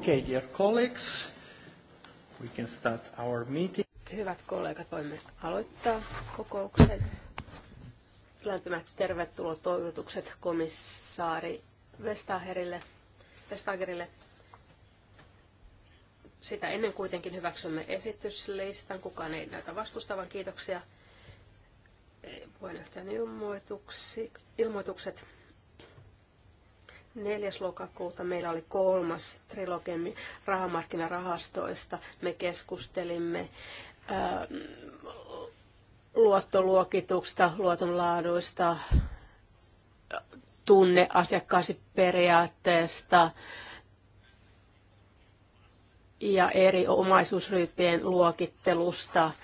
Okay, dear colleagues, we can start our meeting. Hyvät kollegat, voimme aloittaa kokouksen. Lämpimät tervetuloa toivotukset komissaari Vestagerille. Vestagerille. Sitä ennen kuitenkin hyväksymme esityslistan. Kukaan ei näytä vastustavan. Kiitoksia eh, puheenjohtajan ilmoitukset. 4. lokakuuta meillä oli kolmas trilogemi rahamarkkinarahastoista. Me keskustelimme ää, ähm, luottoluokituksesta, luotonlaaduista, tunneasiakkaasi periaatteesta ja eri omaisuusryyppien luokittelusta –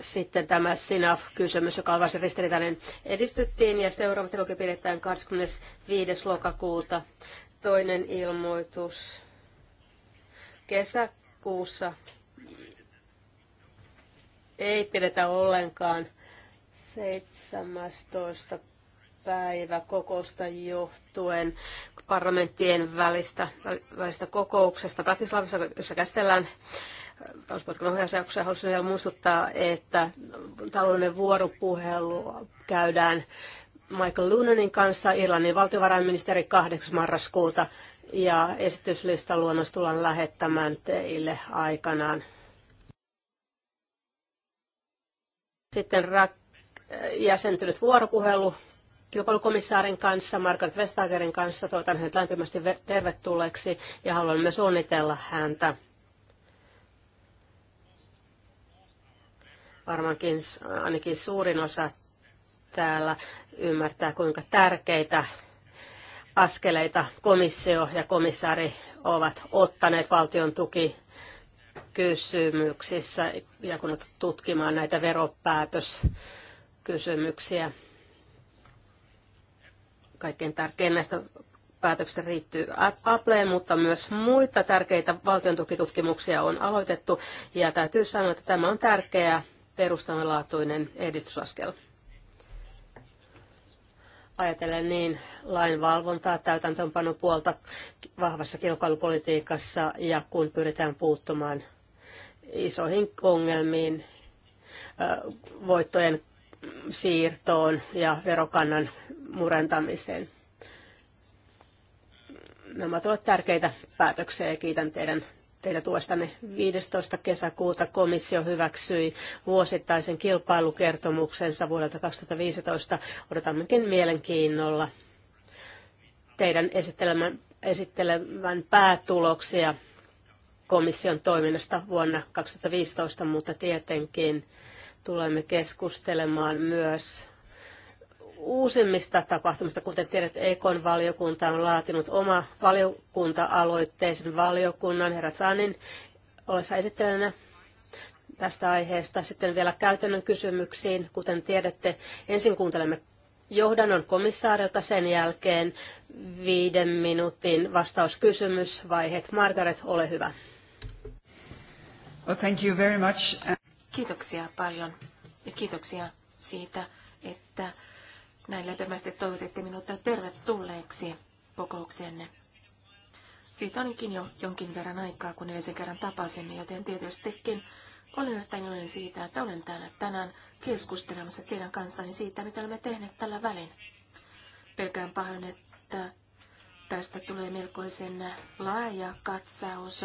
sitten tämä SINAF-kysymys, joka on varsin ristiriitainen, edistyttiin ja seuraava trilogi pidetään 25. lokakuuta. Toinen ilmoitus kesäkuussa ei pidetä ollenkaan 17 päivä kokousta johtuen parlamenttien välistä, välistä kokouksesta Bratislavissa, jossa käsitellään talouspolitiikan ohjausjaksossa haluaisin vielä muistuttaa, että taloudellinen vuoropuhelu käydään Michael Lunanin kanssa, Irlannin valtiovarainministeri 8. marraskuuta, ja esityslistaluonnos tullaan lähettämään teille aikanaan. Sitten rak- jäsentynyt vuoropuhelu kilpailukomissaarin kanssa, Margaret Vestagerin kanssa. Toivotan hänet lämpimästi tervetulleeksi ja haluan myös onnitella häntä Varmaankin ainakin suurin osa täällä ymmärtää, kuinka tärkeitä askeleita komissio ja komissaari ovat ottaneet valtion tuki kysymyksissä ja kun tutkimaan näitä veropäätöskysymyksiä. Kaikkein tärkein näistä päätöksistä riittyy Appleen, mutta myös muita tärkeitä valtion tukitutkimuksia on aloitettu. Ja täytyy sanoa, että tämä on tärkeää perustavanlaatuinen edistysaskel. Ajatellen niin lainvalvontaa, puolta vahvassa kilpailupolitiikassa ja kun pyritään puuttumaan isoihin ongelmiin, voittojen siirtoon ja verokannan murentamiseen. Nämä ovat tärkeitä päätöksiä ja kiitän teidän tuosta ne 15. kesäkuuta komissio hyväksyi vuosittaisen kilpailukertomuksensa vuodelta 2015. Odotammekin mielenkiinnolla teidän esittelemän, esittelemän päätuloksia komission toiminnasta vuonna 2015, mutta tietenkin tulemme keskustelemaan myös uusimmista tapahtumista, kuten tiedät, Ekon valiokunta on laatinut oma valiokunta-aloitteisen valiokunnan, herra Sanin, ollessa esittelijänä tästä aiheesta. Sitten vielä käytännön kysymyksiin, kuten tiedätte, ensin kuuntelemme johdannon komissaarilta, sen jälkeen viiden minuutin vastauskysymysvaiheet. Margaret, ole hyvä. Well, thank you very much. Kiitoksia paljon ja kiitoksia siitä, että näin lepemästi toivotitte minut tervetulleeksi kokoukseenne. Siitä onkin jo jonkin verran aikaa, kun edellisen kerran tapasimme, joten tietystikin olen erittäin iloinen siitä, että olen täällä tänään keskustelemassa teidän kanssani siitä, mitä olemme tehneet tällä välin. Pelkään pahoin, että tästä tulee melkoisen laaja katsaus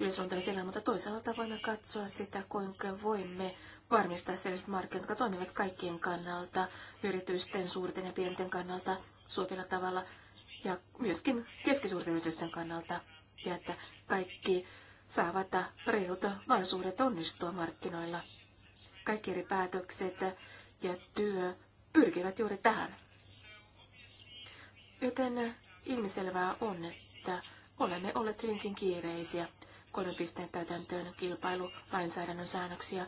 yleisluontaisella, mutta toisaalta voimme katsoa sitä, kuinka voimme varmistaa sellaiset markkinat, jotka toimivat kaikkien kannalta, yritysten, suurten ja pienten kannalta suopilla tavalla ja myöskin keskisuurten yritysten kannalta. Ja että kaikki saavat reilut mahdollisuudet onnistua markkinoilla. Kaikki eri päätökset ja työ pyrkivät juuri tähän. Joten ilmiselvää on, että olemme olleet hyvinkin kiireisiä. Kolmen pisteen täytäntöön kilpailulainsäädännön säännöksiä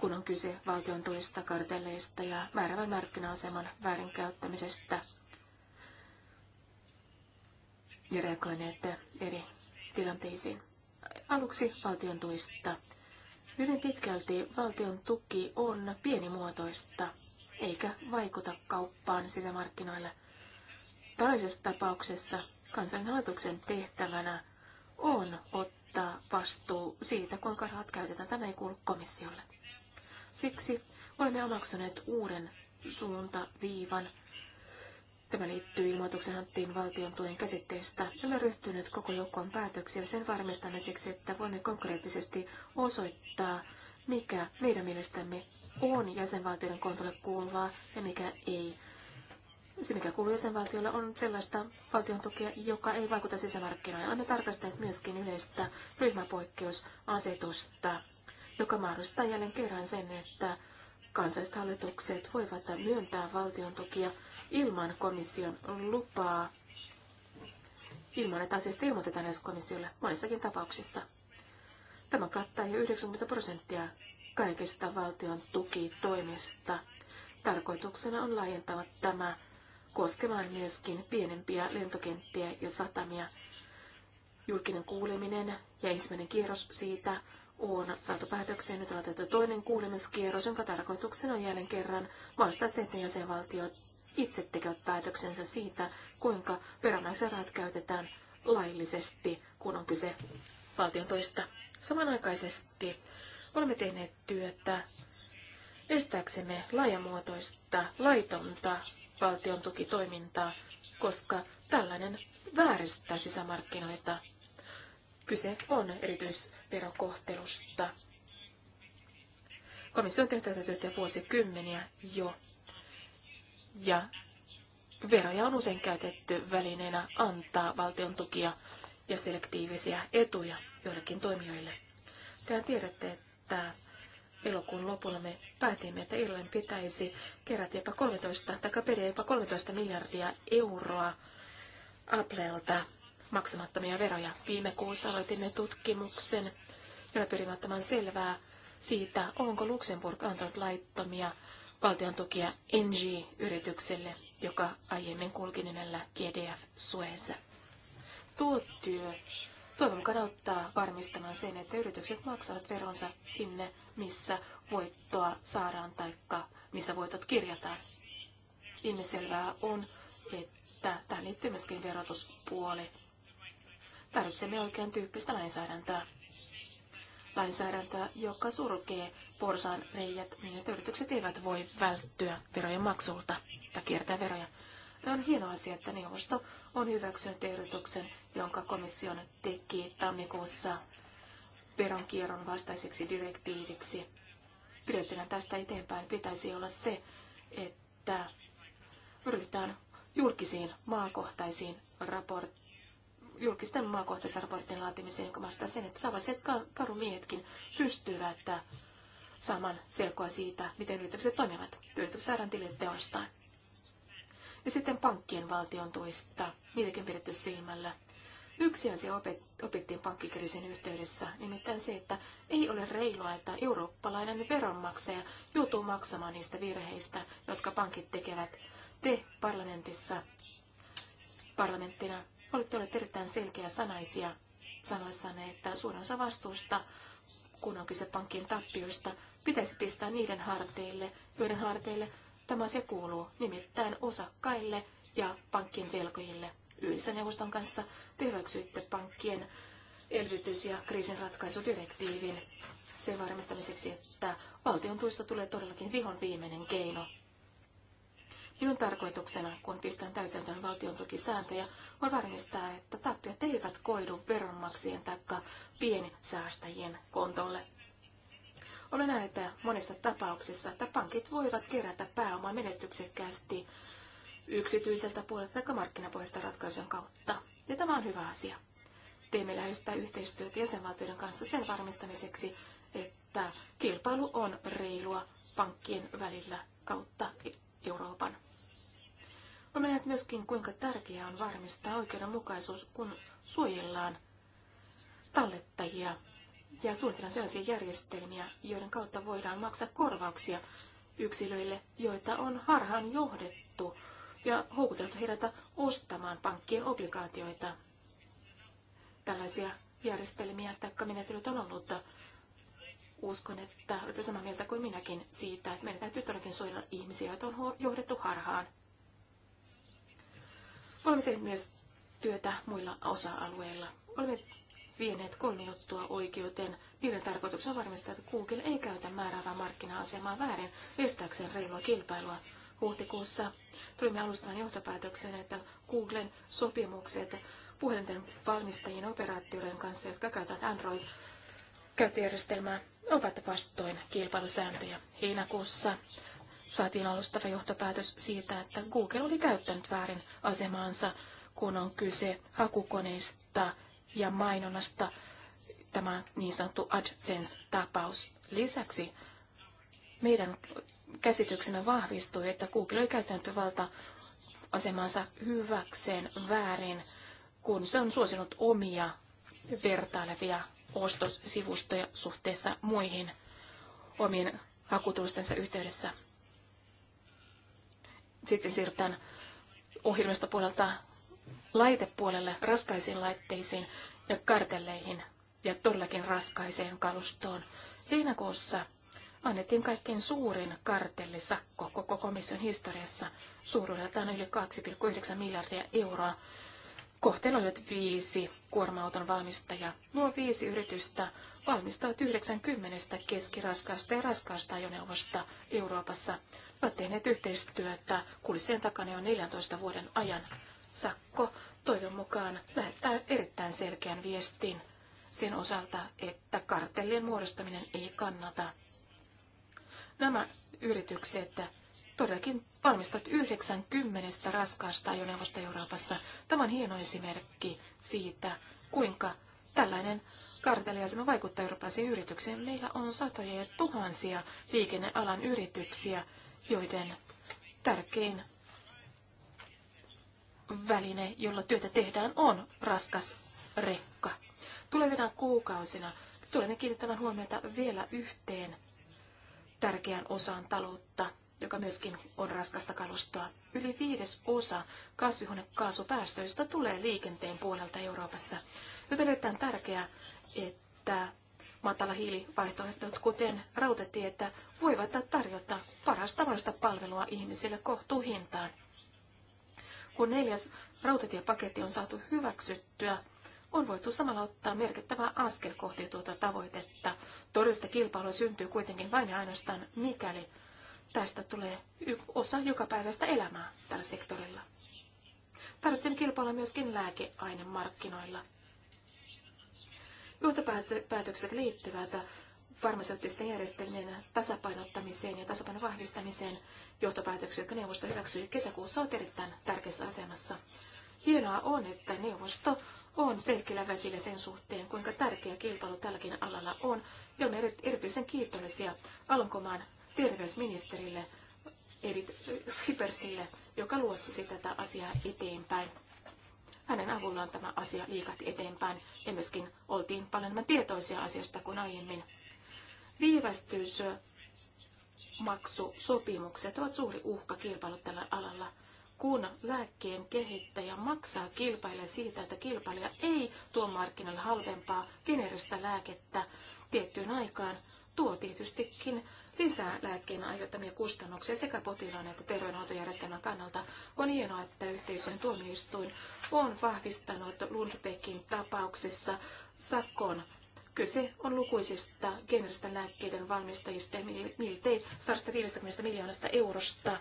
kun on kyse valtion tuista kartelleista ja määrävän markkina-aseman väärinkäyttämisestä ja reagoineet eri tilanteisiin. Aluksi valtion tuista. Hyvin pitkälti valtion tuki on pienimuotoista, eikä vaikuta kauppaan sitä markkinoille. Tällaisessa tapauksessa kansanhallituksen tehtävänä on ottaa vastuu siitä, kuinka rahat käytetään. Tämä ei kuulu komissiolle. Siksi olemme omaksuneet uuden suuntaviivan. Tämä liittyy ilmoituksen hanttiin valtion tuen käsitteestä. Olemme ryhtyneet koko joukkoon päätöksiä sen varmistamiseksi, että voimme konkreettisesti osoittaa, mikä meidän mielestämme on jäsenvaltioiden kontolle kuuluvaa ja mikä ei. Se, mikä kuuluu jäsenvaltiolle, on sellaista valtion tukea, joka ei vaikuta sisämarkkinoihin. Olemme tarkastaneet myöskin yleistä ryhmäpoikkeusasetusta joka mahdollistaa jälleen kerran sen, että kansalliset hallitukset voivat myöntää valtion tukia ilman komission lupaa, ilman että asiasta ilmoitetaan edes komissiolle monissakin tapauksissa. Tämä kattaa jo 90 prosenttia kaikista valtion tukitoimista. Tarkoituksena on laajentaa tämä koskemaan myöskin pienempiä lentokenttiä ja satamia. Julkinen kuuleminen ja ensimmäinen kierros siitä on saatu päätökseen. Nyt on otettu toinen kuulemiskierros, jonka tarkoituksena on jälleen kerran mahdollistaa se, että jäsenvaltiot itse tekevät päätöksensä siitä, kuinka perämäisen rahat käytetään laillisesti, kun on kyse valtion toista. Samanaikaisesti olemme tehneet työtä estääksemme laajamuotoista, laitonta valtion tukitoimintaa, koska tällainen vääristää sisämarkkinoita. Kyse on erityisesti verokohtelusta. Komissio on tehnyt tätä työtä vuosikymmeniä jo. Ja veroja on usein käytetty välineenä antaa valtion tukia ja selektiivisiä etuja joillekin toimijoille. Tehän tiedätte, että elokuun lopulla me päätimme, että Irlannin pitäisi kerätä jopa 13 tai jopa 13 miljardia euroa Applelta maksamattomia veroja. Viime kuussa aloitimme tutkimuksen, jolla pyrimme ottamaan selvää siitä, onko Luxemburg antanut laittomia valtion tukia NG-yritykselle, joka aiemmin kulki nimellä GDF Suez. Tuo työ toivon mukaan auttaa varmistamaan sen, että yritykset maksavat veronsa sinne, missä voittoa saadaan tai missä voitot kirjataan. Ilmiselvää on, että tähän liittyy myöskin verotuspuoli Tarvitsemme oikean tyyppistä lainsäädäntöä. Lainsäädäntöä, joka surkee porsaan reijät, niin että yritykset eivät voi välttyä verojen maksulta tai kiertää veroja. On hieno asia, että neuvosto on hyväksynyt ehdotuksen, jonka komission teki tammikuussa veronkierron vastaiseksi direktiiviksi. Prioriteettina tästä eteenpäin pitäisi olla se, että ryhdytään julkisiin maakohtaisiin raportteihin julkisten maakohtaisen raportin laatimiseen, kun mä sen, että tavalliset karumiehetkin pystyvät saamaan selkoa siitä, miten yritykset toimivat. Yritykset saadaan tilille teostaan. Ja sitten pankkien valtion tuista, niitäkin pidetty silmällä. Yksi asia opittiin pankkikriisin yhteydessä, nimittäin se, että ei ole reilua, että eurooppalainen veronmaksaja joutuu maksamaan niistä virheistä, jotka pankit tekevät. Te parlamentissa, parlamenttina Olette olleet erittäin selkeä sanaisia sanoissanne, että suurin osa vastuusta, kun on kyse pankkien tappioista, pitäisi pistää niiden harteille, joiden harteille tämä asia kuuluu, nimittäin osakkaille ja pankkien velkojille. Yhdessä neuvoston kanssa te hyväksyitte pankkien elvytys- ja kriisinratkaisudirektiivin sen varmistamiseksi, että valtion tuista tulee todellakin vihon viimeinen keino Minun tarkoituksena, kun pistän täytäntöön valtion tukisääntöjä, on varmistaa, että tappiot eivät koidu veronmaksien tai piensäästäjien kontolle. Olen näin että monissa tapauksissa, että pankit voivat kerätä pääomaa menestyksekkäästi yksityiseltä puolelta tai markkinapohjaista ratkaisun kautta. Ja tämä on hyvä asia. Teemme lähestää yhteistyötä jäsenvaltioiden kanssa sen varmistamiseksi, että kilpailu on reilua pankkien välillä kautta Euroopan. Olemme näet myöskin, kuinka tärkeää on varmistaa oikeudenmukaisuus, kun suojellaan tallettajia ja suunnitellaan sellaisia järjestelmiä, joiden kautta voidaan maksaa korvauksia yksilöille, joita on harhaan johdettu ja houkuteltu heidät ostamaan pankkien obligaatioita. Tällaisia järjestelmiä tai menetelyt on ollut. Uskon, että olette samaa mieltä kuin minäkin siitä, että meidän täytyy todellakin suojella ihmisiä, joita on johdettu harhaan. Olemme tehneet myös työtä muilla osa-alueilla. Olemme vieneet kolme juttua oikeuteen. Niiden tarkoituksena varmistaa, että Google ei käytä määräävää markkina-asemaa väärin estääkseen reilua kilpailua. Huhtikuussa tulimme alustavan johtopäätöksen, että Googlen sopimukset puhelinten valmistajien operaattioiden kanssa, jotka käyttävät Android-käyttöjärjestelmää, ovat vastoin kilpailusääntöjä. Heinäkuussa saatiin alustava johtopäätös siitä, että Google oli käyttänyt väärin asemaansa, kun on kyse hakukoneista ja mainonnasta, tämä niin sanottu AdSense-tapaus. Lisäksi meidän käsityksemme vahvistui, että Google oli käyttänyt valta asemansa hyväkseen väärin, kun se on suosinut omia vertailevia ostossivustoja suhteessa muihin omien hakutulostensa yhteydessä. Sitten siirrytään ohjelmistopuolelta laitepuolelle raskaisiin laitteisiin ja kartelleihin ja todellakin raskaiseen kalustoon. Heinäkuussa annettiin kaikkein suurin kartellisakko koko komission historiassa suuruudeltaan yli 2,9 miljardia euroa. Kohteena olivat viisi kuorma-auton valmistajaa. Nuo viisi yritystä valmistavat 90 keskiraskaasta ja raskaasta ajoneuvosta Euroopassa – ovat tehneet yhteistyötä kulissien takana jo 14 vuoden ajan. Sakko toivon mukaan lähettää erittäin selkeän viestin sen osalta, että kartellien muodostaminen ei kannata. Nämä yritykset todellakin valmistat 90 raskaasta ajoneuvosta Euroopassa. Tämä on hieno esimerkki siitä, kuinka tällainen kartelliasema vaikuttaa eurooppalaisiin yrityksiin. Meillä on satoja ja tuhansia liikennealan yrityksiä, joiden tärkein väline, jolla työtä tehdään, on raskas rekka. Tulevina kuukausina tulemme kiinnittämään huomiota vielä yhteen tärkeään osaan taloutta, joka myöskin on raskasta kalustoa. Yli viides osa kasvihuonekaasupäästöistä tulee liikenteen puolelta Euroopassa, joten on erittäin tärkeää, että matala hiilivaihtoehdot, kuten rautatietä, voivat tarjota paras tavallista palvelua ihmisille kohtuuhintaan. Kun neljäs rautatiepaketti on saatu hyväksyttyä, on voitu samalla ottaa merkittävä askel kohti tuota tavoitetta. Todellista kilpailua syntyy kuitenkin vain ja ainoastaan mikäli tästä tulee osa jokapäiväistä elämää tällä sektorilla. Tarvitsemme kilpailua myöskin lääkeainemarkkinoilla. markkinoilla johtopäätökset liittyvät farmaseuttisten järjestelmien tasapainottamiseen ja tasapainon vahvistamiseen. Johtopäätökset, jotka neuvosto hyväksyi kesäkuussa, ovat erittäin tärkeässä asemassa. Hienoa on, että neuvosto on selkeillä väsillä sen suhteen, kuinka tärkeä kilpailu tälläkin alalla on, ja olemme erityisen kiitollisia Alankomaan terveysministerille Edith Schippersille, joka luotsisi tätä asiaa eteenpäin. Hänen avullaan tämä asia liikatti eteenpäin ja myöskin oltiin paljon enemmän tietoisia asiasta kuin aiemmin. Viivästys maksusopimukset ovat suuri uhka kilpailu tällä alalla. Kun lääkkeen kehittäjä maksaa kilpailija siitä, että kilpailija ei tuo markkinoille halvempaa generistä lääkettä, tiettyyn aikaan, tuo tietystikin lisää lääkkeen aiheuttamia kustannuksia sekä potilaan että terveydenhoitojärjestelmän kannalta. On hienoa, että yhteisön tuomioistuin on vahvistanut Lundbeckin tapauksessa sakon. Kyse on lukuisista generistä lääkkeiden valmistajista ja miltei 150 miljoonasta eurosta,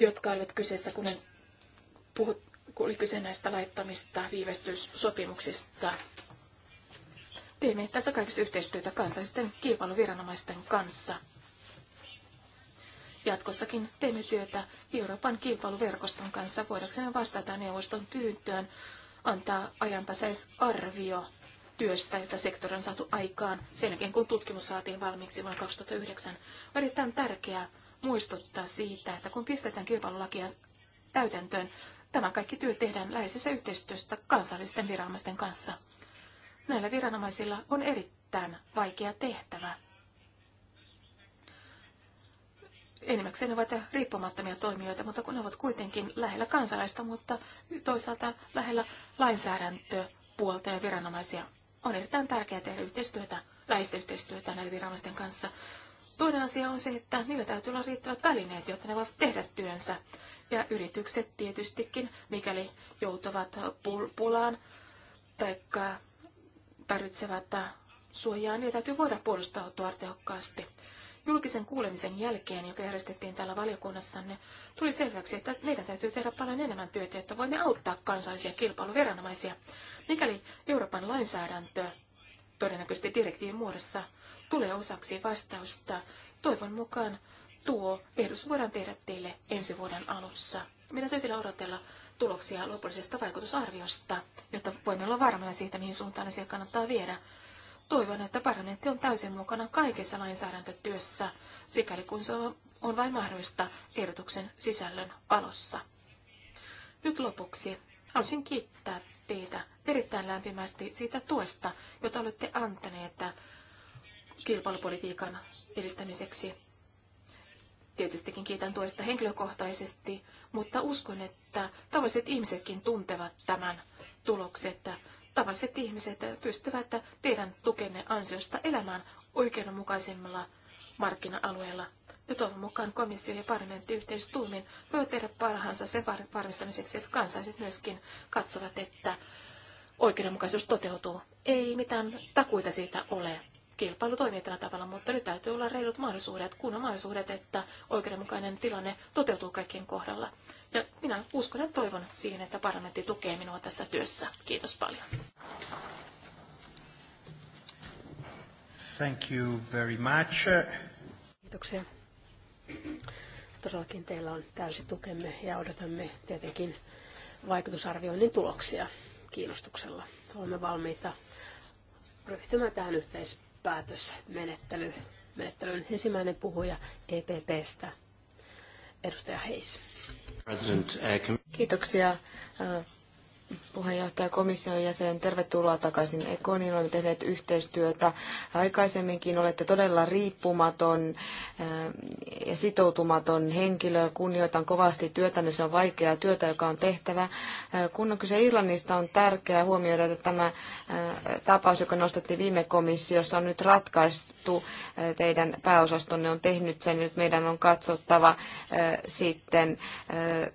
jotka olivat kyseessä, kun puhut, kun oli kyse näistä laittomista viivästyssopimuksista. Teemme tässä kaikessa yhteistyötä kansallisten kilpailuviranomaisten kanssa. Jatkossakin teemme työtä Euroopan kilpailuverkoston kanssa voidaksemme vastata neuvoston pyyntöön antaa ajantasaisarvio työstä, jota sektori on saatu aikaan sen jälkeen, kun tutkimus saatiin valmiiksi vuonna 2009. On erittäin tärkeää muistuttaa siitä, että kun pistetään kilpailulakia täytäntöön, tämä kaikki työ tehdään läheisessä yhteistyössä kansallisten viranomaisten kanssa. Näillä viranomaisilla on erittäin vaikea tehtävä. Enimmäkseen ne ovat riippumattomia toimijoita, mutta kun ne ovat kuitenkin lähellä kansalaista, mutta toisaalta lähellä lainsäädäntöpuolta ja viranomaisia. On erittäin tärkeää tehdä yhteistyötä, läheistä yhteistyötä näiden viranomaisten kanssa. Toinen asia on se, että niillä täytyy olla riittävät välineet, jotta ne voivat tehdä työnsä. Ja yritykset tietystikin, mikäli joutuvat pulaan tai tarvitsevat suojaa, niitä täytyy voida puolustautua tehokkaasti. Julkisen kuulemisen jälkeen, joka järjestettiin täällä valiokunnassanne, tuli selväksi, että meidän täytyy tehdä paljon enemmän työtä, että voimme auttaa kansallisia kilpailuviranomaisia. Mikäli Euroopan lainsäädäntö, todennäköisesti direktiivin muodossa, tulee osaksi vastausta, toivon mukaan tuo ehdotus voidaan tehdä teille ensi vuoden alussa. Meidän täytyy vielä odotella tuloksia lopullisesta vaikutusarviosta, jotta voimme olla varmoja siitä, mihin suuntaan asia kannattaa viedä. Toivon, että parlamentti on täysin mukana kaikessa lainsäädäntötyössä, sikäli kun se on vain mahdollista ehdotuksen sisällön alussa. Nyt lopuksi haluaisin kiittää teitä erittäin lämpimästi siitä tuesta, jota olette antaneet kilpailupolitiikan edistämiseksi Tietystikin kiitän tuosta henkilökohtaisesti, mutta uskon, että tavalliset ihmisetkin tuntevat tämän että Tavalliset ihmiset pystyvät teidän tukenne ansiosta elämään oikeudenmukaisemmalla markkina-alueella. Ja toivon mukaan komissio ja parlamentti yhteistuumin voi tehdä parhaansa sen varmistamiseksi, että kansalaiset myöskin katsovat, että oikeudenmukaisuus toteutuu. Ei mitään takuita siitä ole kilpailu toimii tällä tavalla, mutta nyt täytyy olla reilut mahdollisuudet, kunnon mahdollisuudet, että oikeudenmukainen tilanne toteutuu kaikkien kohdalla. Ja minä uskon ja toivon siihen, että parlamentti tukee minua tässä työssä. Kiitos paljon. Thank you very much. Kiitoksia. Todellakin teillä on täysi tukemme ja odotamme tietenkin vaikutusarvioinnin tuloksia kiinnostuksella. Olemme valmiita ryhtymään tähän yhteis- päätösmenettely. Menettelyn ensimmäinen puhuja EPPstä, edustaja Heis. Eh, Kiitoksia eh, puheenjohtaja komission jäsen, tervetuloa takaisin Ekoniin. Olemme tehneet yhteistyötä aikaisemminkin. Olette todella riippumaton eh, ja sitoutumaton henkilö. Kunnioitan kovasti työtänne. Se on vaikeaa työtä, joka on tehtävä. Eh, kun on kyse Irlannista, on tärkeää huomioida, että tämä eh, tapaus, joka nostettiin viime komissiossa, on nyt ratkaistu sanottu, teidän pääosastonne on tehnyt sen, nyt meidän on katsottava sitten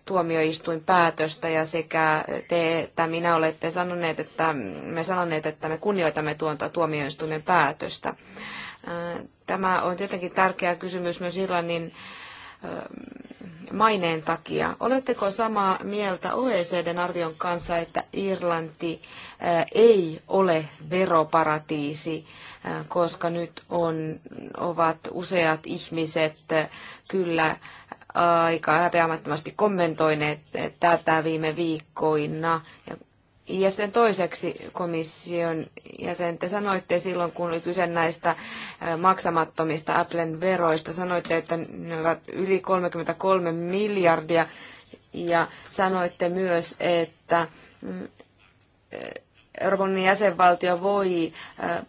tuomioistuin päätöstä ja sekä te että minä olette sanoneet, että mm, me sanoneet, että me kunnioitamme tuonta tuomioistuimen päätöstä. Tämä on tietenkin tärkeä kysymys myös Irlannin maineen takia. Oletteko samaa mieltä OECDn arvion kanssa, että Irlanti ei ole veroparatiisi? Äh, koska nyt on, ovat useat ihmiset äh, kyllä äh, aika häpeämättömästi kommentoineet tätä viime viikkoina. Ja sitten toiseksi komission jäsen, te sanoitte silloin, kun oli kyse näistä maksamattomista Applen veroista, sanoitte, että ne ovat yli 33 miljardia ja sanoitte myös, että mm, Euroopan jäsenvaltio voi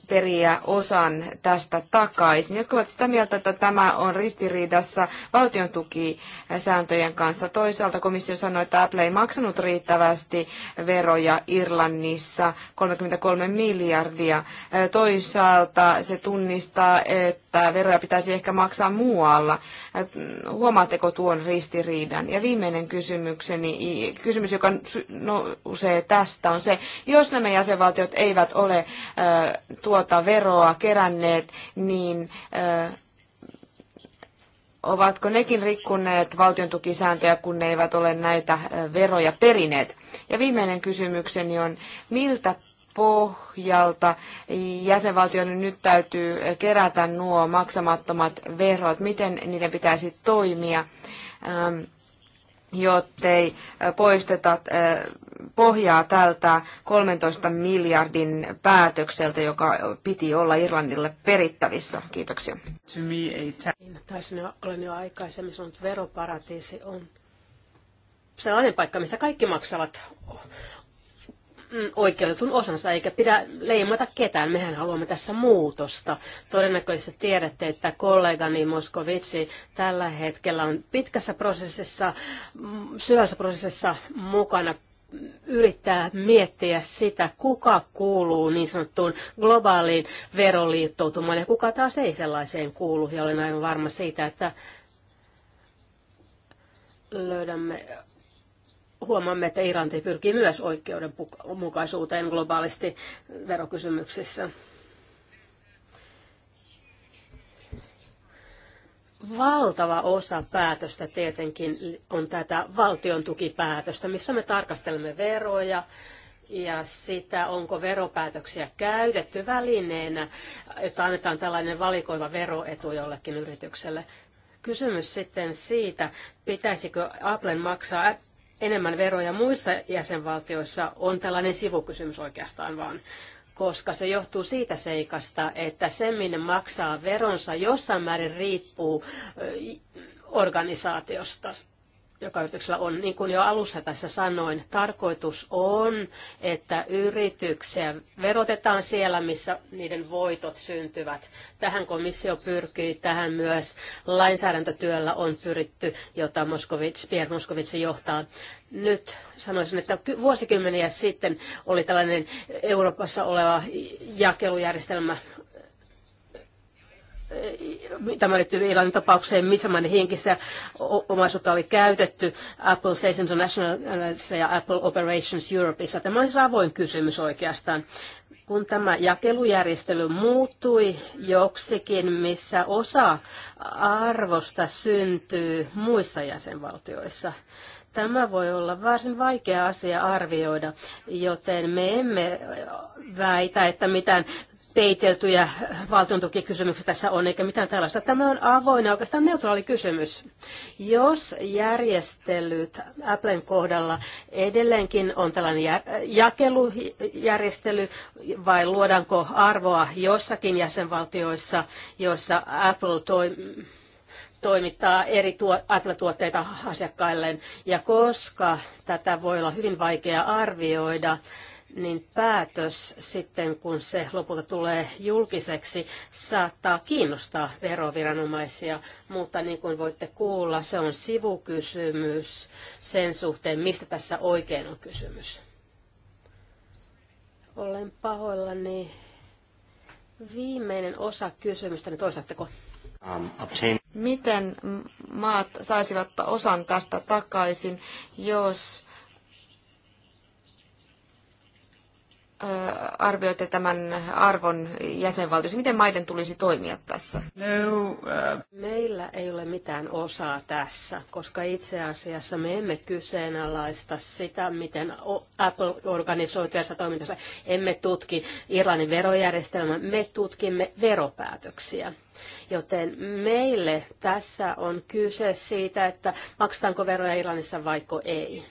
periä osan tästä takaisin, Jotkut ovat sitä mieltä, että tämä on ristiriidassa valtion tukisääntöjen kanssa. Toisaalta komissio sanoi, että Apple ei maksanut riittävästi veroja Irlannissa 33 miljardia. Toisaalta se tunnistaa, että veroja pitäisi ehkä maksaa muualla. Huomaatteko tuon ristiriidan? Ja viimeinen kysymykseni, kysymys, joka nousee tästä, on se, jos nämä jäsenvaltiot eivät ole tuota veroa keränneet, niin ovatko nekin rikkuneet valtion tukisääntöjä, kun ne eivät ole näitä veroja perineet? Ja viimeinen kysymykseni on, miltä pohjalta jäsenvaltioiden nyt täytyy kerätä nuo maksamattomat verot, miten niiden pitäisi toimia? jottei poisteta pohjaa tältä 13 miljardin päätökseltä, joka piti olla Irlannille perittävissä. Kiitoksia. Taisin jo, olen jo aikaisemmin sanonut, että veroparatiisi on sellainen paikka, missä kaikki maksavat Mm, oikeutetun osansa, eikä pidä leimata ketään. Mehän haluamme tässä muutosta. Todennäköisesti tiedätte, että kollegani Moskovitsi tällä hetkellä on pitkässä prosessissa, mm, syvässä prosessissa mukana mm, yrittää miettiä sitä, kuka kuuluu niin sanottuun globaaliin veroliittoutumaan ja kuka taas ei sellaiseen kuulu. Ja olen aivan varma siitä, että löydämme huomaamme, että Iranti pyrkii myös oikeudenmukaisuuteen globaalisti verokysymyksissä. Valtava osa päätöstä tietenkin on tätä valtion tukipäätöstä, missä me tarkastelemme veroja, ja sitä, onko veropäätöksiä käytetty välineenä, että annetaan tällainen valikoiva veroetu jollekin yritykselle. Kysymys sitten siitä, pitäisikö Applen maksaa enemmän veroja muissa jäsenvaltioissa on tällainen sivukysymys oikeastaan vaan koska se johtuu siitä seikasta, että se, minne maksaa veronsa, jossain määrin riippuu organisaatiosta joka yrityksellä on. Niin kuin jo alussa tässä sanoin, tarkoitus on, että yrityksiä verotetaan siellä, missä niiden voitot syntyvät. Tähän komissio pyrkii, tähän myös lainsäädäntötyöllä on pyritty, jota Moskovits, Pierre Moskovits johtaa. Nyt sanoisin, että vuosikymmeniä sitten oli tällainen Euroopassa oleva jakelujärjestelmä tämä liittyy Irlannin tapaukseen, missä maiden henkistä omaisuutta oli käytetty Apple Sales International ja Apple Operations Europeissa. Tämä on siis avoin kysymys oikeastaan. Kun tämä jakelujärjestely muuttui joksikin, missä osa arvosta syntyy muissa jäsenvaltioissa, Tämä voi olla varsin vaikea asia arvioida, joten me emme väitä, että mitään peiteltyjä valtiontukikysymyksiä tässä on, eikä mitään tällaista. Tämä on avoin ja oikeastaan neutraali kysymys. Jos järjestelyt Applen kohdalla edelleenkin on tällainen jakelujärjestely, vai luodaanko arvoa jossakin jäsenvaltioissa, joissa Apple toimii, toimittaa eri tuo, Apple-tuotteita asiakkailleen. Ja koska tätä voi olla hyvin vaikea arvioida, niin päätös sitten, kun se lopulta tulee julkiseksi, saattaa kiinnostaa veroviranomaisia, mutta niin kuin voitte kuulla, se on sivukysymys sen suhteen, mistä tässä oikein on kysymys. Olen pahoillani. Viimeinen osa kysymystä, niin toisatteko? Um, Miten maat saisivat osan tästä takaisin, jos arvioitte tämän arvon jäsenvaltiossa? Miten maiden tulisi toimia tässä? No, Meillä ei ole mitään osaa tässä, koska itse asiassa me emme kyseenalaista sitä, miten Apple organisoi työssä toimintansa. Emme tutki Irlannin verojärjestelmää, me tutkimme veropäätöksiä. Joten meille tässä on kyse siitä, että maksetaanko veroja Irlannissa vaiko ei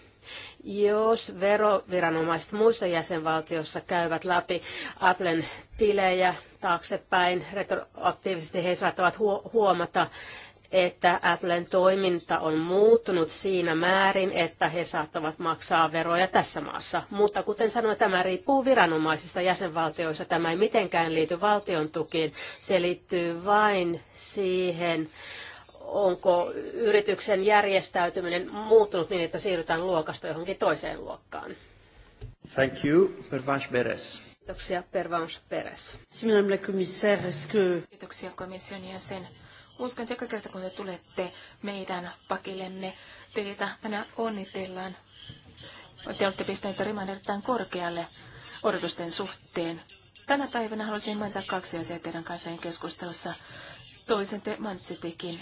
jos veroviranomaiset muissa jäsenvaltioissa käyvät läpi Applen tilejä taaksepäin, retroaktiivisesti he saattavat huomata, että Applen toiminta on muuttunut siinä määrin, että he saattavat maksaa veroja tässä maassa. Mutta kuten sanoin, tämä riippuu viranomaisista jäsenvaltioissa. Tämä ei mitenkään liity valtion tukiin. Se liittyy vain siihen onko yrityksen järjestäytyminen muuttunut niin, että siirrytään luokasta johonkin toiseen luokkaan. Thank you, Pervanche Beres. Kiitoksia, Pervanche Beres. Kiitoksia komission jäsen. Uskon, että joka kerta kun te tulette meidän pakillemme, teitä aina onnitellaan. Te olette pistäneet riman erittäin korkealle odotusten suhteen. Tänä päivänä haluaisin mainita kaksi asiaa teidän kanssanne keskustelussa. Toisen te mainitsittekin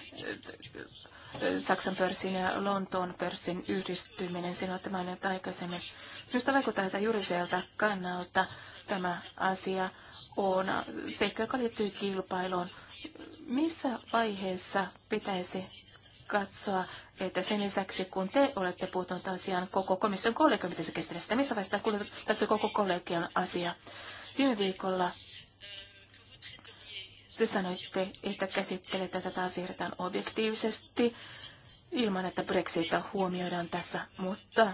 Saksan pörssin ja Lontoon pörssin yhdistyminen. Sinä tämä mainit aikaisemmin. Minusta vaikuttaa tätä juriselta kannalta tämä asia on se, joka liittyy kilpailuun. Missä vaiheessa pitäisi katsoa, että sen lisäksi kun te olette puuttunut asian koko komission kollegio pitäisi kestää sitä, missä vaiheessa tästä koko kollegion asia. Viime viikolla te sanoitte, että käsittelette tätä asiaa objektiivisesti ilman, että Brexit huomioidaan tässä, mutta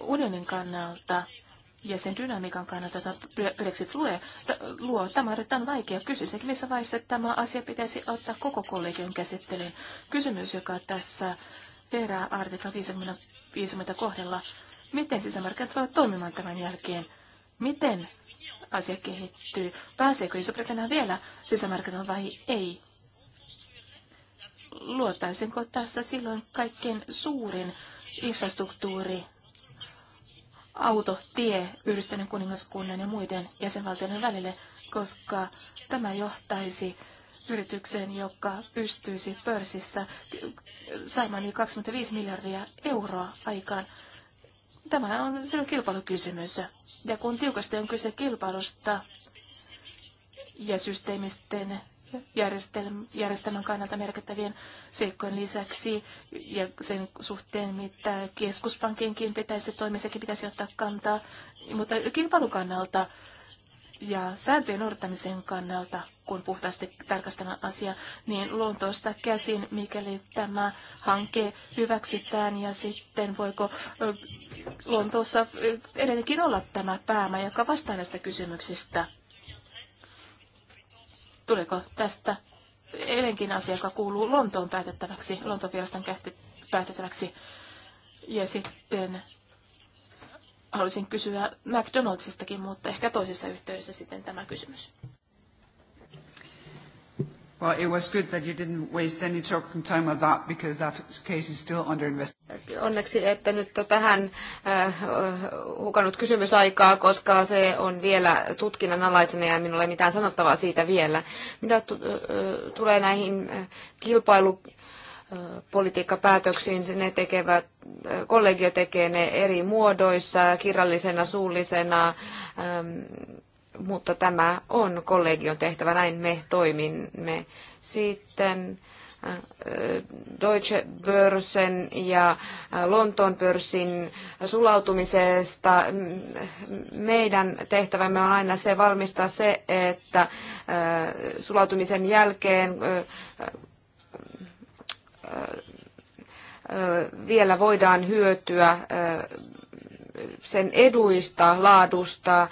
unionin kannalta ja sen dynamiikan kannalta että Brexit lue, luo. Tämä on vaikea kysymys. Missä vaiheessa tämä asia pitäisi ottaa koko kollegion käsittelyyn? Kysymys, joka tässä herää artikla 50, 50 kohdalla. Miten sisämarkkinat voivat toimimaan tämän jälkeen? Miten asia kehittyy. Pääseekö iso vielä sisämarkkinoille vai ei? Luottaisinko tässä silloin kaikkein suurin infrastruktuuri, auto, tie yhdistyneen kuningaskunnan ja muiden jäsenvaltioiden välille, koska tämä johtaisi yritykseen, joka pystyisi pörssissä saamaan yli 25 miljardia euroa aikaan. Tämä on silloin kilpailukysymys. Ja kun tiukasti on kyse kilpailusta ja systeemisten järjestelmän kannalta merkittävien seikkojen lisäksi ja sen suhteen, mitä keskuspankinkin pitäisi toimia, sekin pitäisi ottaa kantaa. Mutta kilpailun kannalta ja sääntöjen noudattamisen kannalta, kun puhtaasti tarkastellaan asia, niin Lontoosta käsin, mikäli tämä hanke hyväksytään ja sitten voiko luontoossa edelleenkin olla tämä pääma, joka vastaa näistä kysymyksistä. Tuleeko tästä edelleenkin asia, joka kuuluu Lontoon päätettäväksi, Lontoon päätettäväksi ja sitten haluaisin kysyä McDonaldsistakin, mutta ehkä toisessa yhteydessä sitten tämä kysymys. Well, it was good that you didn't waste any talking time on that because that case is still under investigation. Onneksi että nyt tähän äh, hukannut kysymysaikaa, koska se on vielä tutkinnan alaisena ja minulla ei mitään sanottavaa siitä vielä. Mitä t- äh, tulee näihin äh, kilpailu politiikkapäätöksiin ne tekevät, kollegio tekee ne eri muodoissa, kirjallisena, suullisena, ähm, mutta tämä on kollegion tehtävä, näin me toimimme. Sitten äh, Deutsche Börsen ja äh, Lontoon pörssin sulautumisesta. Meidän tehtävämme on aina se valmistaa se, että äh, sulautumisen jälkeen vielä voidaan hyötyä sen eduista, laadusta,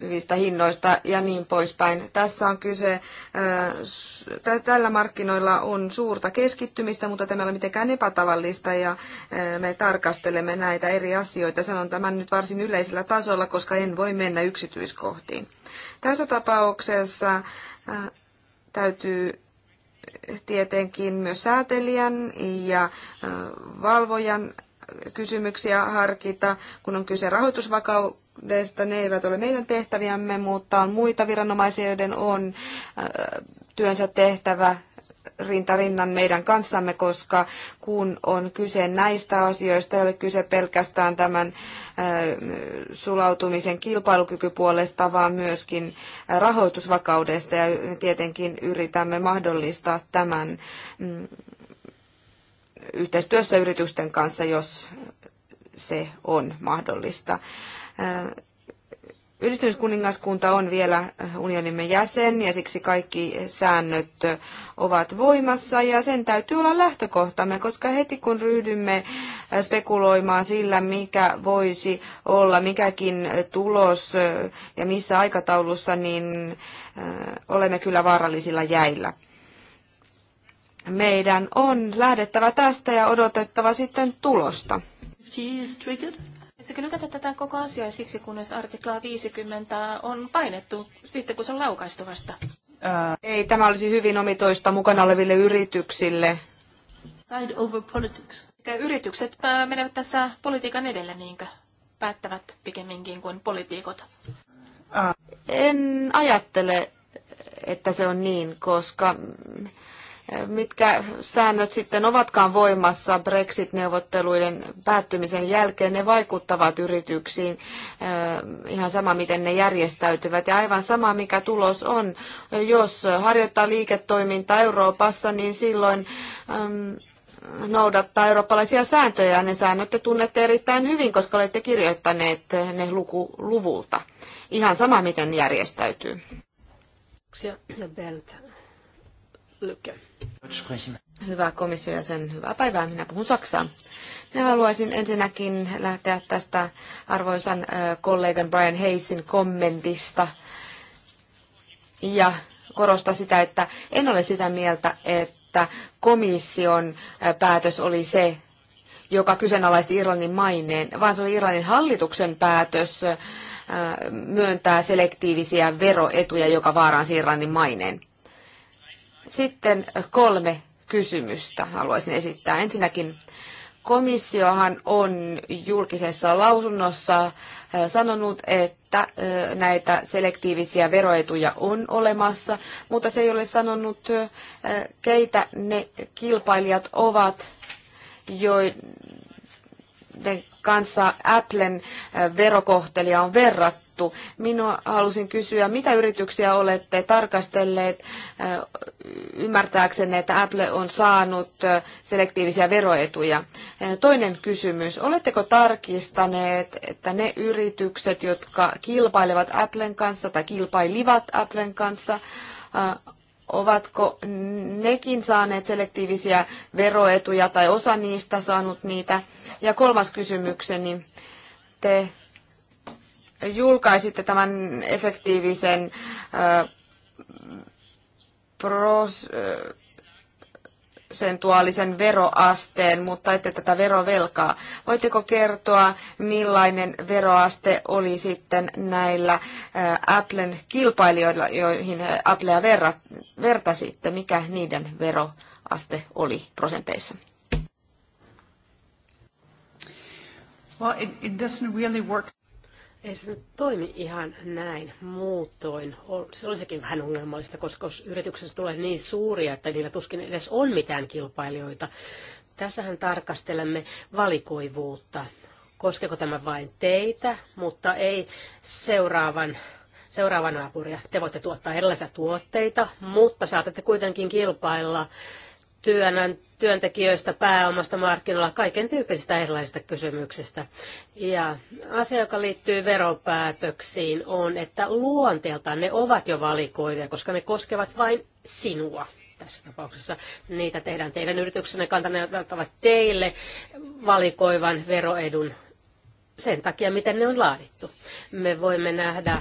hyvistä hinnoista ja niin poispäin. Tässä on kyse, tällä markkinoilla on suurta keskittymistä, mutta tämä ei ole mitenkään epätavallista ja me tarkastelemme näitä eri asioita. Sanon tämän nyt varsin yleisellä tasolla, koska en voi mennä yksityiskohtiin. Tässä tapauksessa täytyy tietenkin myös säätelijän ja valvojan kysymyksiä harkita, kun on kyse rahoitusvakaudesta. Ne eivät ole meidän tehtäviämme, mutta on muita viranomaisia, joiden on työnsä tehtävä rintarinnan meidän kanssamme, koska kun on kyse näistä asioista, ei ole kyse pelkästään tämän sulautumisen kilpailukykypuolesta, vaan myöskin rahoitusvakaudesta ja tietenkin yritämme mahdollistaa tämän mm, yhteistyössä yritysten kanssa, jos se on mahdollista. Yhdistyskuningaskunta on vielä äh, unionimme jäsen ja siksi kaikki säännöt äh, ovat voimassa ja sen täytyy olla lähtökohtamme, koska heti kun ryhdymme äh, spekuloimaan sillä, mikä voisi olla mikäkin tulos ja missä aikataulussa, niin olemme kyllä vaarallisilla jäillä. Meidän on lähdettävä tästä ja odotettava sitten tulosta sekä lykätä tätä koko asiaa siksi, kunnes artiklaa 50 on painettu sitten, kun se on laukaistu vasta. Ää, ei, tämä olisi hyvin omitoista mukana oleville yrityksille. Side over politics. Yritykset menevät tässä politiikan edellä, niinkö? Päättävät pikemminkin kuin politiikot. En ajattele, että se on niin, koska mitkä säännöt sitten ovatkaan voimassa Brexit-neuvotteluiden päättymisen jälkeen, ne vaikuttavat yrityksiin eh, ihan sama, miten ne järjestäytyvät. Ja aivan sama, mikä tulos on. Jos harjoittaa liiketoimintaa Euroopassa, niin silloin mm, noudattaa eurooppalaisia sääntöjä. Ne säännöt te tunnette erittäin hyvin, koska olette kirjoittaneet ne luku, luvulta. Ihan sama, miten järjestäytyy. Ja Bernd Lykke. Hyvä ja sen hyvää päivää. Minä puhun Saksaa. Minä haluaisin ensinnäkin lähteä tästä arvoisan kollegan Brian Hayesin kommentista ja korostaa sitä, että en ole sitä mieltä, että komission päätös oli se, joka kyseenalaisti Irlannin maineen, vaan se oli Irlannin hallituksen päätös myöntää selektiivisiä veroetuja, joka vaaransi Irlannin maineen. Sitten kolme kysymystä haluaisin esittää. Ensinnäkin komissiohan on julkisessa lausunnossa äh, sanonut, että äh, näitä selektiivisiä veroetuja on olemassa, mutta se ei ole sanonut, äh, keitä ne kilpailijat ovat, kanssa Applen äh, verokohtelia on verrattu. Minua halusin kysyä, mitä yrityksiä olette tarkastelleet äh, ymmärtääksenne, että Apple on saanut äh, selektiivisiä veroetuja. Toinen kysymys, oletteko tarkistaneet, että ne yritykset, jotka kilpailevat Applen kanssa tai kilpailivat Applen kanssa, Ovatko nekin saaneet selektiivisiä veroetuja tai osa niistä saanut niitä? Ja kolmas kysymykseni, te julkaisitte tämän efektiivisen pros, prosentuaalisen veroasteen, mutta ette tätä verovelkaa. Voitteko kertoa, millainen veroaste oli sitten näillä Applen kilpailijoilla, joihin Applea verrat, vertasitte? Mikä niiden veroaste oli prosenteissa? Well, it, it doesn't really work. Ei se nyt toimi ihan näin muutoin. Se olisikin vähän ongelmallista, koska jos yrityksessä tulee niin suuria, että niillä tuskin edes on mitään kilpailijoita. Tässähän tarkastelemme valikoivuutta. Koskeeko tämä vain teitä, mutta ei seuraavan seuraava naapuria. Te voitte tuottaa erilaisia tuotteita, mutta saatatte kuitenkin kilpailla työnän, työntekijöistä, pääomasta, markkinoilla, kaiken tyyppisistä erilaisista kysymyksistä. Ja asia, joka liittyy veropäätöksiin, on, että luonteeltaan ne ovat jo valikoivia, koska ne koskevat vain sinua tässä tapauksessa. Niitä tehdään teidän yrityksenne kantana, ovat teille valikoivan veroedun sen takia, miten ne on laadittu. Me voimme nähdä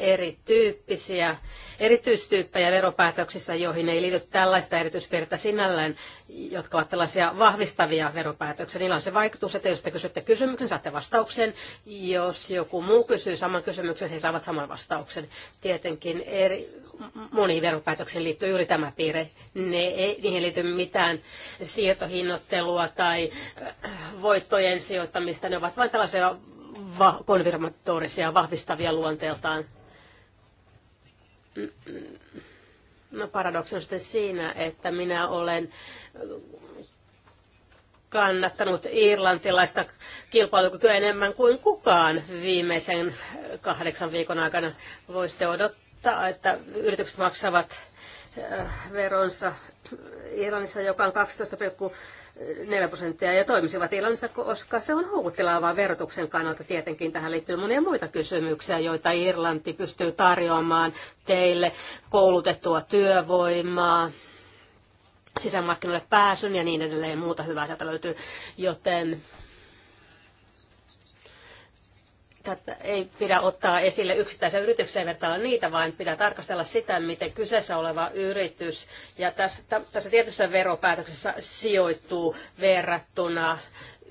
erityyppisiä, erityistyyppejä veropäätöksissä, joihin ei liity tällaista erityispiirtä sinällään, jotka ovat tällaisia vahvistavia veropäätöksiä. Niillä on se vaikutus, että jos te kysytte kysymyksen, saatte vastauksen. Jos joku muu kysyy saman kysymyksen, he saavat saman vastauksen. Tietenkin eri, moniin veropäätöksiin liittyy juuri tämä piirre. Ne ei, niihin liity mitään sietohinnoittelua tai äh, voittojen sijoittamista. Ne ovat vain tällaisia konfirmatorisia vahvistavia luonteeltaan no sitten siinä, että minä olen kannattanut irlantilaista kilpailukykyä enemmän kuin kukaan viimeisen kahdeksan viikon aikana. Voisitte odottaa, että yritykset maksavat äh, veronsa Irlannissa, joka on 4 prosenttia ja toimisivat ilonsa, koska se on houkuttelevaa verotuksen kannalta. Tietenkin tähän liittyy monia muita kysymyksiä, joita Irlanti pystyy tarjoamaan teille, koulutettua työvoimaa, sisämarkkinoille pääsyn ja niin edelleen muuta hyvää sieltä löytyy, joten ei pidä ottaa esille yksittäisiä yrityksiä ja vertailla niitä, vaan pitää tarkastella sitä, miten kyseessä oleva yritys ja tässä, tässä tietyssä veropäätöksessä sijoittuu verrattuna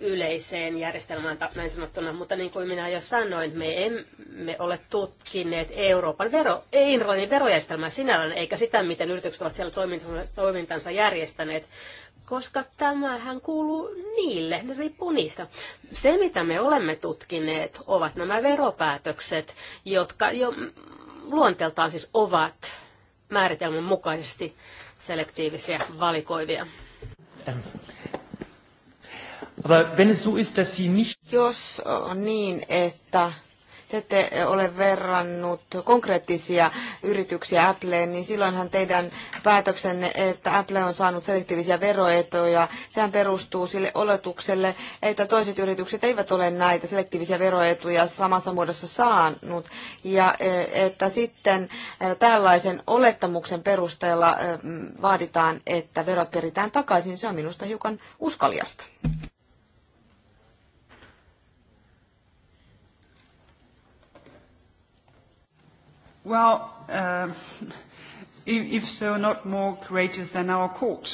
yleiseen järjestelmään näin sanottuna, mutta niin kuin minä jo sanoin, me emme ole tutkineet Euroopan vero, Irlannin verojärjestelmää sinällään, eikä sitä, miten yritykset ovat siellä toimintansa, toimintansa järjestäneet, koska tämähän kuuluu niille, ne riippuu niistä. Se, mitä me olemme tutkineet, ovat nämä veropäätökset, jotka jo luonteeltaan siis ovat määritelmän mukaisesti selektiivisiä valikoivia. Jos on niin, että te ette ole verrannut konkreettisia yrityksiä Appleen, niin silloinhan teidän päätöksenne, että Apple on saanut selektiivisiä veroetoja, sehän perustuu sille oletukselle, että toiset yritykset eivät ole näitä selektiivisiä veroetuja samassa muodossa saanut. Ja e, että sitten e, tällaisen olettamuksen perusteella e, vaaditaan, että verot peritään takaisin, se on minusta hiukan uskaliasta. Well, uh, if so, not more courageous than our court.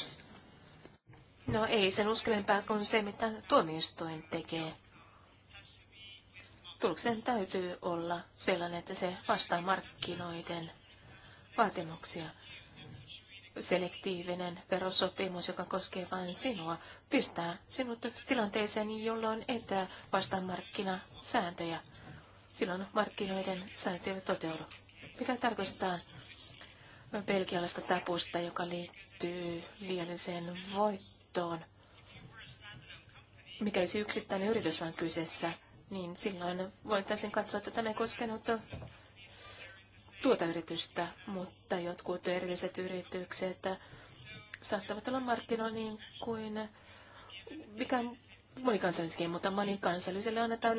No ei sen uskelempää kuin se, mitä tuomioistuin tekee. Tuloksen täytyy olla sellainen, että se vastaa markkinoiden vaatimuksia. Selektiivinen verosopimus, joka koskee vain sinua, pistää sinut tilanteeseen, jolloin et vastaa markkinasääntöjä. Silloin markkinoiden sääntöjä toteudu. Mitä tarkoittaa belgialaista tapusta, joka liittyy liialliseen voittoon. Mikäli se yksittäinen yritys on kyseessä, niin silloin voitaisiin katsoa, että tämä ei koskenut tuota yritystä, mutta jotkut erilliset yritykset saattavat olla markkinoilla niin kuin mikä monikansallisetkin, mutta monikansalliselle annetaan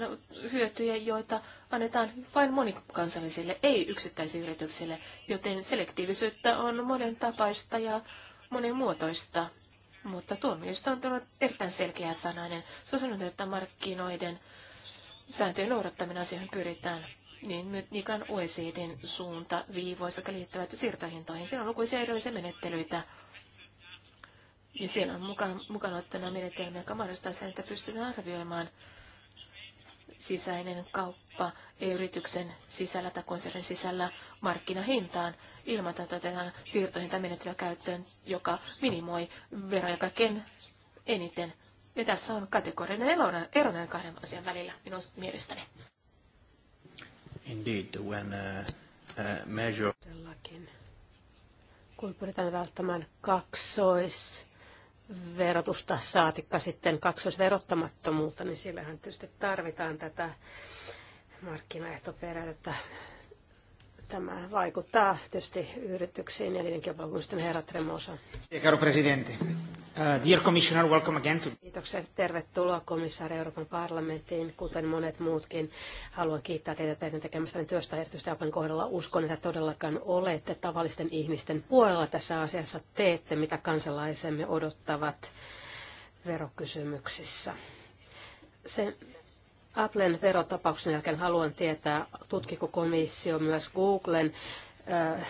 hyötyjä, joita annetaan vain monikansallisille, ei yksittäisille yrityksille, joten selektiivisyyttä on monen tapaista ja monen muotoista. Mutta tuomioista on tullut erittäin selkeä sanainen. Se on sanonut, että markkinoiden sääntöjen noudattaminen asioihin pyritään niin nyt Nikan OECDn suunta viivoissa, jotka liittyvät siirtohintoihin. Siellä on lukuisia erilaisia menettelyitä. Ja siellä on mukaan, mukana ottana menetelmiä, jotka mahdollistaa sen, että pystytään arvioimaan sisäinen kauppa yrityksen sisällä tai konsernin sisällä markkinahintaan ilman, että otetaan siirtohintamenettelyä käyttöön, joka minimoi veroja kaikkein eniten. Ja tässä on kategorinen ero näiden kahden asian välillä minun mielestäni. Indeed, when uh, uh, measure... Kun pyritään välttämään kaksois verotusta saatikka sitten kaksosverottamattomuutta, niin sillähän tietysti tarvitaan tätä markkinaehtoperiaatetta. Tämä vaikuttaa tietysti yrityksiin ja niiden kilpailukykyisten herrat Remosa. Caro Presidente, Uh, dear Commissioner, welcome again to... Tervetuloa komissaari Euroopan parlamenttiin, kuten monet muutkin. Haluan kiittää teitä teidän tekemästänne työstä erityisesti Japanin kohdalla. Uskon, että todellakaan olette tavallisten ihmisten puolella tässä asiassa. Teette, mitä kansalaisemme odottavat verokysymyksissä. Applen verotapauksen jälkeen haluan tietää, tutkiko komissio myös Googlen uh,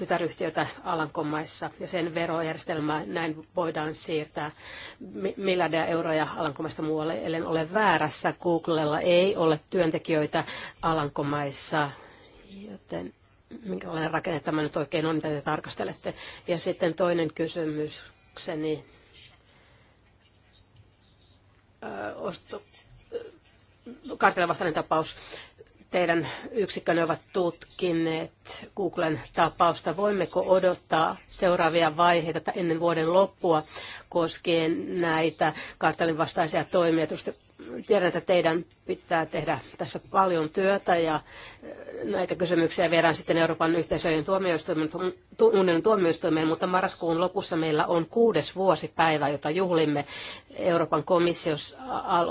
tytäryhtiötä Alankomaissa ja sen verojärjestelmää näin voidaan siirtää miljardia euroja Alankomaista muualle, ellen ole väärässä. Googlella ei ole työntekijöitä Alankomaissa, joten minkälainen rakenne tämä nyt oikein on, mitä te tarkastelette. Ja sitten toinen kysymykseni kartelevastainen tapaus teidän yksikkönne ovat tutkineet Googlen tapausta. Voimmeko odottaa seuraavia vaiheita ennen vuoden loppua koskien näitä kartellin vastaisia toimia? tiedän, että teidän pitää tehdä tässä paljon työtä ja näitä kysymyksiä viedään sitten Euroopan yhteisöjen tuomioistuimen, tuomioistuimen, mutta marraskuun lopussa meillä on kuudes vuosipäivä, jota juhlimme. Euroopan komissio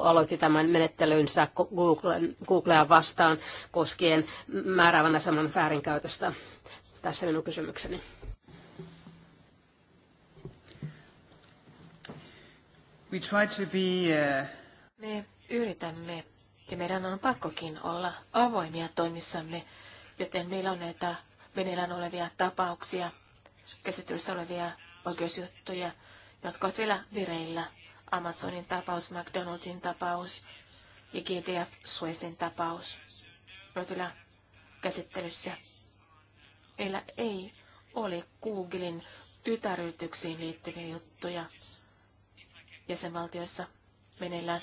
aloitti tämän menettelynsä Googlen, Googlea vastaan koskien määräävän saman väärinkäytöstä. Tässä minun kysymykseni. We try to be, uh... Me yritämme ja meidän on pakkokin olla avoimia toimissamme, joten meillä on näitä meneillään olevia tapauksia, käsittelyssä olevia oikeusjuttuja, jotka ovat vielä vireillä. Amazonin tapaus, McDonaldsin tapaus ja GDF Suezin tapaus ovat vielä käsittelyssä. Meillä ei ole Googlein tytäryytyksiin liittyviä juttuja jäsenvaltioissa meneillään.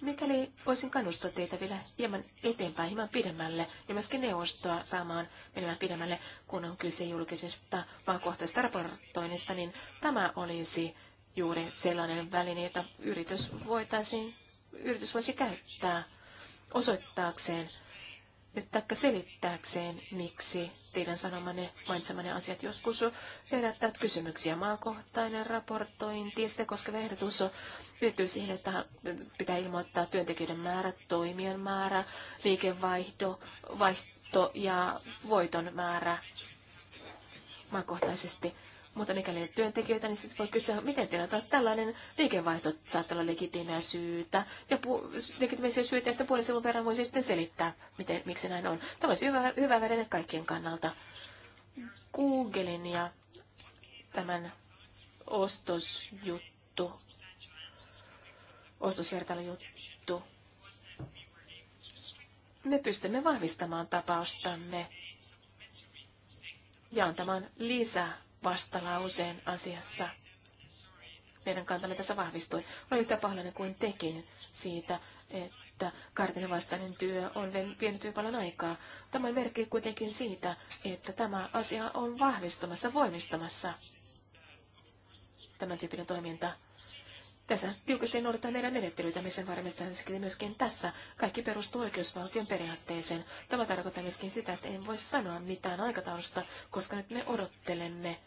Mikäli voisin kannustaa teitä vielä hieman eteenpäin, hieman pidemmälle ja myöskin neuvostoa saamaan menemään pidemmälle, kun on kyse julkisesta maakohtaisesta raportoinnista, niin tämä olisi juuri sellainen väline, jota yritys, voitaisiin, yritys voisi käyttää osoittaakseen että selittääkseen, miksi teidän sanomanne mainitsemanne asiat joskus herättävät kysymyksiä. Maakohtainen raportointi, sitä koskeva ehdotus liittyy siihen, että pitää ilmoittaa työntekijöiden määrä, toimien määrä, liikevaihto vaihto ja voiton määrä maakohtaisesti. Mutta mikäli ei työntekijöitä, niin sitten voi kysyä, miten tilataan tällainen liikevaihto saattaa olla legitiimiä syytä. Ja pu- legitiimisiä syytä, ja sitä puolen sivun verran voisi siis sitten selittää, miten, miksi näin on. Tämä olisi hyvä, hyvä väline kaikkien kannalta. Googlein ja tämän ostosjuttu ostosvertailujuttu. Me pystymme vahvistamaan tapaustamme ja antamaan lisää vastalauseen asiassa. Meidän kantamme tässä vahvistui. Olen yhtä pahoillani kuin tekin siitä, että kartin vastainen työ on vienyt jo paljon aikaa. Tämä merkki kuitenkin siitä, että tämä asia on vahvistumassa, voimistamassa. Tämän tyyppinen toiminta tässä tiukasti noudatetaan meidän missä sen varmistamiseksi myöskin tässä. Kaikki perustuu oikeusvaltion periaatteeseen. Tämä tarkoittaa myöskin sitä, että en voi sanoa mitään aikataulusta, koska nyt me odottelemme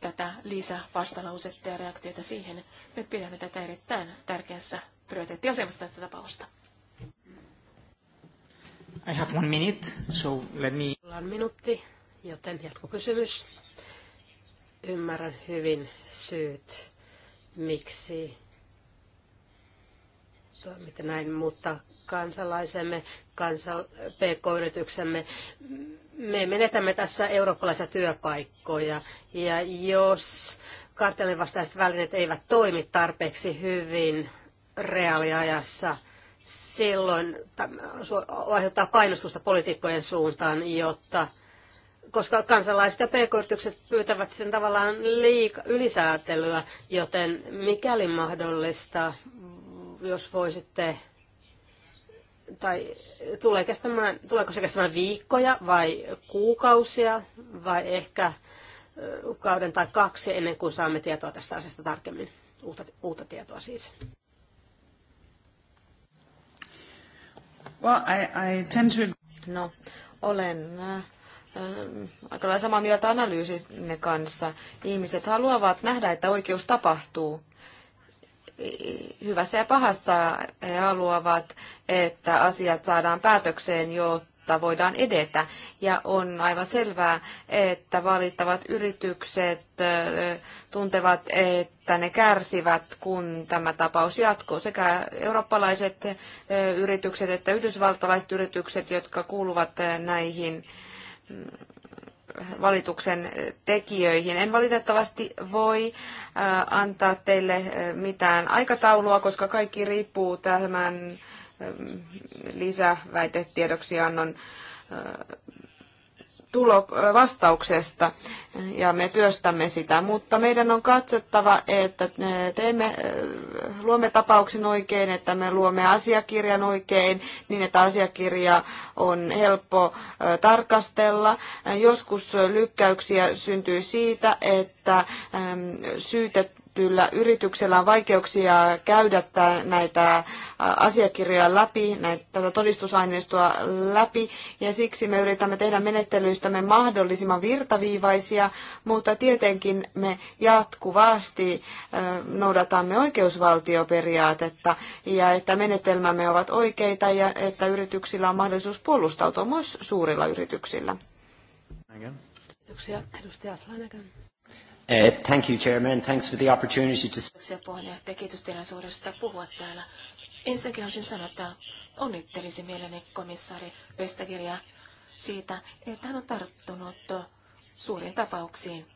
tätä lisävastalausetta ja reaktiota siihen. Me pidämme tätä erittäin tärkeässä prioriteettiasemassa tätä tapausta. I have one minute, so let me... Minuutti, joten jatkokysymys. Ymmärrän hyvin syyt, miksi toimitte näin, mutta kansalaisemme, kansal- pk-yrityksemme, me menetämme tässä eurooppalaisia työpaikkoja. Ja jos kartellin vastaiset välineet eivät toimi tarpeeksi hyvin reaaliajassa, silloin aiheuttaa painostusta poliitikkojen suuntaan, jotta – koska kansalaiset ja pk-yritykset pyytävät sen tavallaan liika, ylisäätelyä, joten mikäli mahdollista, jos voisitte, tai tulee kestämään, tuleeko se kestämään viikkoja vai kuukausia vai ehkä kauden tai kaksi ennen kuin saamme tietoa tästä asiasta tarkemmin, uutta, uutta tietoa siis. Well, I, I tend to... No, olen äh, Äh, aika lailla samaa mieltä analyysinne kanssa. Ihmiset haluavat nähdä, että oikeus tapahtuu hyvässä ja pahassa. He haluavat, että asiat saadaan päätökseen, jotta voidaan edetä. Ja on aivan selvää, että valittavat yritykset tuntevat, että ne kärsivät, kun tämä tapaus jatkuu. Sekä eurooppalaiset yritykset että yhdysvaltalaiset yritykset, jotka kuuluvat näihin valituksen tekijöihin. En valitettavasti voi äh, antaa teille äh, mitään aikataulua, koska kaikki riippuu tämän ähm, lisäväitetiedoksiannon äh, tulo, vastauksesta ja me työstämme sitä, mutta meidän on katsottava, että teemme, luomme tapauksen oikein, että me luomme asiakirjan oikein, niin että asiakirja on helppo tarkastella. Joskus lykkäyksiä syntyy siitä, että syytet tietyllä yrityksellä on vaikeuksia käydä näitä asiakirjoja läpi, näitä, tätä todistusaineistoa läpi, ja siksi me yritämme tehdä menettelyistämme mahdollisimman virtaviivaisia, mutta tietenkin me jatkuvasti noudatamme oikeusvaltioperiaatetta, ja että menetelmämme ovat oikeita, ja että yrityksillä on mahdollisuus puolustautua myös suurilla yrityksillä. Kiitoksia. Edustaja Flanagan. Eh, thank you, Chairman. Thanks for the opportunity to... Kiitoksia puheenjohtaja. Kiitos tilaisuudesta puhua täällä. Ensinnäkin haluaisin sanoa, että onnittelisin mieleni komissaari Vestageria siitä, että hän on tarttunut suuriin tapauksiin.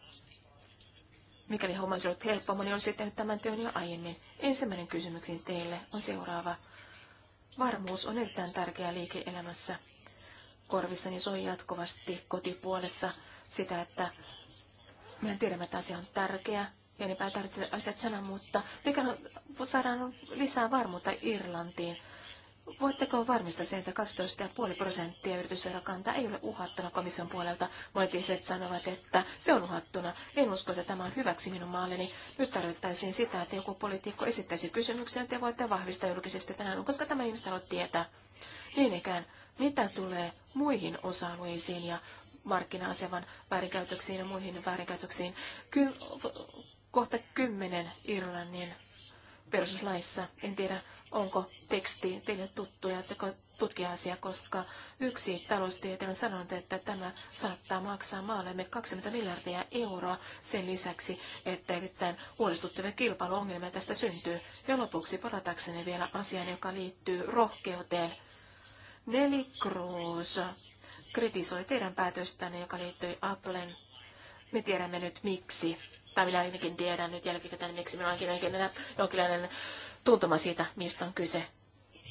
Mikäli homma olisi ollut helppo, moni olisi tehnyt tämän työn jo aiemmin. Ensimmäinen kysymys teille on seuraava. Varmuus on erittäin tärkeä liike-elämässä. Korvissani soi jatkuvasti kotipuolessa sitä, että me tiedämme, että asia on tärkeä ja enempää niin tarvitse asiat sanoa, mutta mikä saadaan lisää varmuutta Irlantiin Voitteko varmistaa sen, että 12,5 prosenttia yritysverokanta ei ole uhattuna komission puolelta? Monet ihmiset sanovat, että se on uhattuna. En usko, että tämä on hyväksi minun maalleni. Nyt tarvittaisiin sitä, että joku poliitikko esittäisi kysymyksen, että te voitte vahvistaa julkisesti tänään, koska tämä ihmistä on tietää. Niin ikään, mitä tulee muihin osa-alueisiin ja markkina-aseman väärinkäytöksiin ja muihin väärinkäytöksiin? Ky- kohta kymmenen Irlannin perustuslaissa. En tiedä, onko teksti teille tuttu ja tutkia koska yksi taloustieteen on sanonut, että tämä saattaa maksaa maallemme 20 miljardia euroa sen lisäksi, että erittäin huolestuttavia kilpailuongelmia tästä syntyy. Ja lopuksi palatakseni vielä asiaan, joka liittyy rohkeuteen. Neli Cruz kritisoi teidän päätöstänne, joka liittyy Applen. Me tiedämme nyt miksi tai minä ainakin tiedän nyt jälkikäteen, miksi minulla onkin jonkinlainen, jonkinlainen tuntuma siitä, mistä on kyse.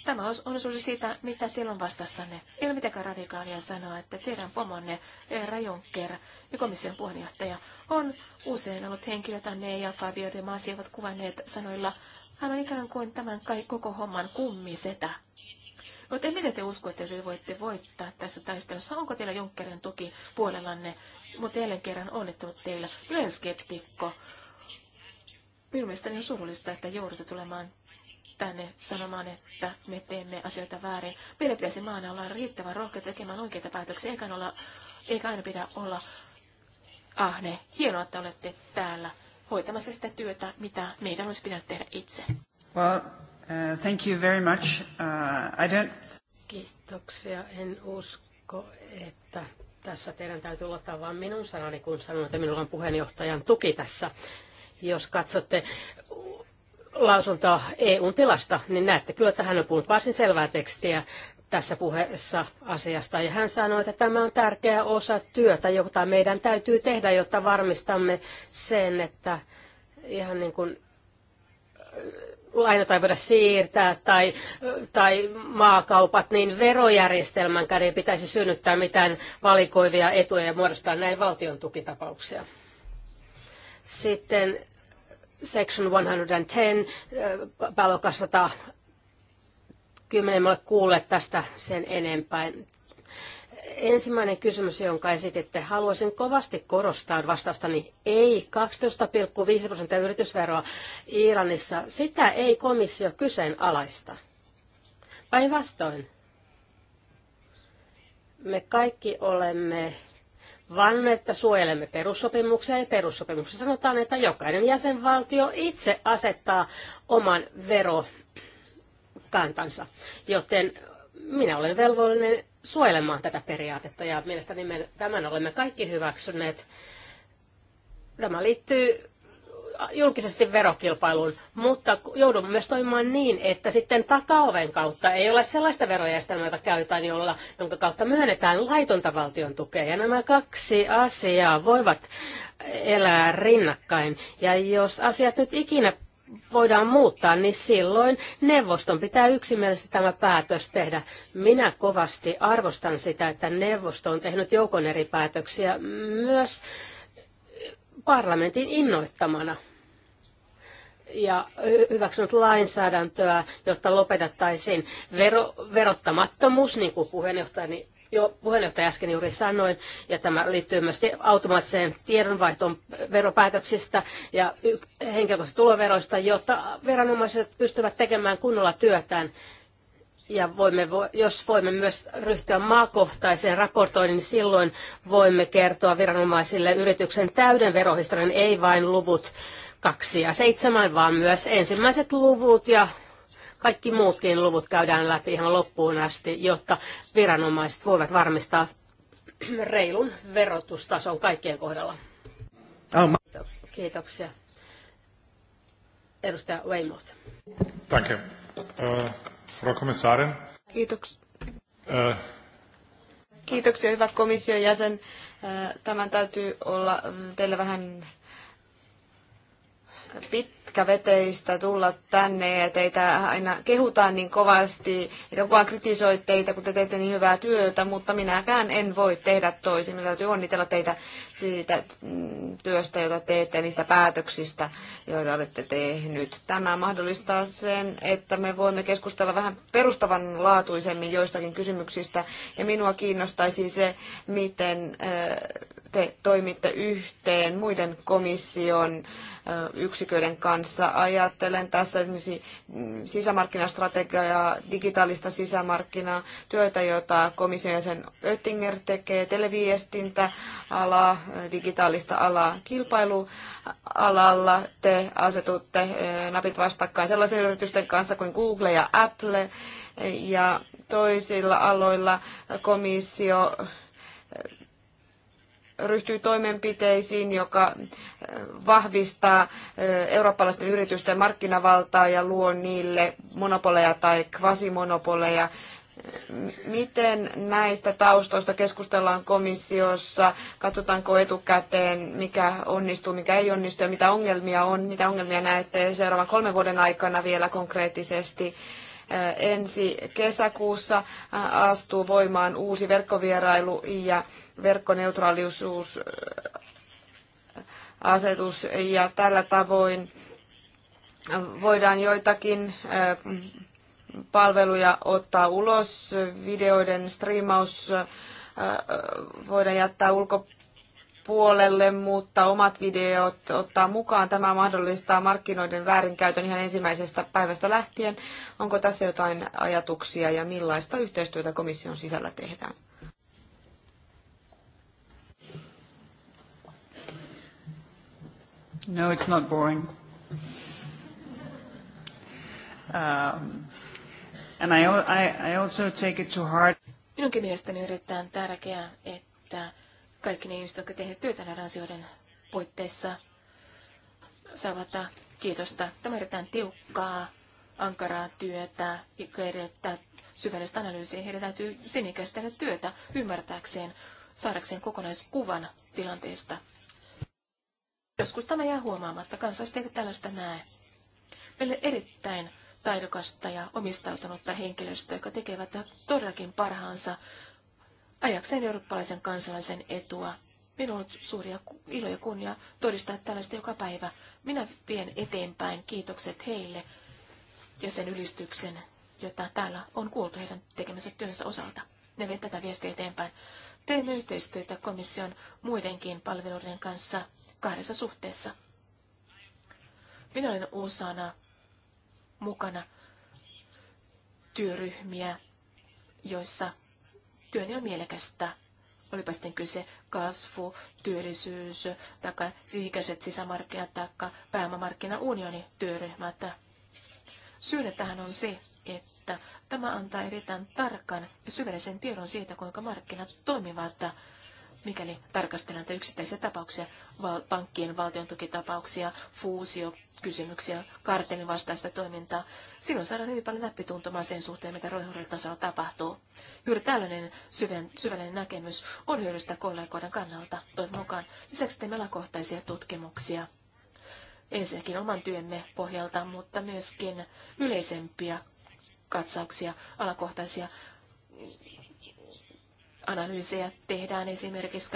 Tämä on suuri siitä, mitä teillä on vastassanne. Ei radikaalia sanoa, että teidän pomonne Eera Jonker ja komission puheenjohtaja on usein ollut henkilö, jota me ja Fabio de Masi ovat kuvanneet sanoilla, hän on ikään kuin tämän kai koko homman kummisetä. Mutta miten te uskoitte, että te voitte voittaa tässä taistelussa? Onko teillä Junckerin tuki puolellanne mutta jälleen kerran onnittelut teillä. Olen skeptikko. Minun mielestäni on surullista, että joudutte tulemaan tänne sanomaan, että me teemme asioita väärin. Meidän pitäisi maana olla riittävän rohkea tekemään oikeita päätöksiä, eikä, olla, eikä aina pidä olla ahne. Hienoa, että olette täällä hoitamassa sitä työtä, mitä meidän olisi pitänyt tehdä itse. Well, uh, thank you very much. Uh, I don't... Kiitoksia. En usko, että tässä teidän täytyy luottaa vain minun sanani, kun sanon, että minulla on puheenjohtajan tuki tässä. Jos katsotte lausuntoa EUn tilasta, niin näette kyllä, että hän on puhunut varsin selvää tekstiä tässä puheessa asiasta. Ja hän sanoi, että tämä on tärkeä osa työtä, jota meidän täytyy tehdä, jotta varmistamme sen, että ihan niin kuin lainat ei voida siirtää tai, tai maakaupat, niin verojärjestelmän käden pitäisi synnyttää mitään valikoivia etuja ja muodostaa näin valtion tukitapauksia. Sitten Section 110, pääluokka 110, me ole kuulleet tästä sen enempää. Ensimmäinen kysymys, jonka esititte, haluaisin kovasti korostaa vastaustani. Ei 12,5 prosenttia yritysveroa Iranissa. Sitä ei komissio kyseenalaista. Päinvastoin. Me kaikki olemme vanne, että suojelemme perussopimuksia ja perussopimuksessa sanotaan, että jokainen jäsenvaltio itse asettaa oman verokantansa, joten minä olen velvollinen suojelemaan tätä periaatetta ja mielestäni me tämän olemme kaikki hyväksyneet. Tämä liittyy julkisesti verokilpailuun, mutta joudumme myös toimimaan niin, että sitten takaoven kautta ei ole sellaista verojärjestelmää, jota käytetään, jolla, jonka kautta myönnetään laitonta valtion tukea. Ja nämä kaksi asiaa voivat elää rinnakkain. Ja jos asiat nyt ikinä voidaan muuttaa, niin silloin neuvoston pitää yksimielisesti tämä päätös tehdä. Minä kovasti arvostan sitä, että neuvosto on tehnyt joukon eri päätöksiä myös parlamentin innoittamana ja hyväksynyt lainsäädäntöä, jotta lopetettaisiin vero, verottamattomuus, niin kuin puheenjohtajani jo puheenjohtaja äsken juuri sanoin, ja tämä liittyy myös automaattiseen tiedonvaihtoon veropäätöksistä ja henkilökohtaisista tuloveroista, jotta viranomaiset pystyvät tekemään kunnolla työtään. Ja voimme, jos voimme myös ryhtyä maakohtaiseen raportoinnin, niin silloin voimme kertoa viranomaisille yrityksen täyden verohistorian, ei vain luvut kaksi ja seitsemän, vaan myös ensimmäiset luvut ja kaikki muutkin luvut käydään läpi ihan loppuun asti, jotta viranomaiset voivat varmistaa reilun verotustason kaikkien kohdalla. Kiitoksia. Edustaja Weymouth. Thank you. Uh, Kommissarin. Kiitoksia. Uh. Kiitoksia, hyvä komission jäsen. Uh, tämän täytyy olla teille vähän pit, pitkäveteistä tulla tänne ja teitä aina kehutaan niin kovasti ja koko ajan kritisoi teitä, kun te teette niin hyvää työtä, mutta minäkään en voi tehdä toisin. Minä täytyy onnitella teitä siitä mm, työstä, jota teette ja niistä päätöksistä, joita olette tehnyt. Tämä mahdollistaa sen, että me voimme keskustella vähän perustavanlaatuisemmin joistakin kysymyksistä ja minua kiinnostaisi se, miten te toimitte yhteen muiden komission yksiköiden kanssa. Ajattelen tässä esimerkiksi mm, sisämarkkinastrategiaa, digitaalista sisämarkkinaa, työtä, jota komission jäsen Oettinger tekee, televiestintä, alaa, digitaalista alaa, kilpailualalla te asetutte napit vastakkain sellaisen yritysten kanssa kuin Google ja Apple ja toisilla aloilla komissio ryhtyy toimenpiteisiin, joka äh, vahvistaa äh, eurooppalaisten yritysten markkinavaltaa ja luo niille monopoleja tai kvasimonopoleja. Äh, miten näistä taustoista keskustellaan komissiossa? Katsotaanko etukäteen, mikä onnistuu, mikä ei onnistu ja mitä ongelmia on? Mitä ongelmia näette seuraavan kolmen vuoden aikana vielä konkreettisesti? Ensi kesäkuussa astuu voimaan uusi verkkovierailu ja verkkoneutraalisuusasetus ja tällä tavoin voidaan joitakin palveluja ottaa ulos, videoiden striimaus voidaan jättää ulkopuolelle, mutta omat videot ottaa mukaan. Tämä mahdollistaa markkinoiden väärinkäytön ihan ensimmäisestä päivästä lähtien. Onko tässä jotain ajatuksia ja millaista yhteistyötä komission sisällä tehdään? No, it's not boring. Um, and I, I, I also take it to heart. Minunkin mielestäni on erittäin tärkeää, että kaikki ne ihmiset, jotka tehneet työtä näiden asioiden puitteissa, saavat kiitosta. Tämä on erittäin tiukkaa, ankaraa työtä, joka edellyttää syvällistä analyysiä. Heidän täytyy sen ikäistä tehdä työtä ymmärtääkseen, saadakseen kokonaiskuvan tilanteesta. Joskus tämä jää huomaamatta. Kansalaiset eivät tällaista näe. Meille erittäin taidokasta ja omistautunutta henkilöstöä, joka tekevät todellakin parhaansa ajakseen eurooppalaisen kansalaisen etua. Minulla on suuri ilo ja kunnia todistaa tällaista joka päivä. Minä vien eteenpäin kiitokset heille ja sen ylistyksen, jota täällä on kuultu heidän tekemänsä työnsä osalta. Ne vien tätä viestiä eteenpäin. Teemme yhteistyötä komission muidenkin palveluiden kanssa kahdessa suhteessa. Minä olen osana mukana työryhmiä, joissa työni on mielekästä. Olipa sitten kyse kasvu, työllisyys, tai sisäiset sisämarkkinat tai pääomamarkkinaunionityöryhmät. työryhmät Syynä tähän on se, että tämä antaa erittäin tarkan ja syvällisen tiedon siitä, kuinka markkinat toimivat, mikäli tarkastellaan yksittäisiä tapauksia, val- pankkien valtion tukitapauksia, fuusiokysymyksiä, kartelin vastaista toimintaa. Silloin saadaan hyvin paljon näppituntumaa sen suhteen, mitä ruohonjuuritasolla tapahtuu. Juuri tällainen syven, syvällinen näkemys on hyödyllistä kollegoiden kannalta, toivon mukaan. Lisäksi teemme alakohtaisia tutkimuksia ensinnäkin oman työmme pohjalta, mutta myöskin yleisempiä katsauksia, alakohtaisia analyysejä tehdään esimerkiksi,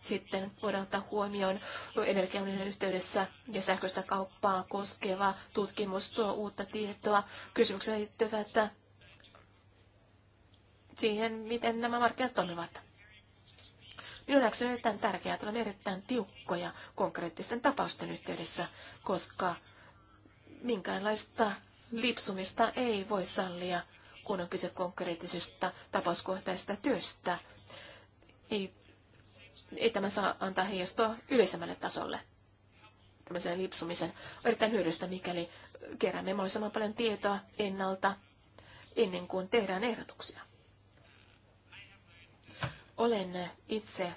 sitten voidaan ottaa huomioon energiaunionin yhteydessä ja sähköistä kauppaa koskeva tutkimus tuo uutta tietoa. Kysymykset liittyvät siihen, miten nämä markkinat toimivat. Lisäksi on erittäin tärkeää, että on erittäin tiukkoja konkreettisten tapausten yhteydessä, koska minkäänlaista lipsumista ei voi sallia, kun on kyse konkreettisesta tapauskohtaisesta työstä. Ei, ei tämä saa antaa heijastoa yleisemmälle tasolle tämmöisen lipsumisen. On erittäin hyödyllistä, mikäli keräämme mahdollisimman paljon tietoa ennalta ennen kuin tehdään ehdotuksia. Olen itse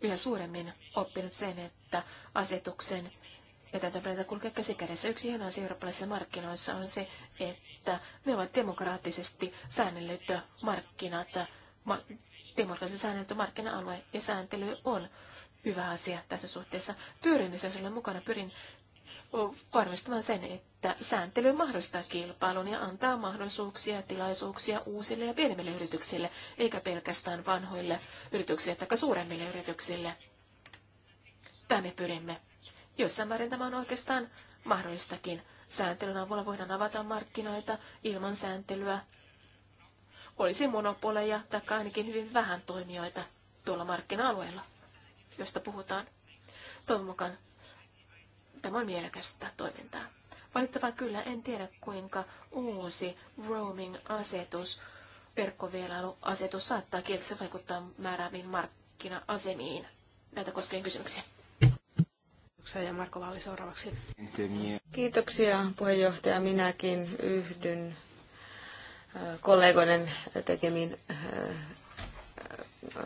yhä suuremmin oppinut sen, että asetuksen ja täytäntöönpanota kulkea käsikädessä. Yksi ihan asia eurooppalaisissa markkinoissa on se, että ne ovat demokraattisesti säännellyt markkinat, ma- demokraattisesti säännelty markkina-alue ja sääntely on hyvä asia tässä suhteessa. Työryhmissä, jos olen mukana, pyrin varmistamaan sen, että sääntely mahdollistaa kilpailun ja antaa mahdollisuuksia ja tilaisuuksia uusille ja pienemmille yrityksille, eikä pelkästään vanhoille yrityksille tai suuremmille yrityksille. Tämä me pyrimme. Jossain määrin tämä on oikeastaan mahdollistakin. Sääntelyn avulla voidaan avata markkinoita ilman sääntelyä. Olisi monopoleja tai ainakin hyvin vähän toimijoita tuolla markkina-alueella, josta puhutaan. Toivon mukaan Tämä on mielekästä toimintaa. Valittavaa kyllä en tiedä, kuinka uusi roaming-asetus, verkkovierailuasetus saattaa kielessä vaikuttaa määrääviin markkina-asemiin. Näitä koskien kysymyksiä. Kiitoksia ja Marko Valli seuraavaksi. Kiitoksia puheenjohtaja. Minäkin yhdyn äh, kollegoiden tekemiin äh, äh,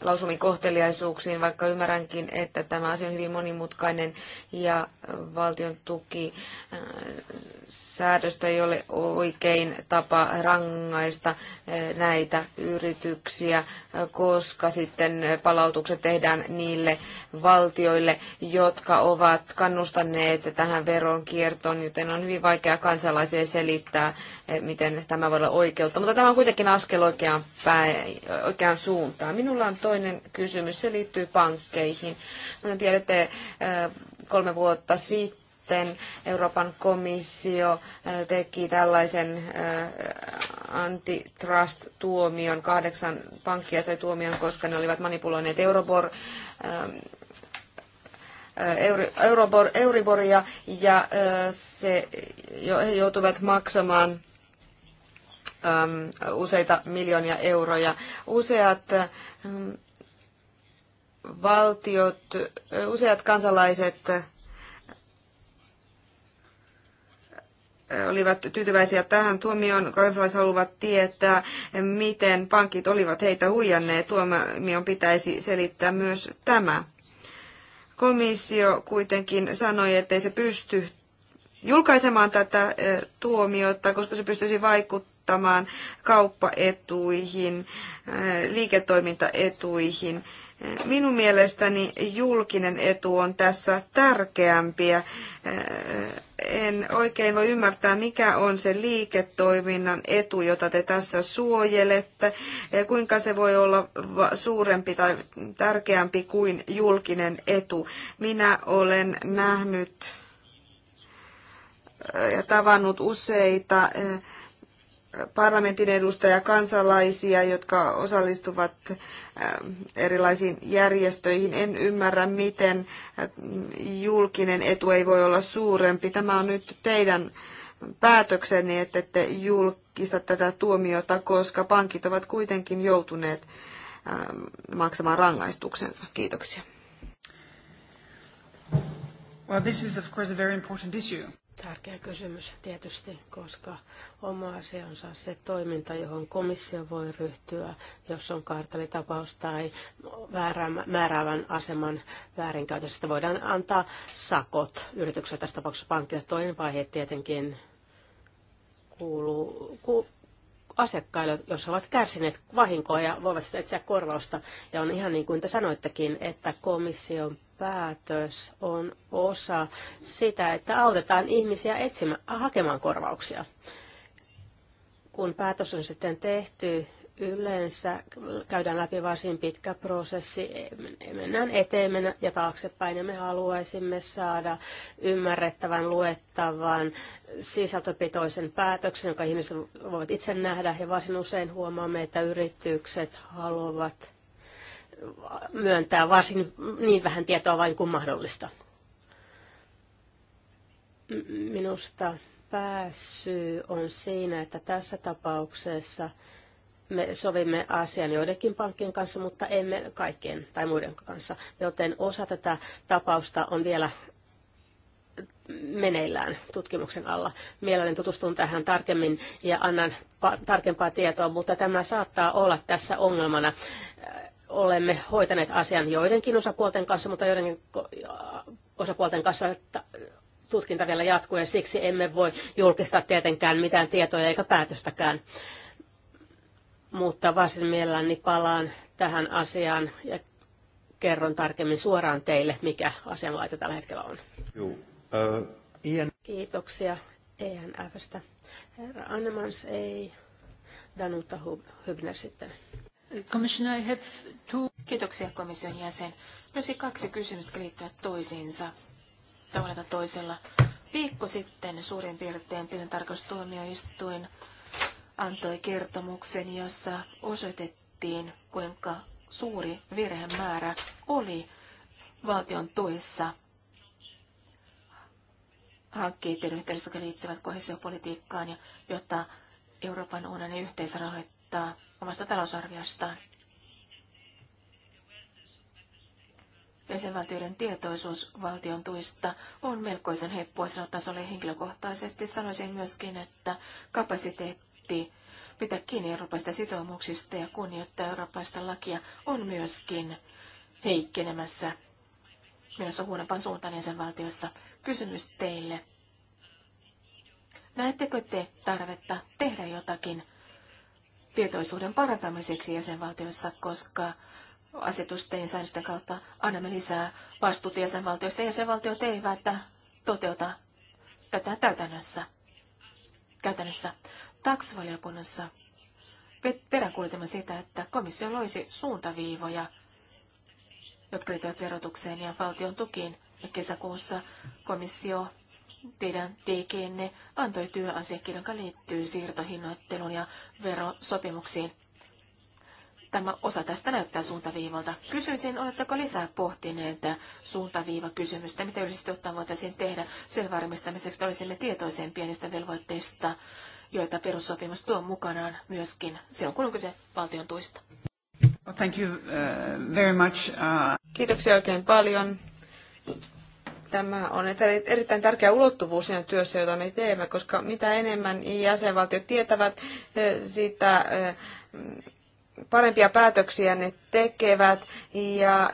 lausumin kohteliaisuuksiin, vaikka ymmärränkin, että tämä asia on hyvin monimutkainen ja valtion tuki säädöstä ei ole oikein tapa rangaista eh, näitä yrityksiä, koska sitten palautukset tehdään niille valtioille, jotka ovat kannustaneet tähän veronkiertoon, joten on hyvin vaikea kansalaisille selittää, eh, miten tämä voi olla oikeutta. Mutta tämä on kuitenkin askel oikeaan, päin, oikeaan suuntaan. Minulla on toinen kysymys, se liittyy pankkeihin. Kuten tiedätte, eh, kolme vuotta sitten Euroopan komissio teki tällaisen antitrust-tuomion, kahdeksan pankkia sai tuomion, koska ne olivat manipuloineet Eurobor Euribor, Euriboria ja se, he joutuvat maksamaan useita miljoonia euroja. Useat valtiot, useat kansalaiset olivat tyytyväisiä tähän tuomioon. Kansalaiset haluavat tietää, miten pankit olivat heitä huijanneet. Tuomioon pitäisi selittää myös tämä. Komissio kuitenkin sanoi, ettei se pysty julkaisemaan tätä tuomiota, koska se pystyisi vaikuttamaan kauppaetuihin, liiketoimintaetuihin Minun mielestäni julkinen etu on tässä tärkeämpiä. En oikein voi ymmärtää, mikä on se liiketoiminnan etu, jota te tässä suojelette, kuinka se voi olla suurempi tai tärkeämpi kuin julkinen etu. Minä olen nähnyt ja tavannut useita eh, parlamentin edustajia, kansalaisia, jotka osallistuvat ähm, erilaisiin järjestöihin. En ymmärrä, miten äh, julkinen etu ei voi olla suurempi. Tämä on nyt teidän päätöksenne, että te julkista tätä tuomiota, koska pankit ovat kuitenkin joutuneet ähm, maksamaan rangaistuksensa. Kiitoksia. Well, this is of course a very important issue. Tärkeä kysymys tietysti, koska oma asiansa se toiminta, johon komissio voi ryhtyä, jos on kartelitapaus tai määräävän aseman väärinkäytöstä. Voidaan antaa sakot yritykselle tässä tapauksessa pankille. Toinen vaihe tietenkin kuuluu ku, asiakkaille, jos ovat kärsineet vahinkoa ja voivat sitä etsiä korvausta. Ja on ihan niin kuin te sanoittekin, että komission päätös on osa sitä, että autetaan ihmisiä etsimään, hakemaan korvauksia. Kun päätös on sitten tehty, yleensä käydään läpi varsin pitkä prosessi, mennään eteen ja taaksepäin ja me haluaisimme saada ymmärrettävän, luettavan, sisältöpitoisen päätöksen, jonka ihmiset voivat itse nähdä ja varsin usein huomaamme, että yritykset haluavat myöntää varsin niin vähän tietoa vain kuin mahdollista. Minusta pääsyy on siinä, että tässä tapauksessa me sovimme asian joidenkin pankkien kanssa, mutta emme kaikkien tai muiden kanssa. Joten osa tätä tapausta on vielä meneillään tutkimuksen alla. Mielelläni tutustun tähän tarkemmin ja annan tarkempaa tietoa, mutta tämä saattaa olla tässä ongelmana olemme hoitaneet asian joidenkin osapuolten kanssa, mutta joidenkin osapuolten kanssa tutkinta vielä jatkuu ja siksi emme voi julkistaa tietenkään mitään tietoja eikä päätöstäkään. Mutta varsin mielelläni palaan tähän asiaan ja kerron tarkemmin suoraan teille, mikä asianlaita tällä hetkellä on. Juu. Uh, Ian... Kiitoksia ENFstä. Herra Annemans ei, Danuta Hübner sitten. Kiitoksia komission jäsen. Myös kaksi kysymystä liittyvät toisiinsa tavalla tai toisella. Viikko sitten suurin piirtein tilintarkastustuomioistuin antoi kertomuksen, jossa osoitettiin, kuinka suuri virhemäärä oli valtion tuessa hankkeiden yhteydessä, jotka liittyvät kohesiopolitiikkaan, jota Euroopan unioni yhteisrahoittaa – omasta talousarviostaan. Jäsenvaltioiden tietoisuus valtion tuista on melkoisen heppuisella tasolla henkilökohtaisesti sanoisin myöskin, että kapasiteetti pitää kiinni euroopasta sitoumuksista ja kunnioittaa eurooppalaista lakia on myöskin heikkenemässä menossa huonompaan suuntaan jäsenvaltiossa. Kysymys teille. Näettekö te tarvetta tehdä jotakin tietoisuuden parantamiseksi jäsenvaltioissa, koska asetusten ja säännösten kautta annamme lisää vastuuta jäsenvaltioista. Jäsenvaltiot eivät toteuta tätä täytännössä. käytännössä. Taksivaliokunnassa peräänkuulutamme sitä, että komissio loisi suuntaviivoja, jotka liittyvät verotukseen ja valtion tukiin. Ja kesäkuussa komissio teidän DGnne antoi työasiakirjan, joka liittyy siirtohinnoitteluun ja verosopimuksiin. Tämä osa tästä näyttää suuntaviivalta. Kysyisin, oletteko lisää pohtineet suuntaviivakysymystä, mitä yleisesti ottaen voitaisiin tehdä sen varmistamiseksi, että olisimme tietoisen pienistä velvoitteista, joita perussopimus tuo mukanaan myöskin silloin, kun on kyse valtion tuista. Well, thank you, uh, very much, uh... Kiitoksia oikein paljon Tämä on erittäin tärkeä ulottuvuus siinä työssä, jota me teemme, koska mitä enemmän jäsenvaltiot tietävät eh, sitä eh, parempia päätöksiä ne tekevät ja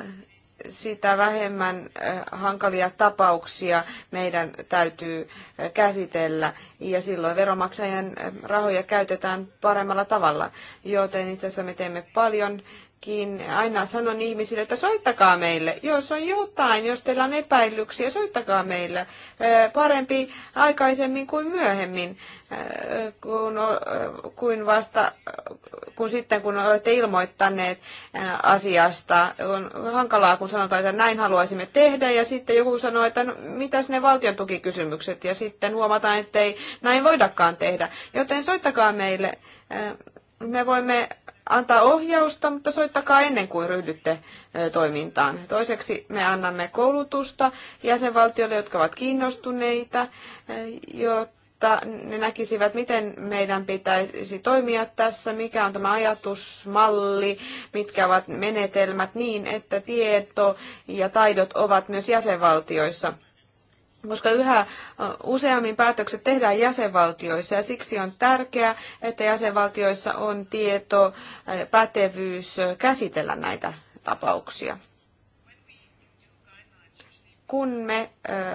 sitä vähemmän eh, hankalia tapauksia meidän täytyy käsitellä ja silloin veronmaksajien rahoja käytetään paremmalla tavalla. Joten itse asiassa me teemme paljon itsekin aina sanon ihmisille, että soittakaa meille. Jos on jotain, jos teillä on epäilyksiä, soittakaa meille. Parempi aikaisemmin kuin myöhemmin, kun, kuin vasta, kun sitten kun olette ilmoittaneet asiasta. On hankalaa, kun sanotaan, että näin haluaisimme tehdä, ja sitten joku sanoo, että no, mitäs ne valtion tukikysymykset, ja sitten huomataan, että ei näin voidakaan tehdä. Joten soittakaa meille. Me voimme antaa ohjausta, mutta soittakaa ennen kuin ryhdytte toimintaan. Toiseksi me annamme koulutusta jäsenvaltioille, jotka ovat kiinnostuneita, jotta ne näkisivät, miten meidän pitäisi toimia tässä, mikä on tämä ajatusmalli, mitkä ovat menetelmät niin, että tieto ja taidot ovat myös jäsenvaltioissa – koska yhä useammin päätökset tehdään jäsenvaltioissa ja siksi on tärkeää, että jäsenvaltioissa on tieto, pätevyys käsitellä näitä tapauksia. Kun me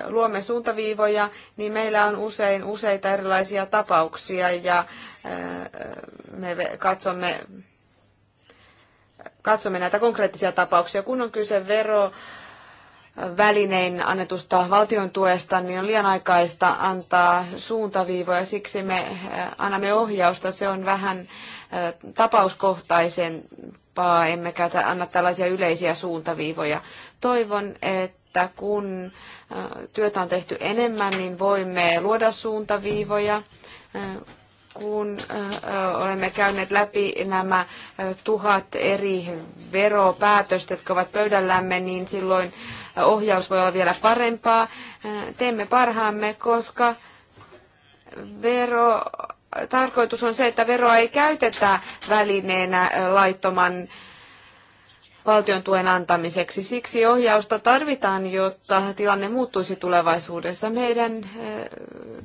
luomme suuntaviivoja, niin meillä on usein useita erilaisia tapauksia ja me katsomme katsomme näitä konkreettisia tapauksia, kun on kyse vero, välinein annetusta valtion tuesta, niin on liian aikaista antaa suuntaviivoja. Siksi me eh, annamme ohjausta. Se on vähän eh, tapauskohtaisempaa, emmekä anna tällaisia yleisiä suuntaviivoja. Toivon, että kun eh, työtä on tehty enemmän, niin voimme luoda suuntaviivoja kun äh, äh, olemme käyneet läpi nämä äh, tuhat eri veropäätöstä, jotka ovat pöydällämme, niin silloin ohjaus voi olla vielä parempaa. Teemme parhaamme, koska vero, tarkoitus on se, että veroa ei käytetä välineenä laittoman valtion tuen antamiseksi. Siksi ohjausta tarvitaan, jotta tilanne muuttuisi tulevaisuudessa. Meidän eh,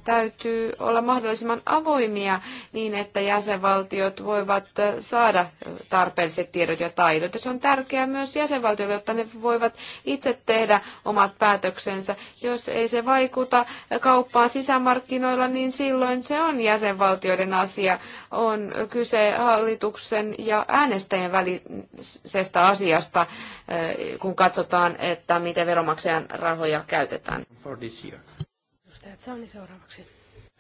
täytyy olla mahdollisimman avoimia niin, että jäsenvaltiot voivat eh, saada tarpeelliset tiedot ja taidot. Ja se on tärkeää myös jäsenvaltioille, jotta ne voivat itse tehdä omat päätöksensä. Jos ei se vaikuta kauppaan sisämarkkinoilla, niin silloin se on jäsenvaltioiden asia. On kyse hallituksen ja äänestäjien välisestä asiasta asiasta, eh, kun katsotaan, että miten veromaksajan rahoja käytetään. For this year. Sauni seuraavaksi.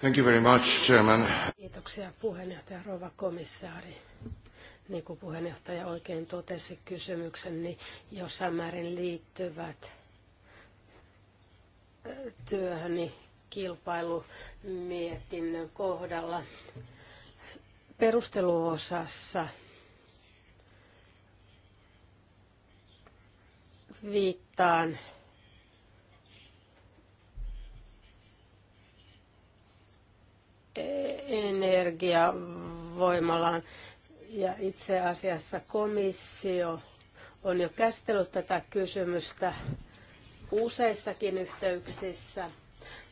Thank you very much, Chairman. Kiitoksia puheenjohtaja Rova komissaari. Niin kuin puheenjohtaja oikein totesi kysymyksen, niin jossain määrin liittyvät eh, työhöni kilpailumietinnön kohdalla perusteluosassa viittaan energiavoimalaan. Ja itse asiassa komissio on jo käsitellyt tätä kysymystä useissakin yhteyksissä.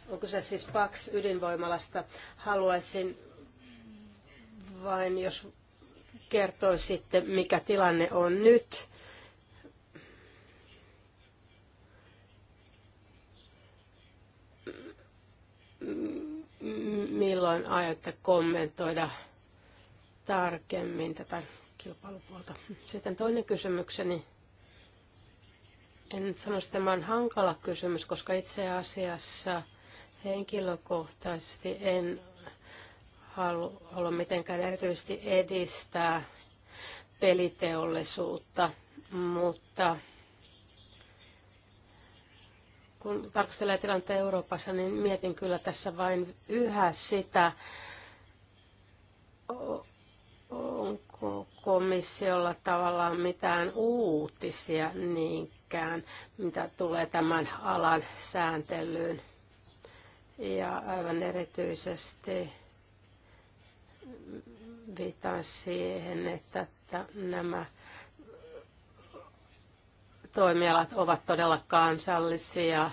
Onko se siis PAX ydinvoimalasta? Haluaisin vain, jos kertoisitte, mikä tilanne on nyt milloin aiotte kommentoida tarkemmin tätä kilpailupuolta? Sitten toinen kysymykseni. En nyt sano, että tämä on hankala kysymys, koska itse asiassa henkilökohtaisesti en halua mitenkään erityisesti edistää peliteollisuutta, mutta kun tarkastelee tilannetta Euroopassa, niin mietin kyllä tässä vain yhä sitä, onko komissiolla tavallaan mitään uutisia niinkään, mitä tulee tämän alan sääntelyyn. Ja aivan erityisesti viitaan siihen, että nämä toimialat ovat todella kansallisia,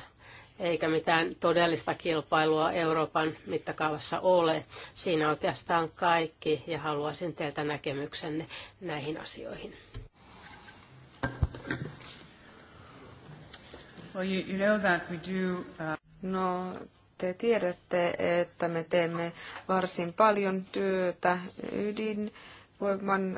eikä mitään todellista kilpailua Euroopan mittakaavassa ole. Siinä oikeastaan kaikki ja haluaisin teiltä näkemyksenne näihin asioihin. Uh, no, te tiedätte, että me teemme varsin paljon työtä ydinvoiman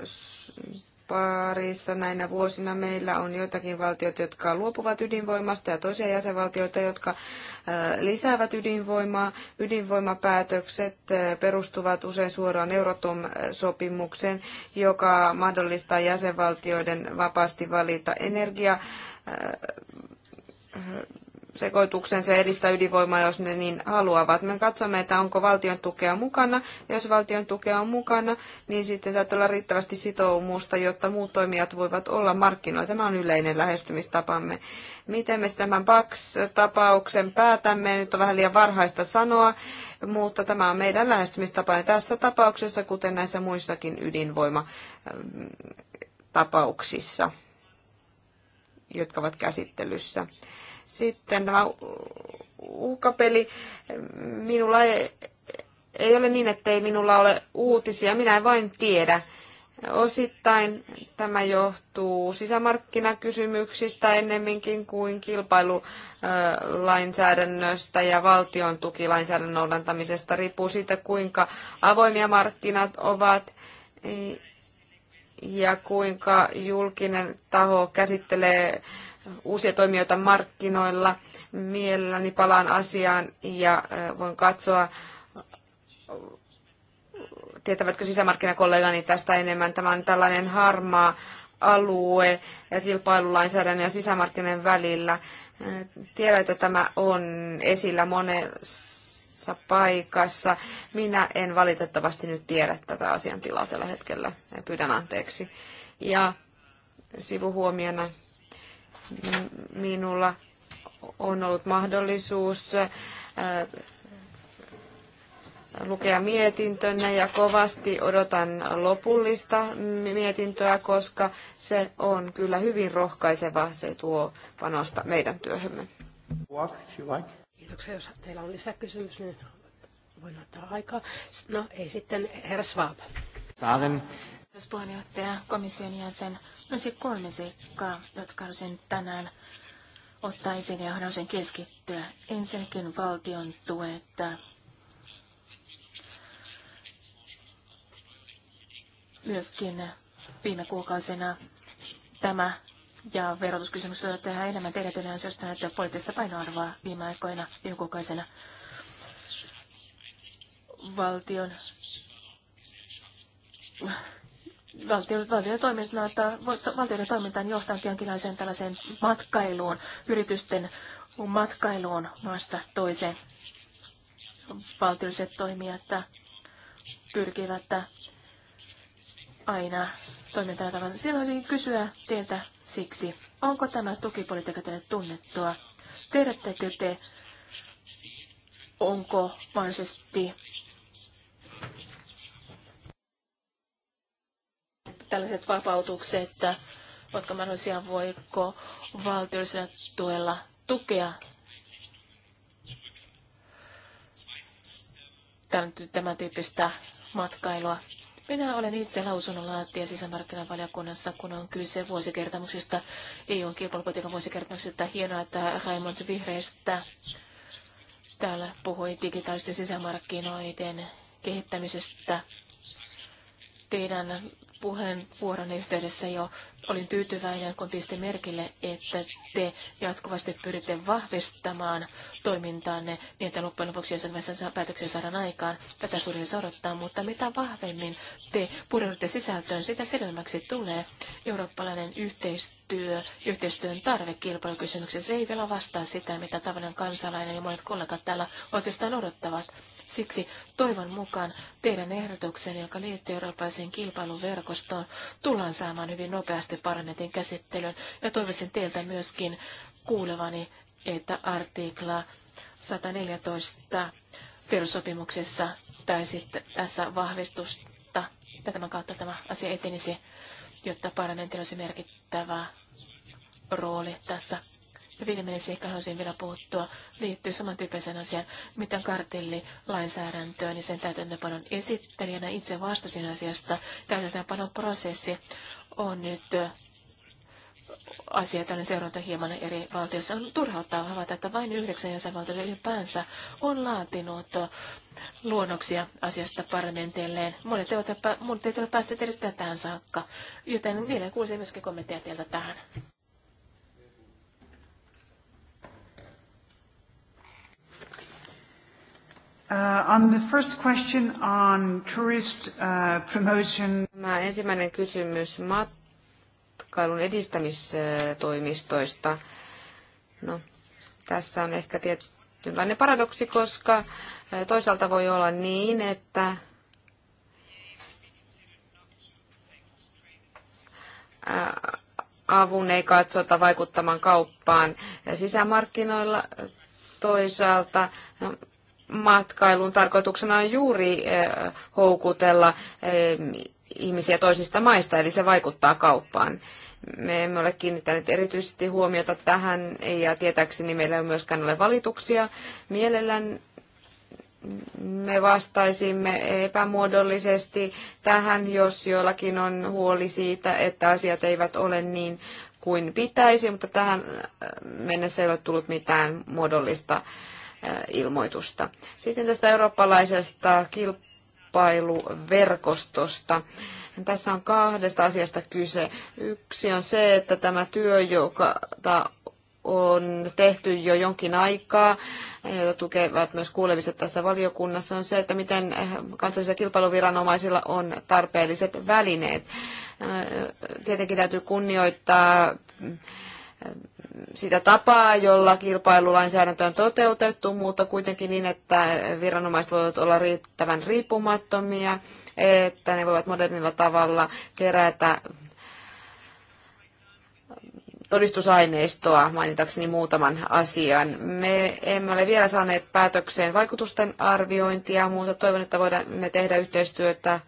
parissa näinä vuosina meillä on joitakin valtioita, jotka luopuvat ydinvoimasta ja toisia jäsenvaltioita, jotka äh, lisäävät ydinvoimaa. Ydinvoimapäätökset äh, perustuvat usein suoraan Euratom-sopimukseen, joka mahdollistaa jäsenvaltioiden vapaasti valita energia äh, sekoitukseen se edistää ydinvoimaa, jos ne niin haluavat. Me katsomme, että onko valtion tukea mukana. jos valtion tukea on mukana, niin sitten täytyy olla riittävästi sitoumusta, jotta muut toimijat voivat olla markkinoilla. Tämä on yleinen lähestymistapamme. Miten me tämän bax tapauksen päätämme? Nyt on vähän liian varhaista sanoa, mutta tämä on meidän lähestymistapamme tässä tapauksessa, kuten näissä muissakin ydinvoimatapauksissa, ähm, jotka ovat käsittelyssä. Sitten tämä uhkapeli. Minulla ei, ei ole niin, ettei minulla ole uutisia. Minä en vain tiedä. Osittain tämä johtuu sisämarkkinakysymyksistä ennemminkin kuin kilpailulainsäädännöstä ja valtion tukilainsäädännön noudantamisesta. Riippuu siitä, kuinka avoimia markkinat ovat ja kuinka julkinen taho käsittelee uusia toimijoita markkinoilla. Mielelläni palaan asiaan ja voin katsoa, tietävätkö sisämarkkinakollegani tästä enemmän. Tämä on tällainen harmaa alue ja kilpailulainsäädännön ja sisämarkkinoiden välillä. Tiedän, että tämä on esillä monessa paikassa. Minä en valitettavasti nyt tiedä tätä asiantilaa tällä hetkellä. Pyydän anteeksi. Ja sivuhuomiona minulla on ollut mahdollisuus äh, lukea mietintönne ja kovasti odotan lopullista mietintöä, koska se on kyllä hyvin rohkaiseva. Se tuo panosta meidän työhömme. Kiitoksia. Jos teillä on lisäkysymys, niin voin ottaa aikaa. No ei sitten, herra Schwab. Saaren. Kiitos puheenjohtaja, komission jäsen, no se kolme seikkaa, jotka haluaisin tänään ottaa esiin ja haluaisin keskittyä. Ensinnäkin valtion tuet myöskin viime kuukausina tämä ja verotuskysymys on tehdä enemmän teidän ansiosta näyttää poliittista painoarvoa viime aikoina, viime kuukausina. Valtion valtioiden, valtioiden toimintaan, valtioiden toimintaan johtaa jonkinlaiseen tällaiseen matkailuun, yritysten matkailuun maasta toiseen. Valtiolliset toimijat pyrkivät aina toimintaan tavalla. Sitten haluaisin kysyä teiltä siksi, onko tämä tukipolitiikka teille tunnettua? Tiedättekö te, onko mahdollisesti tällaiset vapautukset, ovatko mahdollisia, voiko valtiollisella tuella tukea tämän tyyppistä matkailua. Minä olen itse lausunnonlaatija sisämarkkinavaliokunnassa, kun on kyse ei ole kilpailupolitiikan vuosikertomuksesta. Hienoa, että Raimond Vihreistä täällä puhui digitaalisten sisämarkkinoiden kehittämisestä. Teidän puheenvuoron yhteydessä jo Olin tyytyväinen, kun piste merkille, että te jatkuvasti pyritte vahvistamaan toimintaanne niin, että loppujen lopuksi jossain päätöksen saadaan aikaan. Tätä suurin sorottaa, mutta mitä vahvemmin te pureudutte sisältöön, sitä selvemmäksi tulee eurooppalainen yhteistyö, yhteistyön tarve kilpailukysymyksessä. Se ei vielä vastaa sitä, mitä tavallinen kansalainen ja monet kollegat täällä oikeastaan odottavat. Siksi toivon mukaan teidän ehdotuksen, joka liittyy eurooppalaiseen kilpailuverkostoon, tullaan saamaan hyvin nopeasti sitten parlamentin käsittelyyn. Ja toivoisin teiltä myöskin kuulevani, että artikla 114 perussopimuksessa tai sitten tässä vahvistusta, ja tämän kautta tämä asia etenisi, jotta parlamentilla olisi merkittävä rooli tässä. Ja viimeinen seikka haluaisin vielä puuttua, liittyy samantyyppiseen asiaan, mitä kartelli lainsäädäntöön niin sen täytäntöpanon esittelijänä itse vastasin asiasta. Täytäntöpanon prosessi on nyt asia tällainen seuranta hieman eri valtioissa. On turhauttaa havaita, että vain yhdeksän jäsenvaltiota ylipäänsä on laatinut luonnoksia asiasta parlamentilleen. Monet eivät, monet eivät ole päässeet edes tähän saakka, joten vielä kuulisin myöskin kommentteja teiltä tähän. Uh, on the first question on tourist uh, promotion. Tämä ensimmäinen kysymys matkailun edistämistoimistoista. No, tässä on ehkä tietynlainen paradoksi, koska uh, toisaalta voi olla niin, että uh, avun ei katsota vaikuttamaan kauppaan sisämarkkinoilla. Toisaalta no, matkailun tarkoituksena on juuri eh, houkutella eh, ihmisiä toisista maista, eli se vaikuttaa kauppaan. Me emme ole kiinnittäneet erityisesti huomiota tähän, ja tietääkseni meillä ei myöskään ole valituksia. Mielellään me vastaisimme epämuodollisesti tähän, jos jollakin on huoli siitä, että asiat eivät ole niin kuin pitäisi, mutta tähän mennessä ei ole tullut mitään muodollista Äh, ilmoitusta. Sitten tästä eurooppalaisesta kilpailuverkostosta. Tässä on kahdesta asiasta kyse. Yksi on se, että tämä työ, joka on tehty jo jonkin aikaa, jota tukevat myös kuulemiset tässä valiokunnassa, on se, että miten kansallisilla kilpailuviranomaisilla on tarpeelliset välineet. Äh, tietenkin täytyy kunnioittaa äh, sitä tapaa, jolla kilpailulainsäädäntö on toteutettu, mutta kuitenkin niin, että viranomaiset voivat olla riittävän riippumattomia, että ne voivat modernilla tavalla kerätä todistusaineistoa, mainitakseni muutaman asian. Me emme ole vielä saaneet päätökseen vaikutusten arviointia, mutta toivon, että voidaan me tehdä yhteistyötä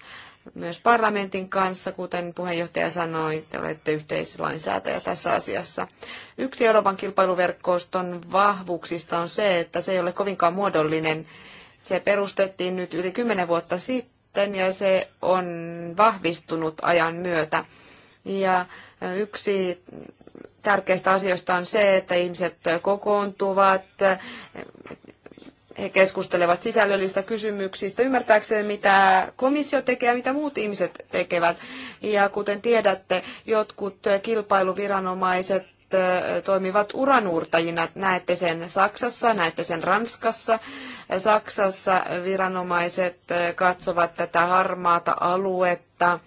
myös parlamentin kanssa, kuten puheenjohtaja sanoi, te olette yhteislainsäätäjä tässä asiassa. Yksi Euroopan kilpailuverkoston vahvuuksista on se, että se ei ole kovinkaan muodollinen. Se perustettiin nyt yli kymmenen vuotta sitten ja se on vahvistunut ajan myötä. Ja yksi tärkeistä asioista on se, että ihmiset kokoontuvat, he keskustelevat sisällöllisistä kysymyksistä, ymmärtääkseen mitä komissio tekee ja mitä muut ihmiset tekevät. Ja kuten tiedätte, jotkut kilpailuviranomaiset eh, toimivat uranuurtajina. Näette sen Saksassa, näette sen Ranskassa. Saksassa viranomaiset eh, katsovat tätä harmaata aluetta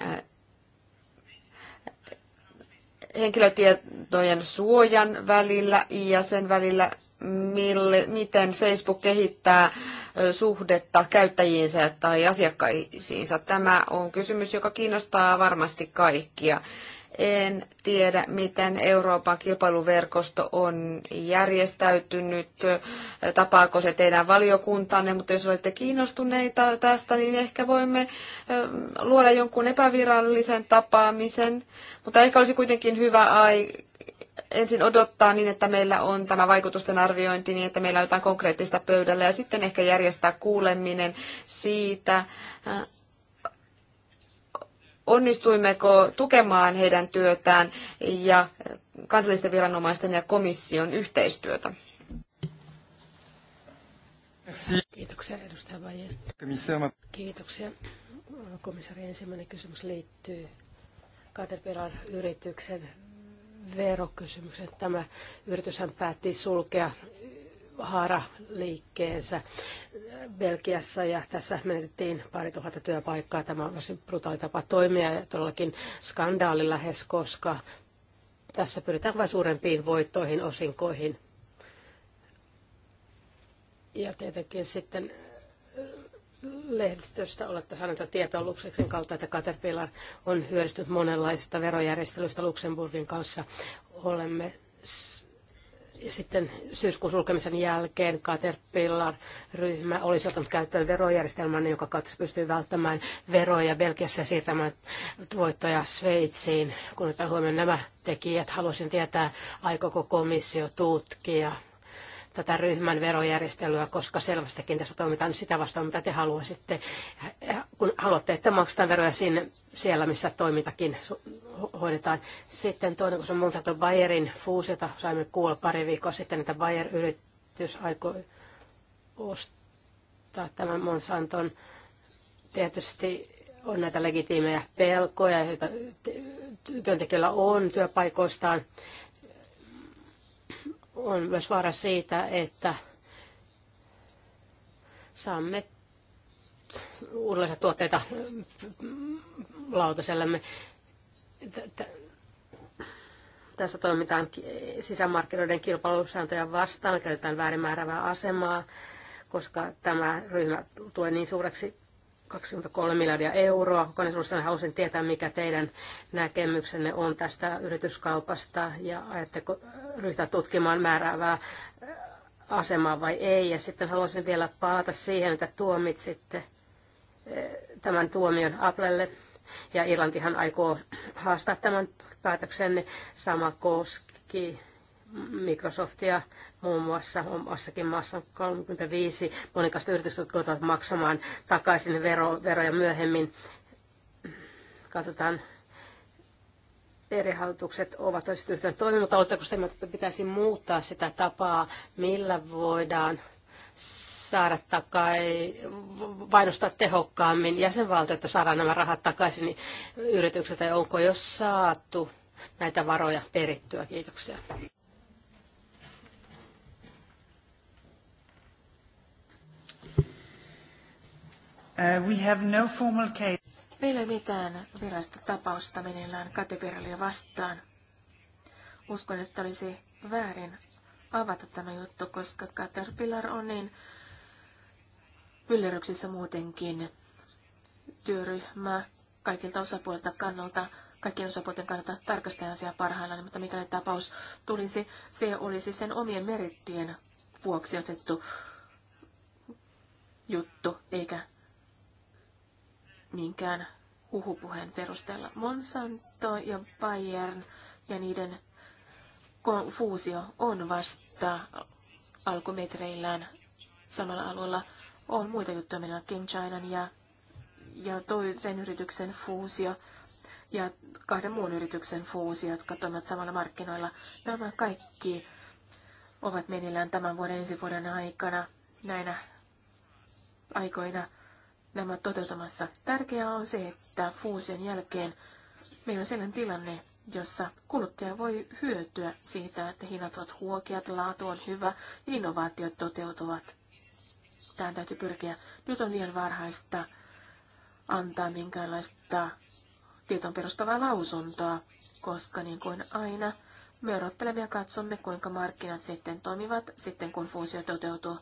eh, henkilötietojen suojan välillä ja sen välillä, mille, miten Facebook kehittää suhdetta käyttäjiinsä tai asiakkaisiinsa. Tämä on kysymys, joka kiinnostaa varmasti kaikkia. En tiedä, miten Euroopan kilpailuverkosto on järjestäytynyt, tapaako se teidän valiokuntanne, mutta jos olette kiinnostuneita tästä, niin ehkä voimme luoda jonkun epävirallisen tapaamisen. Mutta ehkä olisi kuitenkin hyvä ensin odottaa niin, että meillä on tämä vaikutusten arviointi, niin että meillä on jotain konkreettista pöydällä ja sitten ehkä järjestää kuuleminen siitä, äh, onnistuimmeko tukemaan heidän työtään ja kansallisten viranomaisten ja komission yhteistyötä. Kiitoksia edustaja Vaje. Kiitoksia. Komissaari, ensimmäinen kysymys liittyy Caterpillar-yrityksen verokysymyksen. Tämä yrityshän päätti sulkea haaraliikkeensä Belgiassa ja tässä menetettiin pari tuhatta työpaikkaa. Tämä on varsin brutaali tapa toimia ja todellakin skandaali lähes, koska tässä pyritään vain suurempiin voittoihin, osinkoihin. Ja tietenkin sitten lehdistöstä olette saaneet tietoa Luxeksen kautta, että Caterpillar on hyödystynyt monenlaisista verojärjestelyistä Luxemburgin kanssa. Olemme sitten syyskuun sulkemisen jälkeen Caterpillar-ryhmä olisi ottanut käyttöön verojärjestelmän, joka katsoi pystyy välttämään veroja Belgiassa ja siirtämään voittoja Sveitsiin. Kun otetaan huomioon nämä tekijät, haluaisin tietää, aikooko komissio tutkia tätä ryhmän verojärjestelyä, koska selvästikin tässä toimitaan sitä vastaan, mitä te haluaisitte. Kun haluatte, että maksetaan veroja sinne, siellä, missä toimintakin hoidetaan. Sitten toinen, kun se on muuta Bayerin fuusiota, saimme kuulla pari viikkoa sitten, että Bayer-yritys aikoi ostaa tämän Monsanton. Tietysti on näitä legitiimejä pelkoja, joita työntekijöillä on työpaikoistaan on myös vaara siitä, että saamme uudenlaisia tuotteita lautasellemme. Tässä toimitaan sisämarkkinoiden kilpailusääntöjä vastaan, käytetään väärinmääräävää asemaa, koska tämä ryhmä tulee niin suureksi 23 miljardia euroa. Kokonaisuudessaan halusin tietää, mikä teidän näkemyksenne on tästä yrityskaupasta ja ajatteko ryhtyä tutkimaan määräävää äh, asemaa vai ei. Ja sitten haluaisin vielä palata siihen, että tuomitsitte äh, tämän tuomion Applelle. Ja Irlantihan aikoo haastaa tämän päätöksen. Sama koski Microsoftia muun muassa omassakin maassa 35 monikasta yritystä, jotka ovat maksamaan takaisin vero, veroja myöhemmin. Katsotaan, eri hallitukset ovat yhtiön toiminut, oletteko sitä, että pitäisi muuttaa sitä tapaa, millä voidaan saada takai, painostaa tehokkaammin jäsenvaltioita saada nämä rahat takaisin yritykseltä, ja onko jo saatu näitä varoja perittyä? Kiitoksia. Uh, we have no formal case. Meillä ei mitään virallista tapausta meneillään kateperalia vastaan. Uskon, että olisi väärin avata tämä juttu, koska Caterpillar on niin pyllerryksissä muutenkin työryhmä kaikilta osapuolilta kannalta, kaikkien osapuolten kannalta tarkastajan asiaa parhaillaan, mutta mikäli tapaus tulisi, se olisi sen omien merittien vuoksi otettu juttu, eikä minkään huhupuheen perusteella. Monsanto ja Bayern ja niiden fuusio on vasta alkumetreillään samalla alueella. On muita juttuja meillä Kim Chinan ja, ja toisen yrityksen fuusio ja kahden muun yrityksen fuusio, jotka toimivat samalla markkinoilla. Nämä kaikki ovat menillään tämän vuoden ensi vuoden aikana näinä aikoina – nämä toteutamassa. Tärkeää on se, että fuusion jälkeen meillä on sellainen tilanne, jossa kuluttaja voi hyötyä siitä, että hinnat ovat huokeat, laatu on hyvä ja innovaatiot toteutuvat. Tähän täytyy pyrkiä. Nyt on liian varhaista antaa minkäänlaista tietoon perustavaa lausuntoa, koska niin kuin aina me odottelemme ja katsomme, kuinka markkinat sitten toimivat sitten, kun fuusio toteutuu.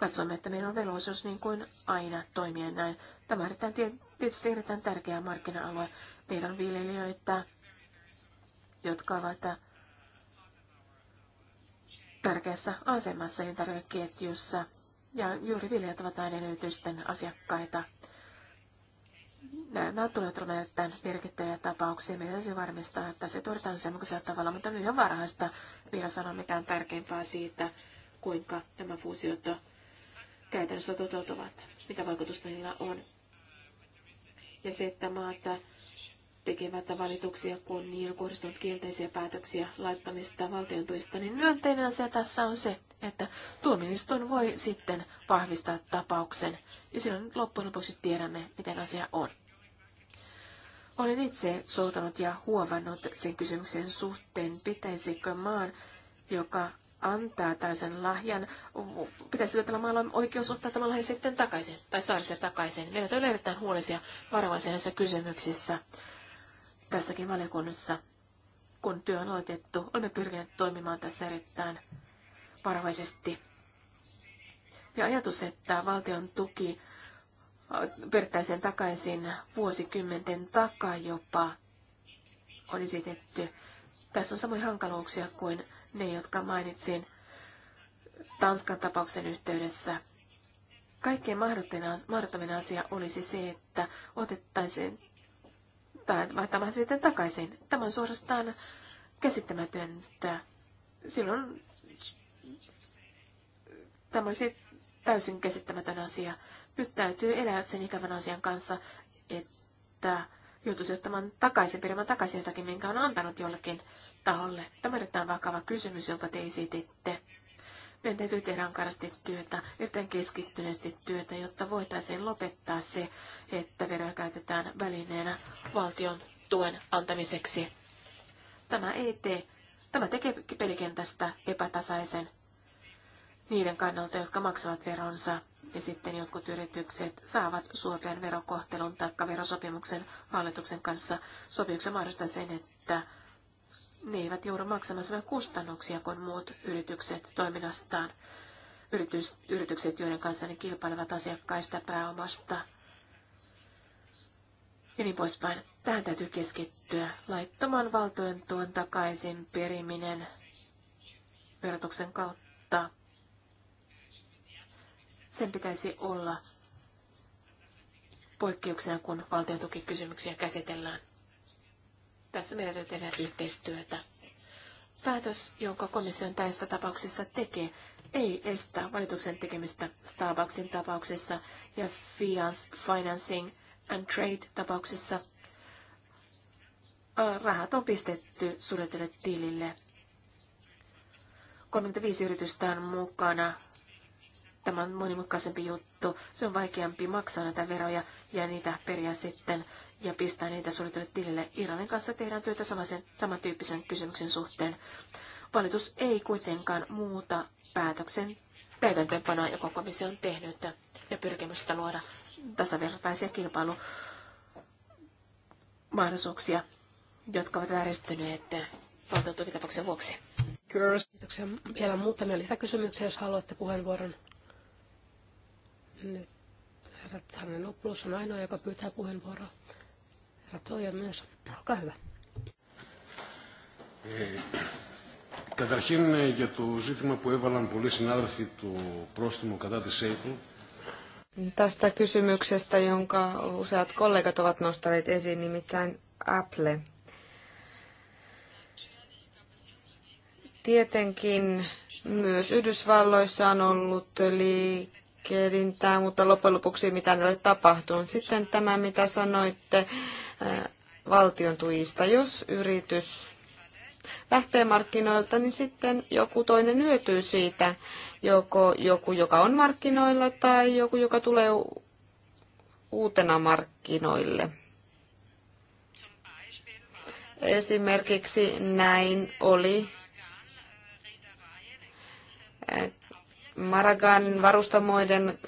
Katsomme, että meillä on velvollisuus niin kuin aina toimia näin. Tämä on tietysti erittäin tärkeä markkina-alue. Meillä on viljelijöitä, jotka ovat tärkeässä asemassa elintarvikeketjussa. Ja juuri viljelijät ovat näiden yritysten asiakkaita. Nämä tulevat olemaan erittäin merkittäviä tapauksia. Meidän täytyy varmistaa, että se tuodaan semmoisella tavalla, mutta nyt on varhaista vielä sanoa mitään tärkeämpää siitä, kuinka tämä fuusiot käytännössä toteutuvat, mitä vaikutusta niillä on. Ja se, että maata tekevät valituksia, kun niillä on kohdistunut kielteisiä päätöksiä laittamista valtion tuista, niin myönteinen asia tässä on se, että tuomioistuin voi sitten vahvistaa tapauksen. Ja silloin loppujen lopuksi tiedämme, miten asia on. Olen itse soutanut ja huovannut sen kysymyksen suhteen, pitäisikö maan, joka antaa tällaisen lahjan, pitäisi tällä maalla on oikeus ottaa tämä lahja sitten takaisin, tai saada se takaisin. Meidän on erittäin huolisia varovaisia näissä kysymyksissä tässäkin valiokunnassa. Kun työ on aloitettu, olemme pyrkineet toimimaan tässä erittäin varovaisesti. Ja ajatus, että valtion tuki perittäisiin takaisin vuosikymmenten takaa jopa, on esitetty. Tässä on samoja hankaluuksia kuin ne, jotka mainitsin Tanskan tapauksen yhteydessä. Kaikkein mahdottomin asia olisi se, että otettaisiin tai vaihtamaan sitten takaisin. Tämä on suorastaan käsittämätöntä. Silloin tämä olisi täysin käsittämätön asia. Nyt täytyy elää sen ikävän asian kanssa, että joutuisi ottamaan takaisin, perimään takaisin jotakin, minkä on antanut jollekin taholle. Tämä on erittäin vakava kysymys, jonka te esititte. Meidän täytyy tehdä ankarasti työtä, erittäin keskittyneesti työtä, jotta voitaisiin lopettaa se, että veroja käytetään välineenä valtion tuen antamiseksi. Tämä ei tee, tämä tekee pelikentästä epätasaisen niiden kannalta, jotka maksavat veronsa ja sitten jotkut yritykset saavat suopean verokohtelun tai verosopimuksen hallituksen kanssa sopimuksen mahdollistaa sen, että ne eivät joudu maksamaan samoja kustannuksia kuin muut yritykset toiminnastaan. Yritys, yritykset, joiden kanssa ne kilpailevat asiakkaista, pääomasta ja niin poispäin. Tähän täytyy keskittyä. Laittoman valtojen tuon takaisin periminen verotuksen kautta sen pitäisi olla poikkeuksena, kun valtiontukikysymyksiä käsitellään. Tässä meidän täytyy tehdä yhteistyötä. Päätös, jonka komission tässä tapauksessa tekee, ei estä valituksen tekemistä Starbucksin tapauksessa ja Fias Financing and Trade-tapauksessa. Rahat on pistetty suljetulle tilille. 35 yritystä on mukana Tämä on monimutkaisempi juttu. Se on vaikeampi maksaa näitä veroja ja niitä periä sitten ja pistää niitä suunnitelle tilille. Iranin kanssa tehdään työtä samaisen, samantyyppisen kysymyksen suhteen. Valitus ei kuitenkaan muuta päätöksen täytäntöönpanoa, joka komissio on tehnyt ja pyrkimystä luoda tasavertaisia kilpailumahdollisuuksia, jotka ovat vääristyneet valtion tapauksen vuoksi. Kiitoksia. Vielä muutamia lisäkysymyksiä, jos haluatte puheenvuoron. Nyt herra Nuplus on ainoa, joka pyytää puheenvuoroa. Herra Toija myös. Olkaa hyvä. Eh, καταρχήν για το ζήτημα που έβαλαν πολλοί συνάδελφοι του πρόστιμου κατά της ΕΙΠΟ. Tästä kysymyksestä, jonka useat kollegat ovat nostaneet εσύ nimittäin Apple. Tietenkin myös Yhdysvalloissa on ollut liike kelintää, mutta loppujen lopuksi mitä ne ole tapahtunut. Sitten tämä, mitä sanoitte valtion tuista. Jos yritys lähtee markkinoilta, niin sitten joku toinen hyötyy siitä, joko joku, joka on markkinoilla tai joku, joka tulee uutena markkinoille. Esimerkiksi näin oli Maragan varustamoiden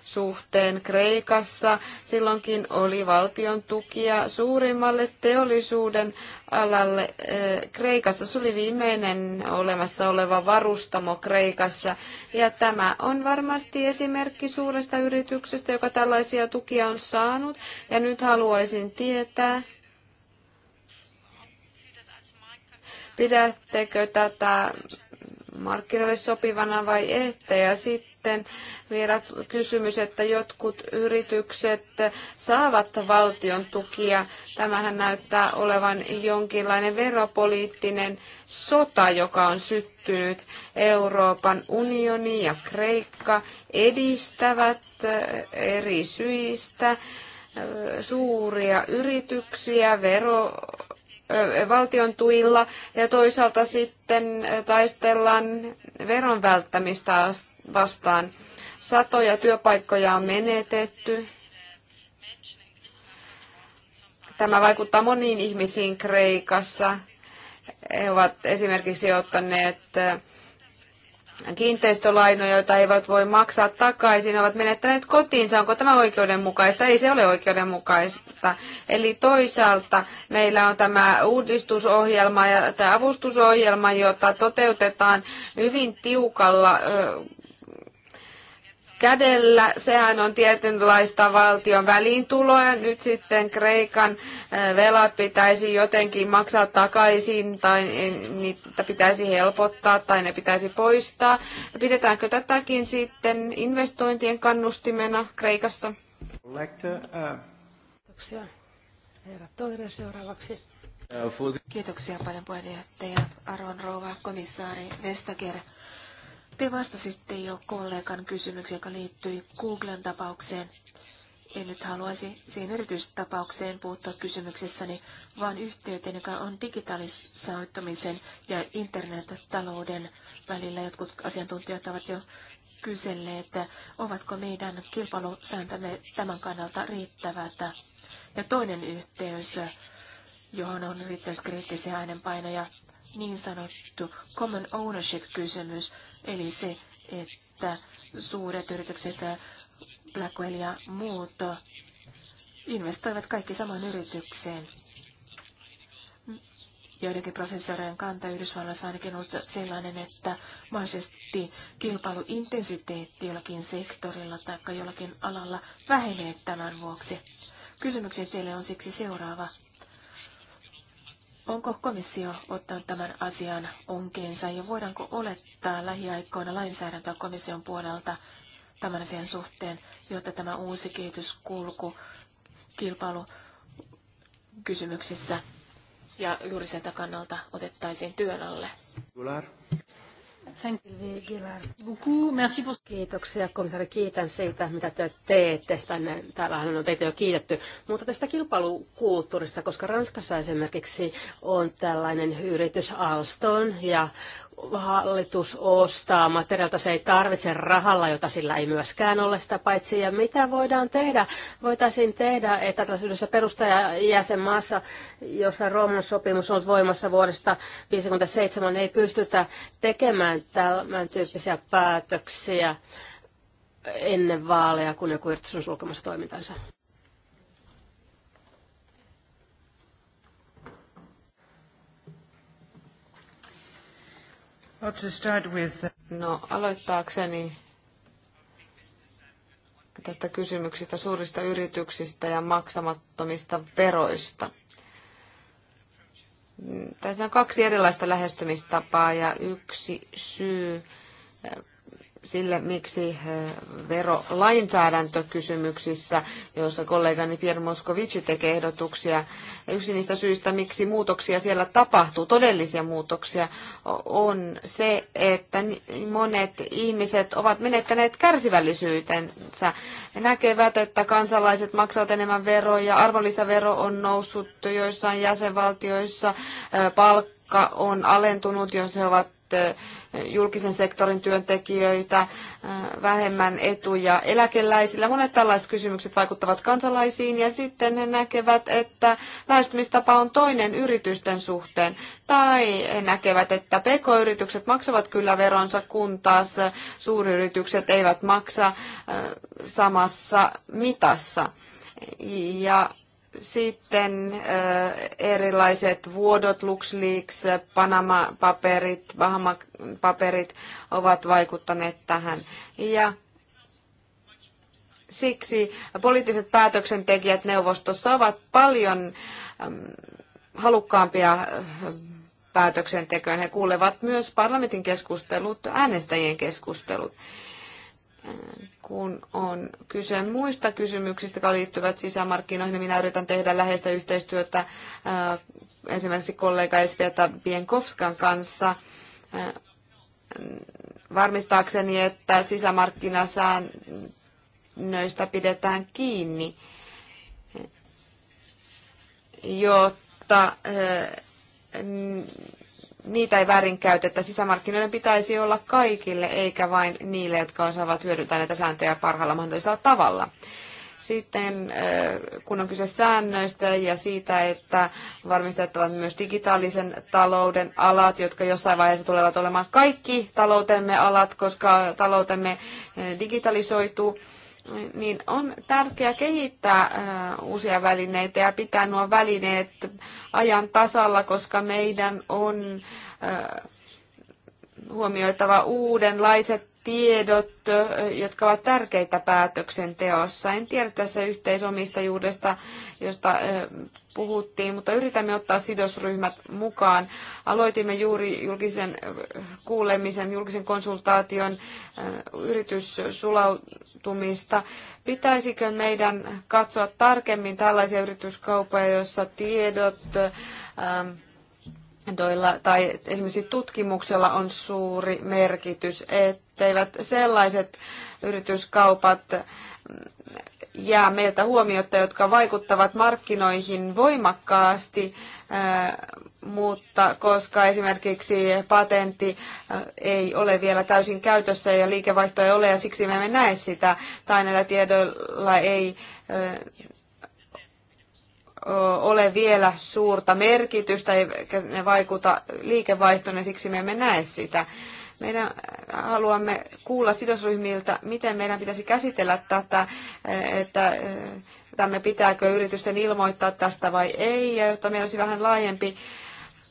suhteen Kreikassa. Silloinkin oli valtion tukia suurimmalle teollisuuden alalle Kreikassa. Se oli viimeinen olemassa oleva varustamo Kreikassa. Ja tämä on varmasti esimerkki suuresta yrityksestä, joka tällaisia tukia on saanut. Ja nyt haluaisin tietää, pidättekö tätä markkinoille sopivana vai ette. Ja sitten vielä kysymys, että jotkut yritykset saavat valtion tukia. Tämähän näyttää olevan jonkinlainen veropoliittinen sota, joka on syttynyt. Euroopan unioni ja Kreikka edistävät eri syistä e, suuria yrityksiä vero valtion tuilla ja toisaalta sitten taistellaan veron välttämistä vastaan. Satoja työpaikkoja on menetetty. Tämä vaikuttaa moniin ihmisiin Kreikassa. He ovat esimerkiksi ottaneet kiinteistölainoja, joita eivät voi maksaa takaisin, ovat menettäneet kotiinsa. Onko tämä oikeudenmukaista? Ei se ole oikeudenmukaista. Eli toisaalta meillä on tämä uudistusohjelma ja tämä avustusohjelma, jota toteutetaan hyvin tiukalla kädellä. Sehän on tietynlaista valtion väliintuloa. Nyt sitten Kreikan velat pitäisi jotenkin maksaa takaisin tai niitä pitäisi helpottaa tai ne pitäisi poistaa. Pidetäänkö tätäkin sitten investointien kannustimena Kreikassa? Uh, Kiitoksia. Herra Toire seuraavaksi. Kiitoksia paljon puheenjohtaja Aron Rouva, komissaari Vestager. Te vastasitte jo kollegan kysymykseen, joka liittyi Googlen tapaukseen. En nyt haluaisi siihen erityistapaukseen puuttua kysymyksessäni, vaan yhteyteen, joka on digitalisoittumisen ja internettalouden välillä. Jotkut asiantuntijat ovat jo kyselleet, että ovatko meidän kilpailusääntömme tämän kannalta riittävät. Ja toinen yhteys, johon on riittänyt kriittisiä äänenpainoja, niin sanottu common ownership-kysymys, eli se, että suuret yritykset, Blackwell ja muut, investoivat kaikki samaan yritykseen. Joidenkin professorien kanta Yhdysvalloissa ainakin ollut sellainen, että mahdollisesti kilpailuintensiteetti jollakin sektorilla tai jollakin alalla vähenee tämän vuoksi. Kysymykseni teille on siksi seuraava. Onko komissio ottanut tämän asian onkeensa ja voidaanko olettaa lähiaikoina lainsäädäntöä komission puolelta tämän asian suhteen, jotta tämä uusi kehityskulku kilpailukysymyksissä ja juuriselta kannalta otettaisiin työn alle? Kiitoksia komissaari, kiitän siitä, mitä te teette. Tänne, täällähän on teitä jo kiitetty. Mutta tästä kilpailukulttuurista, koska Ranskassa esimerkiksi on tällainen yritys Alston ja hallitus ostaa materiaalta, se ei tarvitse rahalla, jota sillä ei myöskään ole sitä paitsi. Ja mitä voidaan tehdä? Voitaisiin tehdä, että tällaisessa perustajajäsenmaassa, jossa Rooman sopimus on voimassa vuodesta 1957, ei pystytä tekemään tämän tyyppisiä päätöksiä ennen vaaleja, kun joku yritys on sulkemassa toimintansa. Uh, no, aloittaakseni tästä kysymyksestä suurista yrityksistä ja maksamattomista veroista. Tässä on kaksi erilaista lähestymistapaa ja yksi syy sille, miksi eh, verolainsäädäntökysymyksissä, joissa kollegani Pierre Moskovici tekee ehdotuksia, yksi niistä syistä, miksi muutoksia siellä tapahtuu, todellisia muutoksia, on se, että monet ihmiset ovat menettäneet kärsivällisyytensä. He näkevät, että kansalaiset maksavat enemmän veroja, arvonlisävero on noussut joissain jäsenvaltioissa, eh, palkka on alentunut, jos he ovat Äh, julkisen sektorin työntekijöitä, äh, vähemmän etuja eläkeläisillä. Monet tällaiset kysymykset vaikuttavat kansalaisiin ja sitten he näkevät, että lähestymistapa on toinen yritysten suhteen. Tai he näkevät, että pk-yritykset maksavat kyllä veronsa, kun taas suuryritykset eivät maksa äh, samassa mitassa. Ja sitten erilaiset vuodot, LuxLeaks, Panama-paperit, Bahama-paperit ovat vaikuttaneet tähän. Ja siksi poliittiset päätöksentekijät neuvostossa ovat paljon halukkaampia päätöksentekoon. He kuulevat myös parlamentin keskustelut, äänestäjien keskustelut kun on kyse muista kysymyksistä, jotka liittyvät sisämarkkinoihin. Niin minä yritän tehdä läheistä yhteistyötä äh, esimerkiksi kollega Elspieta Bienkovskan kanssa äh, varmistaakseni, että sisämarkkinasäännöistä pidetään kiinni, jotta äh, niitä ei väärinkäytetä. Sisämarkkinoiden pitäisi olla kaikille, eikä vain niille, jotka osaavat hyödyntää näitä sääntöjä parhaalla mahdollisella tavalla. Sitten äh, kun on kyse säännöistä ja siitä, että varmistettavat myös digitaalisen talouden alat, jotka jossain vaiheessa tulevat olemaan kaikki taloutemme alat, koska taloutemme äh, digitalisoituu, niin on tärkeää kehittää äh, uusia välineitä ja pitää nuo välineet ajan tasalla, koska meidän on äh, huomioitava uudenlaiset tiedot, jotka ovat tärkeitä päätöksenteossa. En tiedä tässä yhteisomistajuudesta, josta puhuttiin, mutta yritämme ottaa sidosryhmät mukaan. Aloitimme juuri julkisen kuulemisen, julkisen konsultaation yrityssulautumista. Pitäisikö meidän katsoa tarkemmin tällaisia yrityskaupoja, joissa tiedot tai esimerkiksi tutkimuksella on suuri merkitys, etteivät sellaiset yrityskaupat mm, jää meiltä huomiota, jotka vaikuttavat markkinoihin voimakkaasti, mutta koska esimerkiksi patentti ei ole vielä täysin käytössä ja liikevaihto ei ole ja siksi me emme näe sitä tai näillä tiedoilla ei ole vielä suurta merkitystä, eikä ne vaikuta liikevaihtoon ja siksi me emme näe sitä. Meidän äh, haluamme kuulla sidosryhmiltä, miten meidän pitäisi käsitellä tätä, äh, että äh, tämme pitääkö yritysten ilmoittaa tästä vai ei, ja jotta meillä olisi vähän laajempi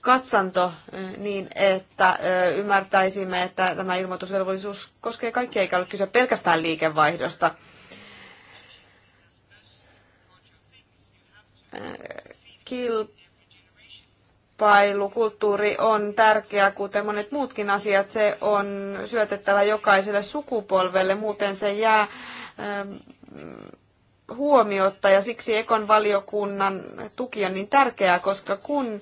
katsanto niin, että ymmärtäisimme, että tämä ilmoitusvelvollisuus koskee kaikkia, eikä ole kyse pelkästään liikevaihdosta. kilpailukulttuuri on tärkeä, kuten monet muutkin asiat. Se on syötettävä jokaiselle sukupolvelle, muuten se jää ähm, huomiota ja siksi Ekon valiokunnan tuki on niin tärkeää, koska kun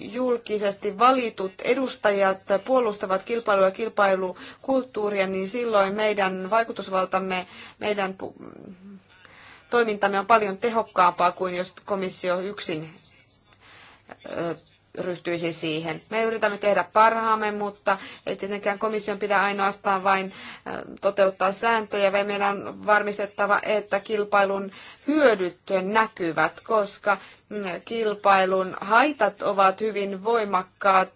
julkisesti valitut edustajat puolustavat kilpailua ja kilpailukulttuuria, niin silloin meidän vaikutusvaltamme, meidän toimintamme on paljon tehokkaampaa kuin jos komissio yksin ryhtyisi siihen. Me yritämme tehdä parhaamme, mutta ei tietenkään komission pidä ainoastaan vain toteuttaa sääntöjä, vaan meidän on varmistettava, että kilpailun hyödyt näkyvät, koska mm, kilpailun haitat ovat hyvin voimakkaat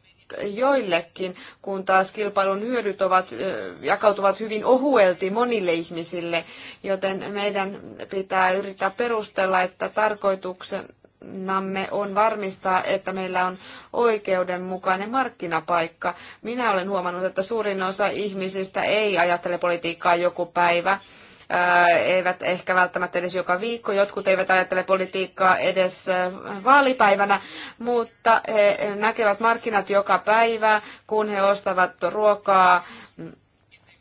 joillekin, kun taas kilpailun hyödyt ovat, jakautuvat hyvin ohuelti monille ihmisille, joten meidän pitää yrittää perustella, että tarkoituksenamme on varmistaa, että meillä on oikeudenmukainen markkinapaikka. Minä olen huomannut, että suurin osa ihmisistä ei ajattele politiikkaa joku päivä eivät ehkä välttämättä edes joka viikko, jotkut eivät ajattele politiikkaa edes vaalipäivänä, mutta he näkevät markkinat joka päivä, kun he ostavat ruokaa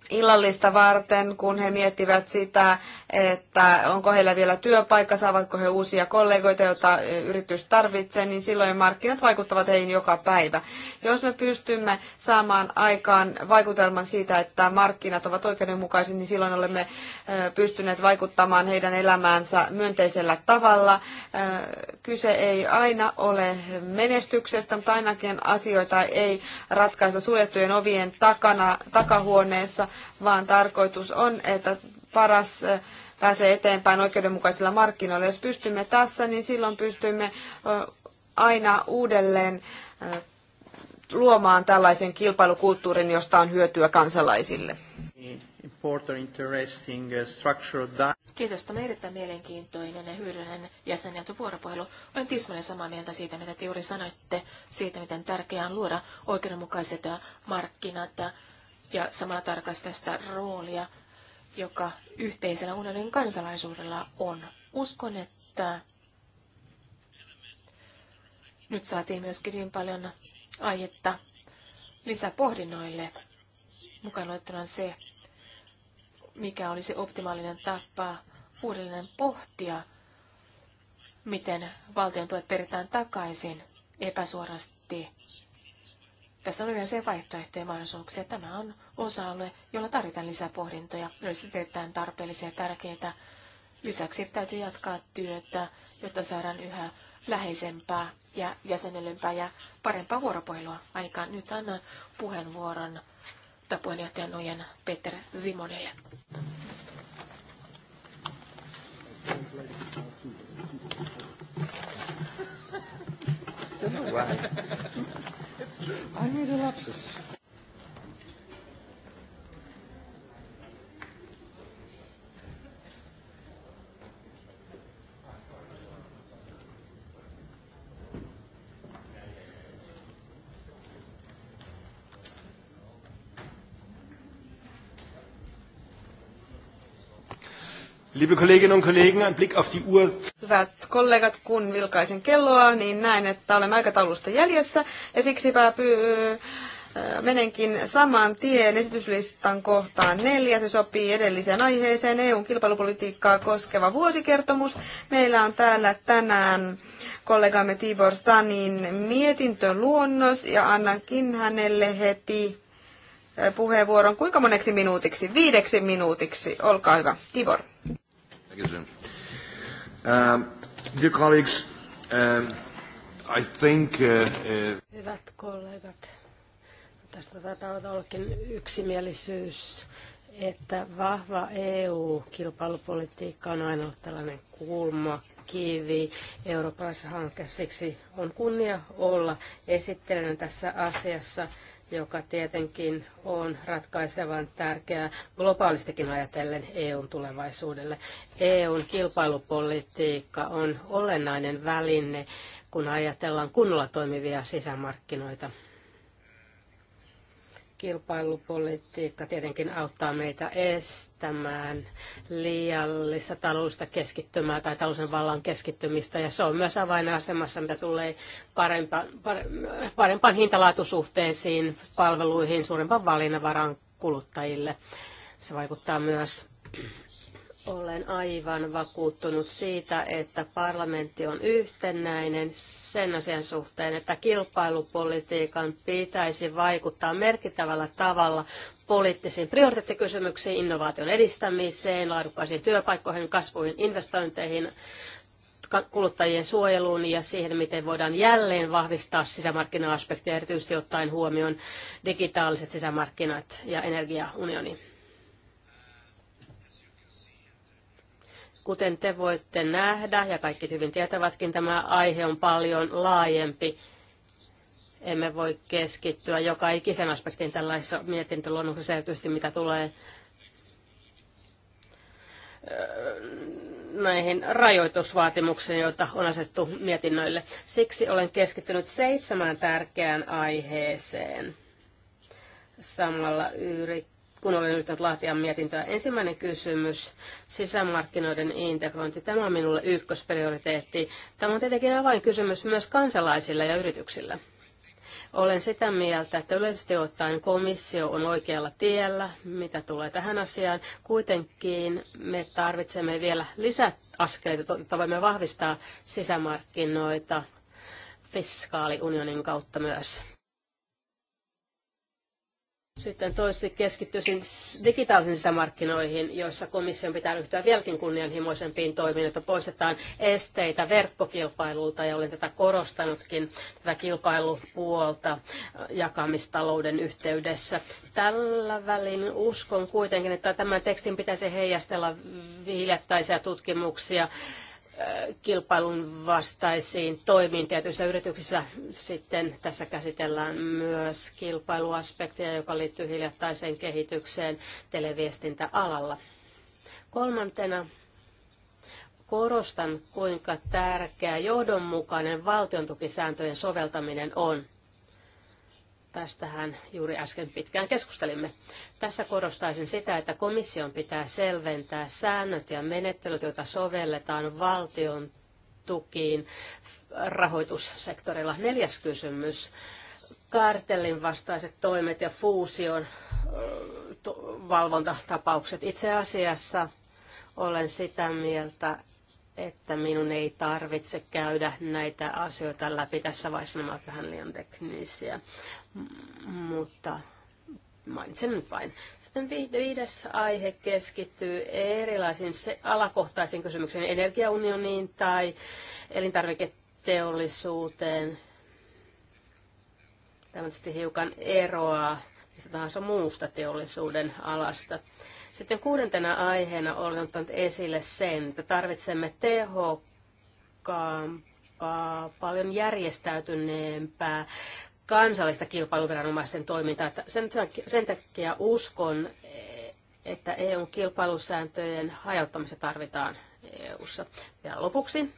illallista varten, kun he miettivät sitä, että onko heillä vielä työpaikka, saavatko he uusia kollegoita, joita yritys tarvitsee, niin silloin markkinat vaikuttavat heihin joka päivä. Jos me pystymme saamaan aikaan vaikutelman siitä, että markkinat ovat oikeudenmukaisia, niin silloin olemme pystyneet vaikuttamaan heidän elämäänsä myönteisellä tavalla. Kyse ei aina ole menestyksestä, mutta ainakin asioita ei ratkaista suljettujen ovien takana, takahuoneessa, vaan tarkoitus on, että paras pääsee eteenpäin oikeudenmukaisilla markkinoilla. Jos pystymme tässä, niin silloin pystymme aina uudelleen luomaan tällaisen kilpailukulttuurin, josta on hyötyä kansalaisille. Uh, Kiitos, tämä erittäin mielenkiintoinen ja hyödyllinen jäsennelty vuoropuhelu. Olen tismalleen samaa mieltä siitä, mitä te juuri sanoitte, siitä, miten tärkeää on luoda oikeudenmukaiset markkinat ja samalla tarkastaa sitä roolia, joka yhteisellä unionin kansalaisuudella on. Uskon, että nyt saatiin myöskin niin paljon aihetta lisäpohdinnoille, mukaan luettuna se, mikä olisi optimaalinen tapa uudelleen pohtia, miten valtion tuet peritään takaisin epäsuorasti tässä on yleensä vaihtoehtoja ja mahdollisuuksia. Tämä on osa-alue, jolla tarvitaan lisää pohdintoja. Ne teetään tarpeellisia ja tärkeitä. Lisäksi täytyy jatkaa työtä, jotta saadaan yhä läheisempää ja jäsenellempää ja parempaa vuoropuhelua aikaan. Nyt annan puheenvuoron puheenjohtajan nojen Peter Simonille. why. I made a lapsus. Liebe Kolleginnen und Kollegen, ein Blick auf die Uhr. Hyvät kollegat, kun vilkaisen kelloa, niin näen, että olemme aikataulusta jäljessä ja siksi äh, menenkin saman tien esityslistan kohtaan neljä. Se sopii edelliseen aiheeseen EUn kilpailupolitiikkaa koskeva vuosikertomus. Meillä on täällä tänään kollegamme Tibor Stanin mietintöluonnos ja annankin hänelle heti äh, puheenvuoron. Kuinka moneksi minuutiksi? Viideksi minuutiksi. Olkaa hyvä. Tibor. Um, dear colleagues, um, I think... Uh, uh, Hyvät kollegat, tästä taitaa ollakin yksimielisyys, että vahva EU-kilpailupolitiikka on aina ollut tällainen kulma kivi eurooppalaisessa hankkeessa. Siksi on kunnia olla esittelen tässä asiassa joka tietenkin on ratkaisevan tärkeää globaalistikin ajatellen EUn tulevaisuudelle. EUn kilpailupolitiikka on olennainen väline, kun ajatellaan kunnolla toimivia sisämarkkinoita. Kilpailupolitiikka tietenkin auttaa meitä estämään liiallista taloudellista keskittymää tai talousen vallan keskittymistä. Ja se on myös avainasemassa, mitä tulee parempaan, parempaan hintalaatusuhteisiin, palveluihin, suurempaan valinnanvaraan kuluttajille. Se vaikuttaa myös olen aivan vakuuttunut siitä, että parlamentti on yhtenäinen sen asian suhteen, että kilpailupolitiikan pitäisi vaikuttaa merkittävällä tavalla poliittisiin prioriteettikysymyksiin, innovaation edistämiseen, laadukkaisiin työpaikkoihin, kasvuihin, investointeihin, kuluttajien suojeluun ja siihen, miten voidaan jälleen vahvistaa sisämarkkina-aspektia, erityisesti ottaen huomioon digitaaliset sisämarkkinat ja energiaunioni. Kuten te voitte nähdä, ja kaikki hyvin tietävätkin, tämä aihe on paljon laajempi. Emme voi keskittyä joka ikisen aspektiin tällaisessa mietintöluonnoksessa, erityisesti mitä tulee äh, näihin rajoitusvaatimuksiin, joita on asettu mietinnöille. Siksi olen keskittynyt seitsemään tärkeään aiheeseen. Samalla yrittänyt kun olen yrittänyt laatia mietintöä. Ensimmäinen kysymys, sisämarkkinoiden integrointi. Tämä on minulle ykkösprioriteetti. Tämä on tietenkin avainkysymys myös kansalaisille ja yrityksille. Olen sitä mieltä, että yleisesti ottaen komissio on oikealla tiellä, mitä tulee tähän asiaan. Kuitenkin me tarvitsemme vielä lisäaskeleita, jotta voimme vahvistaa sisämarkkinoita fiskaaliunionin kautta myös. Sitten toiseksi keskittyisin digitaalisiin sisämarkkinoihin, joissa komission pitää ryhtyä vieläkin kunnianhimoisempiin toimiin, että poistetaan esteitä verkkokilpailulta, ja olen tätä korostanutkin, tätä kilpailupuolta jakamistalouden yhteydessä. Tällä välin uskon kuitenkin, että tämän tekstin pitäisi heijastella hiljattaisia tutkimuksia kilpailun vastaisiin toimiin tietyissä yrityksissä. Sitten tässä käsitellään myös kilpailuaspekteja, joka liittyy hiljattaiseen kehitykseen televiestintäalalla. Kolmantena korostan, kuinka tärkeä johdonmukainen valtiontukisääntöjen soveltaminen on. Tästähän juuri äsken pitkään keskustelimme. Tässä korostaisin sitä, että komission pitää selventää säännöt ja menettelyt, joita sovelletaan valtion tukiin rahoitussektorilla. Neljäs kysymys. Kartellin vastaiset toimet ja fuusion valvontatapaukset. Itse asiassa olen sitä mieltä, että minun ei tarvitse käydä näitä asioita läpi tässä vaiheessa, nämä ovat vähän liian teknisiä, M- mutta mainitsen nyt vain. Sitten viides aihe keskittyy erilaisiin se- alakohtaisiin kysymyksiin, energiaunioniin tai elintarviketeollisuuteen. Tämä tietysti hiukan eroaa mistä tahansa muusta teollisuuden alasta. Sitten kuudentena aiheena olen ottanut esille sen, että tarvitsemme tehokkaampaa, paljon järjestäytyneempää kansallista kilpailuviranomaisten toimintaa. Sen, sen takia uskon, että eu kilpailusääntöjen hajauttamista tarvitaan EU-ssa. Ja lopuksi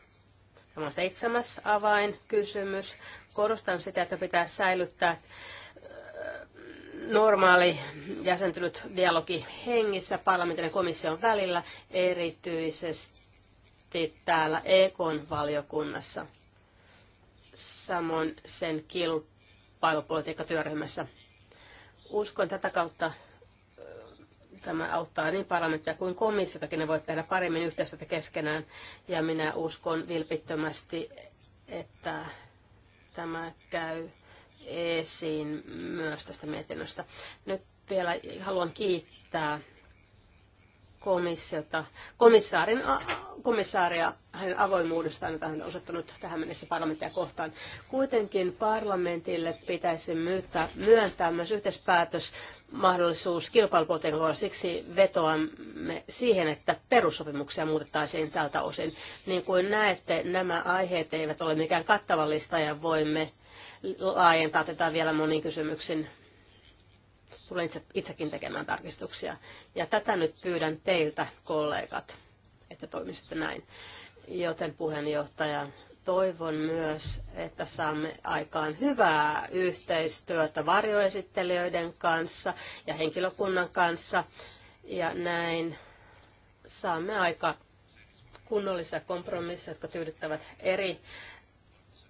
tämä on seitsemäs avainkysymys. Korostan sitä, että pitää säilyttää normaali jäsentynyt dialogi hengissä parlamentin ja komission välillä, erityisesti täällä ekon valiokunnassa, samoin sen kilpailupolitiikkatyöryhmässä. Uskon tätä kautta tämä auttaa niin parlamenttia kuin komissiotakin, ne voivat tehdä paremmin yhteistyötä keskenään. Ja minä uskon vilpittömästi, että tämä käy esiin myös tästä mietinnöstä. Nyt vielä haluan kiittää komissiota, komissaarin, komissaaria hänen avoimuudestaan, jota hän on osoittanut tähän mennessä parlamenttia kohtaan. Kuitenkin parlamentille pitäisi myöntää, myöntää myös yhteispäätös mahdollisuus kilpailupolitiikalla. Siksi vetoamme siihen, että perussopimuksia muutettaisiin tältä osin. Niin kuin näette, nämä aiheet eivät ole mikään kattavallista ja voimme laajentaa tätä vielä moniin kysymyksiin. Tulen itse, itsekin tekemään tarkistuksia. Ja tätä nyt pyydän teiltä, kollegat, että toimisitte näin. Joten puheenjohtaja, toivon myös, että saamme aikaan hyvää yhteistyötä varjoesittelijöiden kanssa ja henkilökunnan kanssa. Ja näin saamme aika kunnollisia kompromisseja, jotka tyydyttävät eri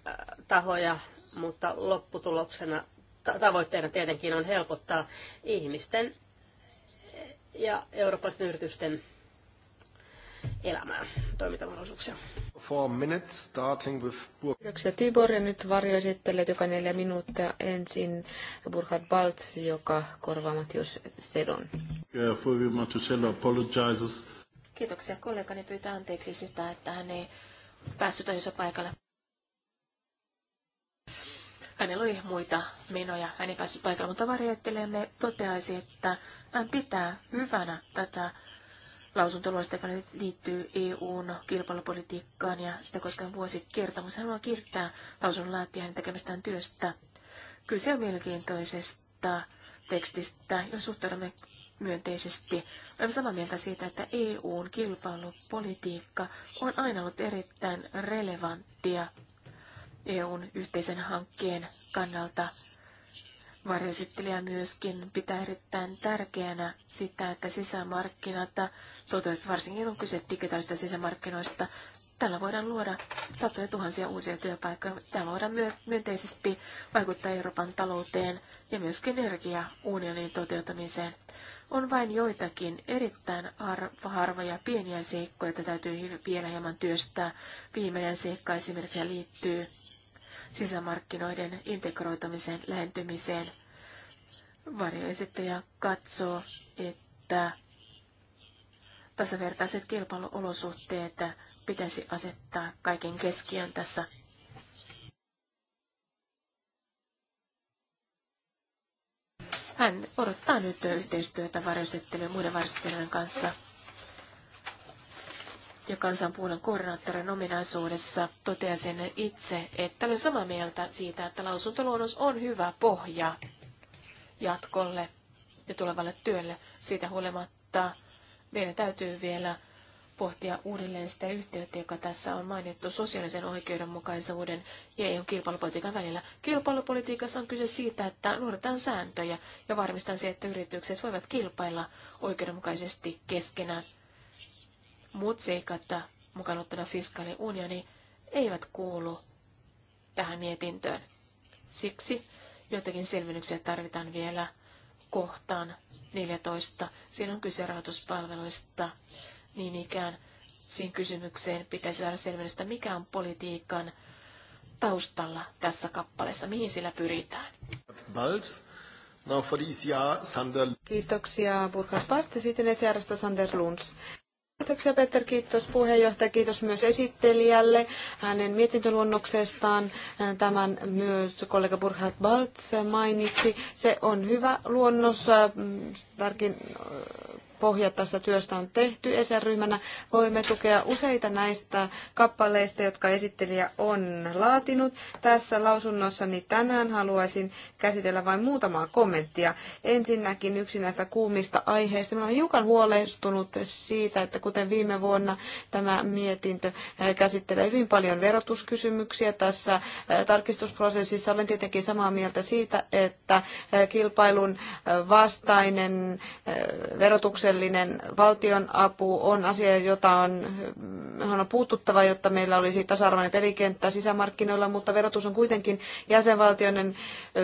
äh, tahoja mutta lopputuloksena tavoitteena tietenkin on helpottaa ihmisten ja eurooppalaisten yritysten elämää, toimintamahdollisuuksia. Kiitoksia Tibor ja nyt esittelee joka neljä minuuttia ensin Burkhard Baltz, joka korvaa Matius Sedon. Kiitoksia kollegani pyytää anteeksi sitä, että hän ei päässyt ajoissa paikalle. Hänellä oli muita menoja, hän ei päässyt paikalle, mutta varjettelemme toteaisi, että hän pitää hyvänä tätä lausuntoluosta, joka nyt liittyy EUn kilpailupolitiikkaan ja sitä koskevan vuosikertomus. Hän haluaa kiittää lausunnonlaatijaa hänen tekemästään työstä. Kyse on mielenkiintoisesta tekstistä, jos suhtaudumme myönteisesti. Olemme samaa mieltä siitä, että EUn kilpailupolitiikka on aina ollut erittäin relevanttia EUn yhteisen hankkeen kannalta. Varjosittelijä myöskin pitää erittäin tärkeänä sitä, että sisämarkkinat toteutuvat varsinkin on kyse digitaalista sisämarkkinoista. Tällä voidaan luoda satoja tuhansia uusia työpaikkoja. Tällä voidaan myönteisesti vaikuttaa Euroopan talouteen ja myöskin energiaunionin toteutumiseen. On vain joitakin erittäin harvoja pieniä seikkoja, joita täytyy vielä hieman työstää. Viimeinen seikka esimerkiksi liittyy sisämarkkinoiden integroitumisen lähentymiseen. Varjoesittäjä katsoo, että tasavertaiset kilpailuolosuhteet pitäisi asettaa kaiken keskiön tässä Hän odottaa nyt yhteistyötä varjostettelijan muiden varjostettelijoiden kanssa ja kansanpuolen koordinaattorin ominaisuudessa toteasin itse, että olen samaa mieltä siitä, että lausuntoluonnos on hyvä pohja jatkolle ja tulevalle työlle. Siitä huolimatta meidän täytyy vielä pohtia uudelleen sitä yhteyttä, joka tässä on mainittu sosiaalisen oikeudenmukaisuuden ja EU-kilpailupolitiikan välillä. Kilpailupolitiikassa on kyse siitä, että noudatetaan sääntöjä ja varmistetaan se, että yritykset voivat kilpailla oikeudenmukaisesti keskenään Muut seikat, mukaan ottana fiskaaliunioni, eivät kuulu tähän mietintöön. Siksi joitakin selvennyksiä tarvitaan vielä kohtaan 14. Siinä on kyse rahoituspalveluista. Niin ikään siinä kysymykseen pitäisi saada selvennystä, mikä on politiikan taustalla tässä kappaleessa, mihin sillä pyritään. E Kiitoksia Burkhard Barth ja sitten e Sander Lunds. Kiitoksia Peter, kiitos puheenjohtaja, kiitos myös esittelijälle hänen mietintöluonnoksestaan. Tämän myös kollega Burkhard Baltz mainitsi. Se on hyvä luonnos, tarkin. Pohjat tässä työstä on tehty. esäryhmänä. voimme tukea useita näistä kappaleista, jotka esittelijä on laatinut. Tässä lausunnossani tänään haluaisin käsitellä vain muutamaa kommenttia. Ensinnäkin yksi näistä kuumista aiheista. Minä olen hiukan huolestunut siitä, että kuten viime vuonna tämä mietintö eh, käsittelee hyvin paljon verotuskysymyksiä tässä eh, tarkistusprosessissa. Olen tietenkin samaa mieltä siitä, että eh, kilpailun vastainen verotuksen rahoituksellinen valtion apu on asia, jota on, on puututtava, jotta meillä olisi tasa-arvoinen pelikenttä sisämarkkinoilla, mutta verotus on kuitenkin jäsenvaltioiden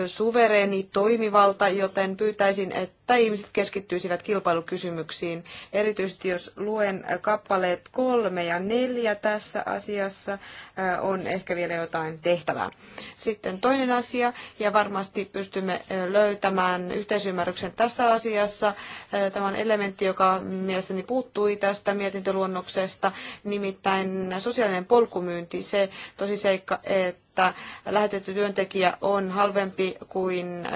suvereeni toimivalta, joten pyytäisin, että tai ihmiset keskittyisivät kilpailukysymyksiin. Erityisesti jos luen kappaleet kolme ja neljä tässä asiassa, äh, on ehkä vielä jotain tehtävää. Sitten toinen asia, ja varmasti pystymme äh, löytämään yhteisymmärryksen tässä asiassa. Äh, tämä on elementti, joka mielestäni puuttui tästä mietintöluonnoksesta, nimittäin sosiaalinen polkumyynti, se tosi seikka, että että lähetetty työntekijä on halvempi kuin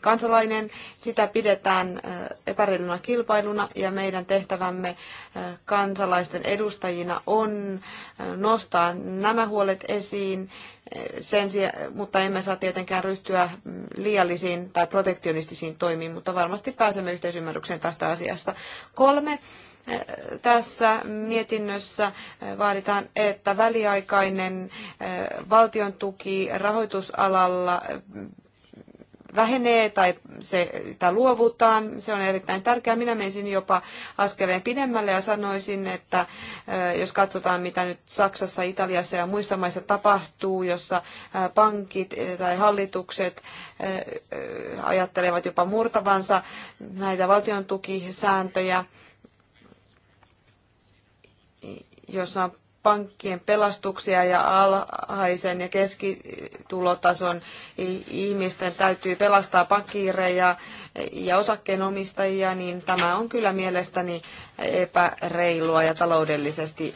kansalainen. Sitä pidetään epäreiluna kilpailuna ja meidän tehtävämme kansalaisten edustajina on nostaa nämä huolet esiin sen sijaan, mutta emme saa tietenkään ryhtyä liiallisiin tai protektionistisiin toimiin, mutta varmasti pääsemme yhteisymmärrykseen tästä asiasta. Kolme, tässä mietinnössä äh, vaaditaan, että väliaikainen äh, valtion tuki rahoitusalalla äh, vähenee tai se, sitä luovutaan. Se on erittäin tärkeää. Minä menisin jopa askeleen pidemmälle ja sanoisin, että jos katsotaan, mitä nyt Saksassa, Italiassa ja muissa maissa tapahtuu, jossa pankit tai hallitukset ajattelevat jopa murtavansa näitä valtion tukisääntöjä, jossa on pankkien pelastuksia ja alhaisen ja keskitulotason ihmisten täytyy pelastaa pankkiireja ja osakkeenomistajia, niin tämä on kyllä mielestäni epäreilua ja taloudellisesti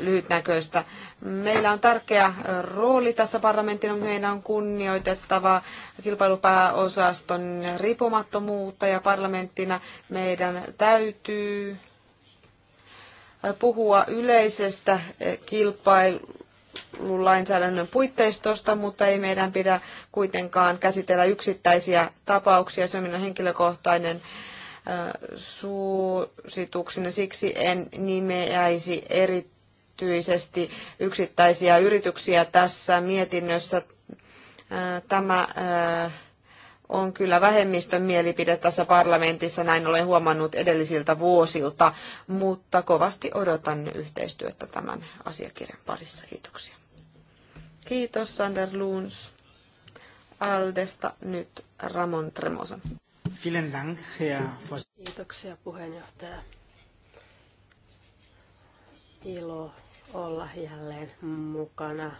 lyhytnäköistä. Meillä on tärkeä rooli tässä parlamentin, meidän on kunnioitettava kilpailupääosaston riippumattomuutta ja parlamenttina meidän täytyy puhua yleisestä kilpailulainsäädännön puitteistosta, mutta ei meidän pidä kuitenkaan käsitellä yksittäisiä tapauksia. Se on minun henkilökohtainen suosituksena. Siksi en nimeäisi erityisesti yksittäisiä yrityksiä tässä mietinnössä. Tämä on kyllä vähemmistön mielipide tässä parlamentissa, näin olen huomannut edellisiltä vuosilta, mutta kovasti odotan yhteistyötä tämän asiakirjan parissa. Kiitoksia. Kiitos Sander Luuns. Aldesta nyt Ramon Tremosa. Kiitoksia puheenjohtaja. Ilo olla jälleen mukana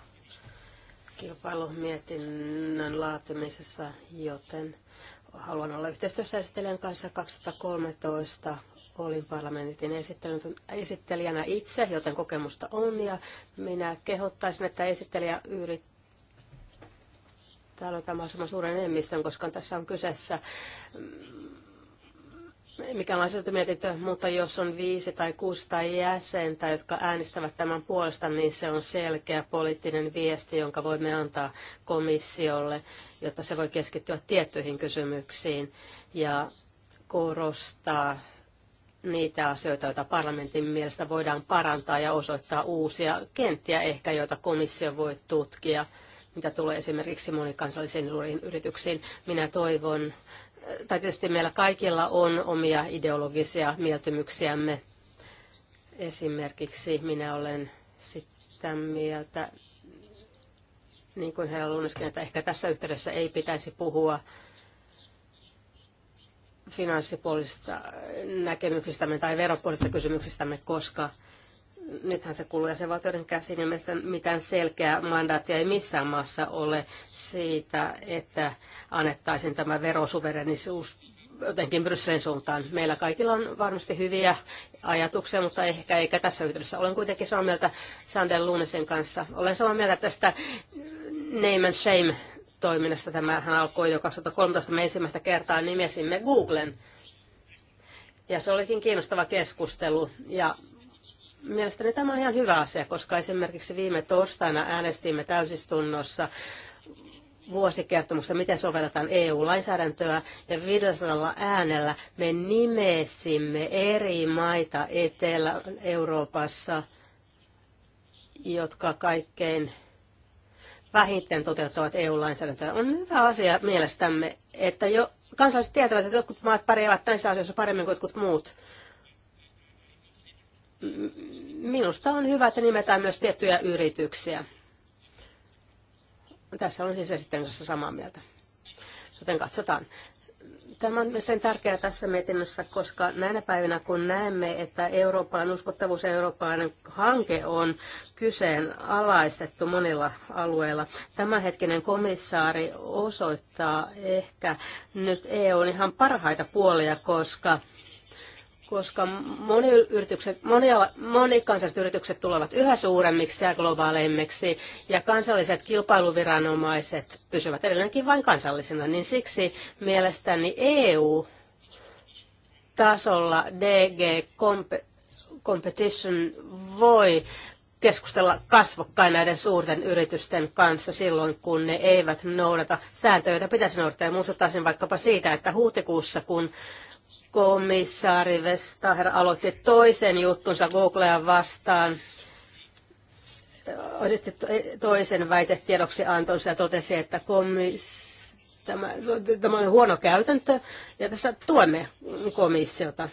kilpailumietinnön laatimisessa, joten haluan olla yhteistyössä esittelijän kanssa 2013 olin parlamentin esittelijänä itse, joten kokemusta on ja minä kehottaisin, että esittelijä yrittää täällä on mahdollisimman suuren enemmistön, koska tässä on kyseessä mm, mikä on mietitty, mutta jos on viisi tai kuusi tai jäsentä, jotka äänestävät tämän puolesta, niin se on selkeä poliittinen viesti, jonka voimme antaa komissiolle, jotta se voi keskittyä tiettyihin kysymyksiin ja korostaa niitä asioita, joita parlamentin mielestä voidaan parantaa ja osoittaa uusia kenttiä ehkä, joita komissio voi tutkia mitä tulee esimerkiksi monikansallisiin suuriin yrityksiin. Minä toivon, tai tietysti meillä kaikilla on omia ideologisia mieltymyksiämme. Esimerkiksi minä olen sitä mieltä, niin kuin herra Luniskin, että ehkä tässä yhteydessä ei pitäisi puhua finanssipuolisista näkemyksistämme tai veropuolisista kysymyksistämme, koska – nythän se kuuluu jäsenvaltioiden käsiin ja niin mielestäni mitään selkeää mandaattia ei missään maassa ole siitä, että annettaisiin tämä verosuverenisuus jotenkin Brysselin suuntaan. Meillä kaikilla on varmasti hyviä ajatuksia, mutta ehkä eikä tässä yhteydessä. Olen kuitenkin samaa mieltä Sander Luunisen kanssa. Olen samaa mieltä tästä Name and Shame toiminnasta. Tämähän alkoi jo 2013. Me ensimmäistä kertaa nimesimme Googlen. Ja se olikin kiinnostava keskustelu. Ja Mielestäni tämä on ihan hyvä asia, koska esimerkiksi viime torstaina äänestimme täysistunnossa vuosikertomusta, miten sovelletaan EU-lainsäädäntöä, ja 500 äänellä me nimesimme eri maita Etelä-Euroopassa, jotka kaikkein vähiten toteuttavat EU-lainsäädäntöä. On hyvä asia mielestämme, että jo kansalaiset tietävät, että jotkut maat pärjäävät näissä asioissa paremmin kuin jotkut muut minusta on hyvä, että nimetään myös tiettyjä yrityksiä. Tässä on siis esittänyt samaa mieltä. Joten katsotaan. Tämä on myös tärkeää tässä mietinnössä, koska näinä päivinä kun näemme, että Euroopan uskottavuus ja eurooppalainen hanke on kyseenalaistettu monilla alueilla, tämänhetkinen komissaari osoittaa ehkä nyt EUn ihan parhaita puolia, koska koska moni yritykset, moni monikansalliset yritykset tulevat yhä suuremmiksi ja globaaleimmiksi, ja kansalliset kilpailuviranomaiset pysyvät edelleenkin vain kansallisina, niin siksi mielestäni EU-tasolla DG Competition voi keskustella kasvokkain näiden suurten yritysten kanssa silloin, kun ne eivät noudata sääntöjä, joita pitäisi noudattaa. Ja muistuttaisin vaikkapa siitä, että huhtikuussa, kun komissaari Vestager aloitti toisen juttunsa Googlea vastaan. Sitten toisen väitetiedoksi antonsa ja totesi, että komiss tämä, tämä on huono käytäntö ja tässä tuemme komissiota.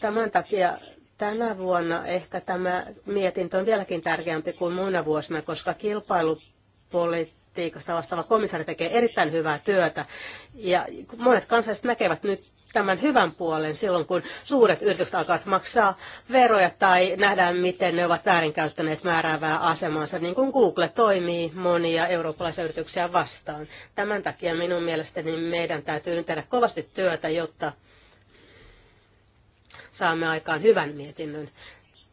Tämän takia tänä vuonna ehkä tämä mietintö on vieläkin tärkeämpi kuin muina vuosina, koska kilpailupolitiikasta vastaava komissaari tekee erittäin hyvää työtä. Ja monet kansalaiset näkevät nyt tämän hyvän puolen silloin, kun suuret yritykset alkavat maksaa veroja tai nähdään, miten ne ovat väärinkäyttäneet määräävää asemansa, niin kuin Google toimii monia eurooppalaisia yrityksiä vastaan. Tämän takia minun mielestäni meidän täytyy nyt tehdä kovasti työtä, jotta saamme aikaan hyvän mietinnön.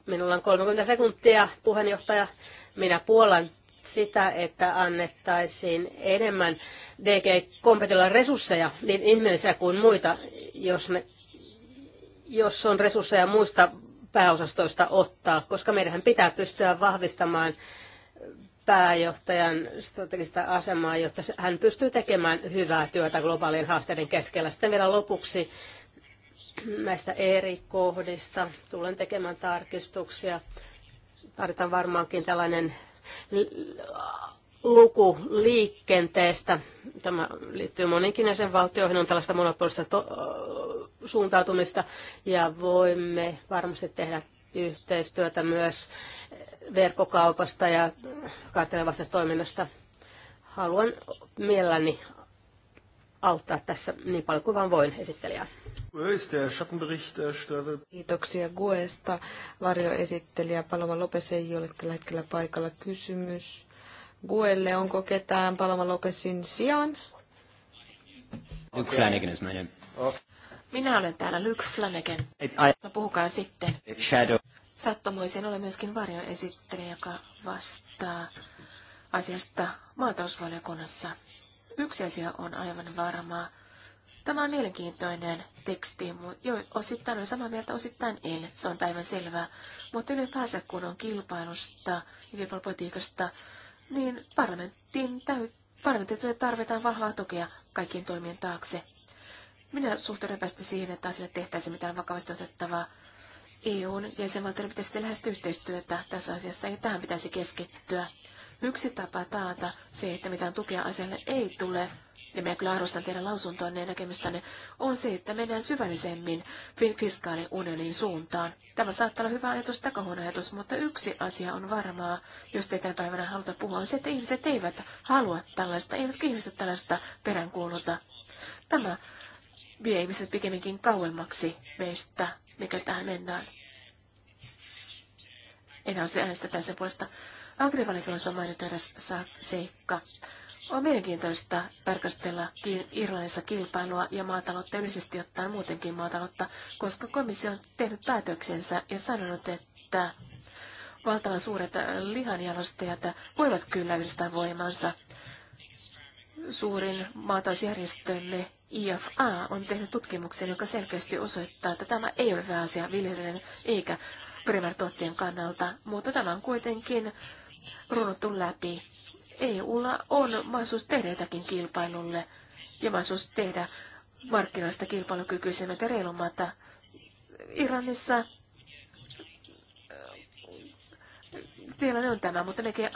Minulla on 30 sekuntia, puheenjohtaja. Minä puolan sitä, että annettaisiin enemmän DG-kompetilla resursseja, niin ihmisiä kuin muita, jos, ne, jos on resursseja muista pääosastoista ottaa, koska meidän pitää pystyä vahvistamaan pääjohtajan strategista asemaa, jotta hän pystyy tekemään hyvää työtä globaalien haasteiden keskellä. Sitten vielä lopuksi näistä eri kohdista tulen tekemään tarkistuksia. Tarvitaan varmaankin tällainen luku liikenteestä. Tämä liittyy moninkin valtioihin, on tällaista monopolista suuntautumista ja voimme varmasti tehdä yhteistyötä myös verkkokaupasta ja karttelevastaisesta toiminnasta. Haluan mielelläni auttaa tässä niin paljon kuin vain voin esittelijää. Kiitoksia Guesta. Varjoesittelijä Paloma Lopes ei ole tällä hetkellä paikalla. Kysymys Guelle, onko ketään Paloma Lopesin sijaan? Okay. Flanagan Minä olen täällä Luke Flanagan. No puhukaa sitten. Shadow. Sattumoisin olen myöskin varjoesittelijä, joka vastaa asiasta maatalousvaliokunnassa. Yksi asia on aivan varmaa Tämä on mielenkiintoinen teksti, jo osittain on samaa mieltä, osittain ei. Se on päivän selvää. Mutta ylipäänsä kun on kilpailusta ja kilpailupolitiikasta, niin parlamentin täytyy Parlamentilta tarvitaan vahvaa tukea kaikkien toimien taakse. Minä suhtaudun päästä siihen, että asialle tehtäisiin mitään vakavasti otettavaa. EUn jäsenvaltioiden pitäisi tehdä yhteistyötä tässä asiassa ja tähän pitäisi keskittyä. Yksi tapa taata se, että mitään tukea asialle ei tule, ja minä kyllä arvostan teidän lausuntoanne ja näkemystänne, on se, että mennään syvällisemmin fiskaaliunionin suuntaan. Tämä saattaa olla hyvä ajatus, takahuono ajatus, mutta yksi asia on varmaa, jos te tänä päivänä haluta puhua, on se, että ihmiset eivät halua tällaista, eivät ihmiset tällaista peräänkuuluta. Tämä vie ihmiset pikemminkin kauemmaksi meistä, mikä tähän mennään. En se äänestä tässä puolesta. Agrivalikunnossa on mainittu eräs seikka. On mielenkiintoista tarkastella Irlannissa kilpailua ja maataloutta yleisesti ottaen muutenkin maataloutta, koska komissio on tehnyt päätöksensä ja sanonut, että valtavan suuret lihanjalostajat voivat kyllä yhdistää voimansa. Suurin maatausjärjestömme IFA on tehnyt tutkimuksen, joka selkeästi osoittaa, että tämä ei ole hyvä asia viljelijöiden eikä primärtuottien kannalta, mutta tämä on kuitenkin runottu läpi EUlla on mahdollisuus tehdä jotakin kilpailulle ja mahdollisuus tehdä markkinoista kilpailukykyisemmät ja reilummat. Iranissa äh, tilanne on tämä, mutta mekin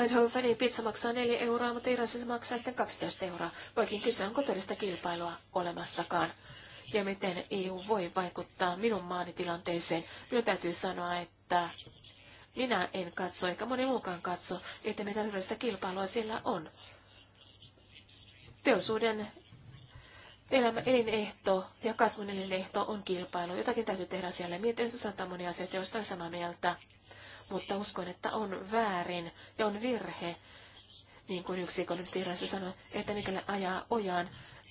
Eindhovenin pizza maksaa 4 euroa, mutta Iranissa se maksaa sitten 12 euroa. Voikin kysyä, onko todellista kilpailua olemassakaan ja miten EU voi vaikuttaa minun tilanteeseen. Minun täytyy sanoa, että minä en katso, eikä moni muukaan katso, että mitä hyvästä kilpailua siellä on. Teollisuuden elämä elinehto ja kasvun elinehto on kilpailu. Jotakin täytyy tehdä siellä. se saattaa monia asioita, joista on samaa mieltä. Mutta uskon, että on väärin ja on virhe, niin kuin yksi ekonomisti sanoi, että mikäli ajaa ojaan,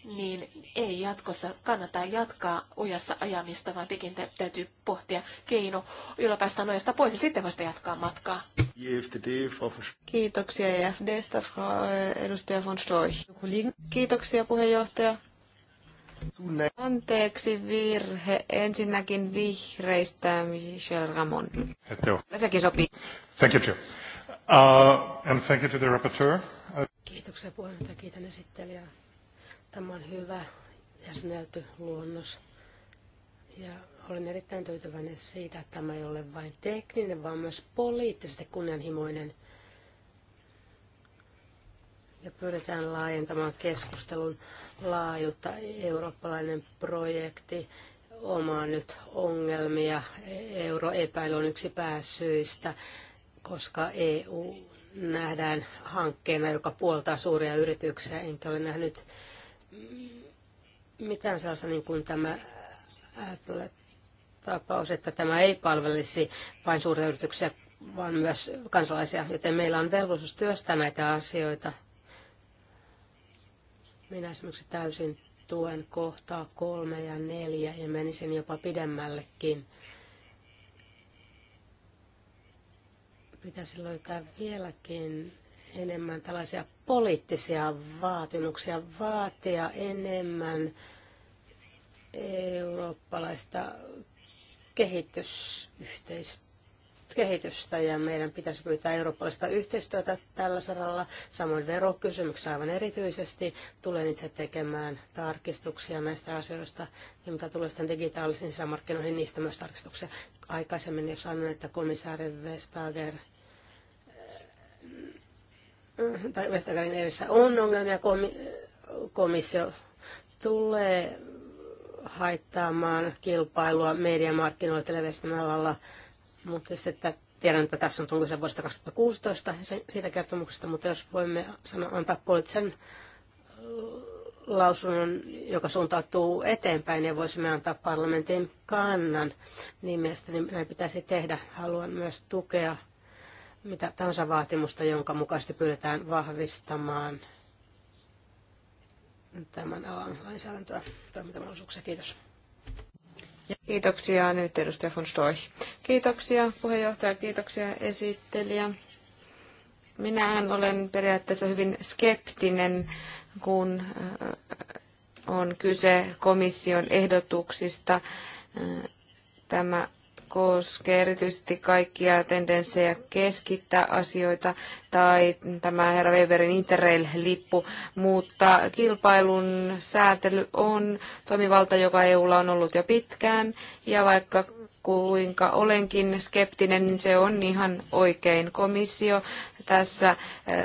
niin ei jatkossa kannata jatkaa ojassa ajamista, vaan tekin täytyy pohtia keino, jolla päästään ojasta pois ja sitten vasta jatkaa matkaa. Kiitoksia EFDstä, eh, edustaja von Stoich. Kiitoksia puheenjohtaja. Anteeksi virhe. Ensinnäkin vihreistä Michel Ramon. Sekin sopii. Thank you, Uh, and thank you to the rapporteur. Uh, Kiitoksia puheenjohtaja. Kiitän esittelijää Tämä on hyvä jäsenelty luonnos. Ja olen erittäin tyytyväinen siitä, että tämä ei ole vain tekninen, vaan myös poliittisesti kunnianhimoinen. Ja pyritään laajentamaan keskustelun laajuutta. Eurooppalainen projekti omaa nyt ongelmia. Euroepäily on yksi pääsyistä, koska EU nähdään hankkeena, joka puoltaa suuria yrityksiä. Enkä ole nähnyt mitään sellaista niin kuin tämä Apple-tapaus, että tämä ei palvelisi vain suuria yrityksiä, vaan myös kansalaisia, joten meillä on velvollisuus työstää näitä asioita. Minä esimerkiksi täysin tuen kohtaa kolme ja neljä ja menisin jopa pidemmällekin. Pitäisi löytää vieläkin enemmän tällaisia poliittisia vaatimuksia, vaatia enemmän eurooppalaista kehitystä ja meidän pitäisi pyytää eurooppalaista yhteistyötä tällä saralla. Samoin verokysymyksessä aivan erityisesti tulen itse tekemään tarkistuksia näistä asioista ja mitä tulee sitten digitaalisiin sisämarkkinoihin, niistä myös tarkistuksia. Aikaisemmin jo sanoin, että komissaari Vestager – tai Vestagarin edessä on ongelmia, komissio tulee haittaamaan kilpailua mediamarkkinoilla television alalla, mutta sitten, että tiedän, että tässä on tullut se vuodesta 2016 sen, siitä kertomuksesta, mutta jos voimme sanoa, antaa poliittisen lausunnon, joka suuntautuu eteenpäin, ja voisimme antaa parlamentin kannan, niin mielestäni näin pitäisi tehdä. Haluan myös tukea mitä tahansa vaatimusta, jonka mukaisesti pyydetään vahvistamaan tämän alan lainsäädäntöä toimintamahdollisuuksia. Kiitos. Kiitoksia nyt edustaja von Stoich. Kiitoksia puheenjohtaja, kiitoksia esittelijä. Minähän olen periaatteessa hyvin skeptinen, kun äh, on kyse komission ehdotuksista. Äh, tämä koskee erityisesti kaikkia tendenssejä keskittää asioita tai tämä herra Weberin Interrail-lippu, mutta kilpailun säätely on toimivalta, joka EUlla on ollut jo pitkään ja vaikka kuinka olenkin skeptinen, niin se on ihan oikein. Komissio tässä eh,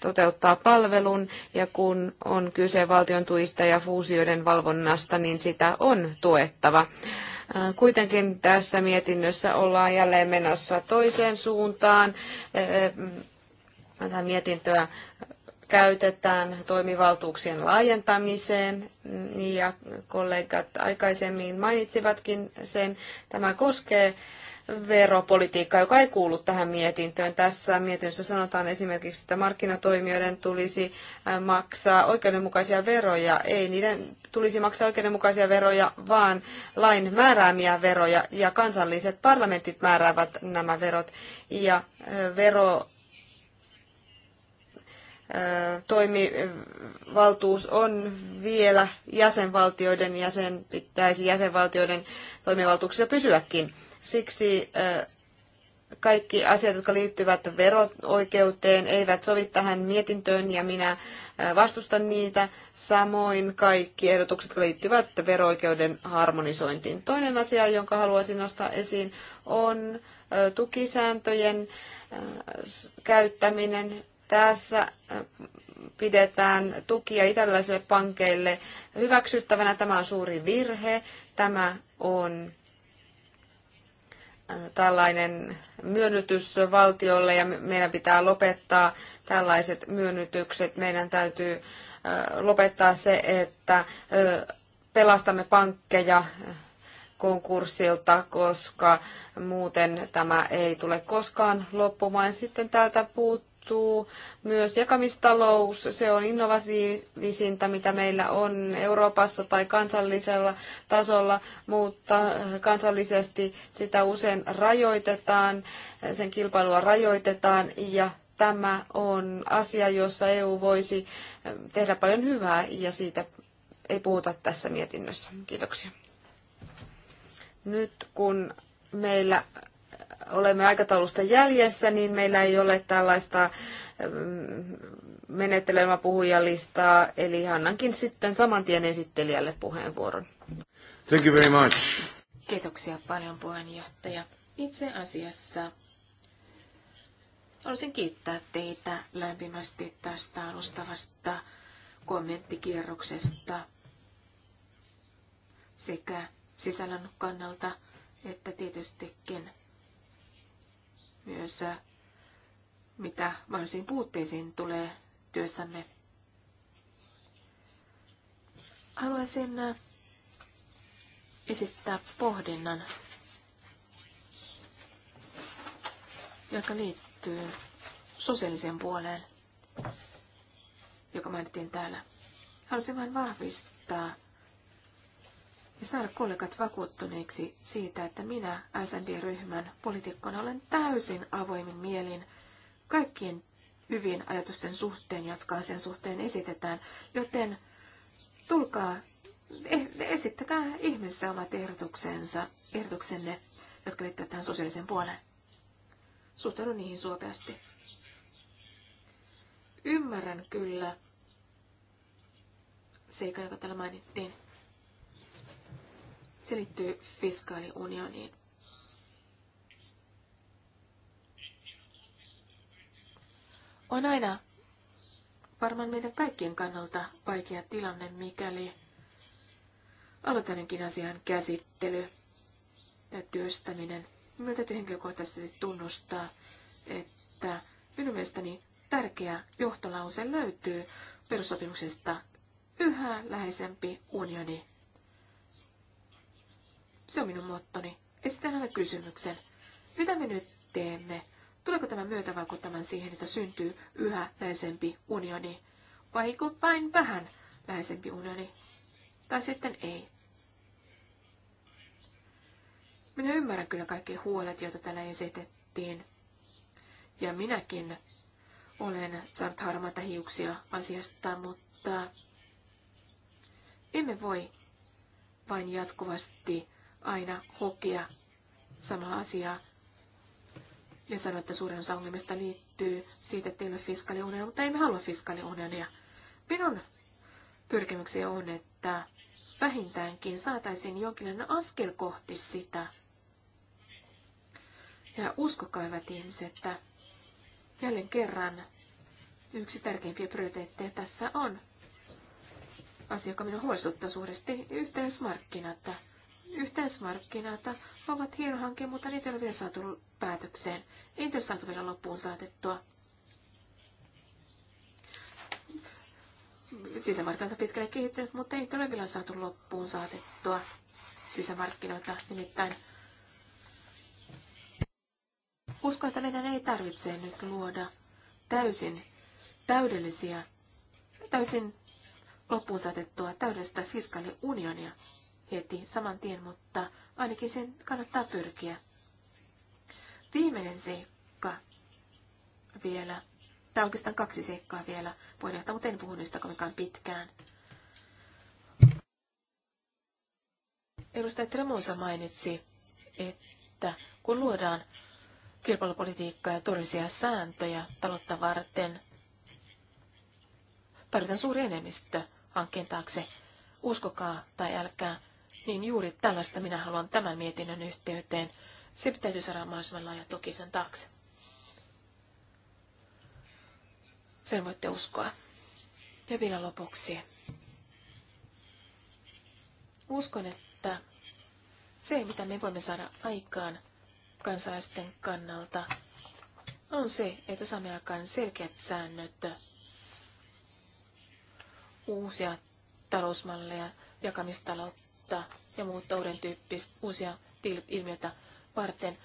toteuttaa palvelun ja kun on kyse valtion tuista ja fuusioiden valvonnasta, niin sitä on tuettava. Kuitenkin tässä mietinnössä ollaan jälleen menossa toiseen suuntaan. Tätä mietintöä käytetään toimivaltuuksien laajentamiseen ja kollegat aikaisemmin mainitsivatkin sen. Tämä koskee veropolitiikkaa, joka ei kuulu tähän mietintöön. Tässä mietinnössä sanotaan esimerkiksi, että markkinatoimijoiden tulisi äh, maksaa oikeudenmukaisia veroja. Ei niiden tulisi maksaa oikeudenmukaisia veroja, vaan lain määräämiä veroja, ja kansalliset parlamentit määräävät nämä verot. Ja äh, vero toimivaltuus on vielä jäsenvaltioiden ja sen pitäisi jäsenvaltioiden toimivaltuuksissa pysyäkin. Siksi kaikki asiat, jotka liittyvät verooikeuteen, eivät sovi tähän mietintöön ja minä vastustan niitä. Samoin kaikki ehdotukset, jotka liittyvät verooikeuden harmonisointiin. Toinen asia, jonka haluaisin nostaa esiin, on tukisääntöjen käyttäminen tässä äh, pidetään tukia italialaisille pankeille hyväksyttävänä. Tämä on suuri virhe. Tämä on äh, tällainen myönnytys valtiolle ja meidän pitää lopettaa tällaiset myönnytykset. Meidän täytyy äh, lopettaa se, että pelastamme pankkeja konkurssilta, koska muuten tämä ei tule koskaan loppumaan. Sitten täältä puuttuu perustuu myös jakamistalous. Se on innovatiivisinta, mitä meillä on Euroopassa tai kansallisella tasolla, mutta kansallisesti sitä usein rajoitetaan, sen kilpailua rajoitetaan ja tämä on asia, jossa EU voisi tehdä paljon hyvää ja siitä ei puhuta tässä mietinnössä. Kiitoksia. Nyt kun meillä olemme aikataulusta jäljessä, niin meillä ei ole tällaista ähm, menettelemäpuhujalistaa, eli annankin sitten saman tien esittelijälle puheenvuoron. Thank you very much. Kiitoksia paljon puheenjohtaja. Itse asiassa haluaisin kiittää teitä lämpimästi tästä alustavasta kommenttikierroksesta sekä sisällön kannalta että tietystikin myös, äh, mitä mahdollisiin puutteisiin tulee työssämme. Haluaisin äh, esittää pohdinnan, joka liittyy sosiaaliseen puoleen, joka mainittiin täällä. Haluaisin vain vahvistaa ja saada kollegat vakuuttuneiksi siitä, että minä SND-ryhmän poliitikkona olen täysin avoimin mielin kaikkien hyvien ajatusten suhteen, jotka asian suhteen esitetään, joten tulkaa, eh, esittäkää ihmeessä omat ehdotuksensa, ehdotuksenne, jotka liittyvät tähän sosiaaliseen puoleen. Suhtaudun niihin suopeasti. Ymmärrän kyllä seikan, joka täällä mainittiin. Se liittyy fiskaaliunioniin. On aina varmaan meidän kaikkien kannalta vaikea tilanne, mikäli aloitanenkin asian käsittely ja työstäminen. Minun täytyy henkilökohtaisesti tunnustaa, että minun mielestäni tärkeä johtolause löytyy perussopimuksesta yhä läheisempi unioni se on minun mottoni. Esitän aina kysymyksen. Mitä me nyt teemme? Tuleeko tämä myötä vaikuttamaan siihen, että syntyy yhä läheisempi unioni? Vaiko vain vähän läheisempi unioni? Tai sitten ei? Minä ymmärrän kyllä kaikki huolet, joita täällä esitettiin. Ja minäkin olen saanut harmaita hiuksia asiasta, mutta emme voi vain jatkuvasti aina hokea samaa asiaa. Ja sanoa, että suurin osa ongelmista liittyy siitä, että ei ole fiskaaliunionia, mutta emme halua fiskaaliunionia. Minun pyrkimykseni on, että vähintäänkin saataisiin jonkinlainen askel kohti sitä. Ja uskokaa, hyvät ihmiset, että jälleen kerran yksi tärkeimpiä prioriteetteja tässä on asia, joka minua huolestuttaa suuresti yhteismarkkinat yhteismarkkinata ovat hieno hanke, mutta niitä ei ole vielä saatu päätökseen. Ei niitä saatu vielä loppuun saatettua. Sisämarkkinoita pitkälle kehittynyt, mutta ei ole vielä saatu loppuun saatettua sisämarkkinoita nimittäin. Uskon, että meidän ei tarvitse nyt luoda täysin täydellisiä, täysin loppuun saatettua täydellistä fiskaaliunionia heti saman tien, mutta ainakin sen kannattaa pyrkiä. Viimeinen seikka vielä, tai oikeastaan kaksi seikkaa vielä jättää, mutta en puhu niistä kovinkaan pitkään. Edustaja Tremonsa mainitsi, että kun luodaan kilpailupolitiikkaa ja todellisia sääntöjä taloutta varten, tarvitaan suuri enemmistö hankkeen taakse. Uskokaa tai älkää, niin juuri tällaista minä haluan tämän mietinnön yhteyteen. Se pitäisi saada mahdollisimman laaja tuki sen taakse. Sen voitte uskoa. Ja vielä lopuksi. Uskon, että se, mitä me voimme saada aikaan kansalaisten kannalta, on se, että saamme aikaan selkeät säännöt, uusia talousmalleja, jakamistaloutta, uutta ja muutta uuden tyyppistä uusia ilmiöitä varten,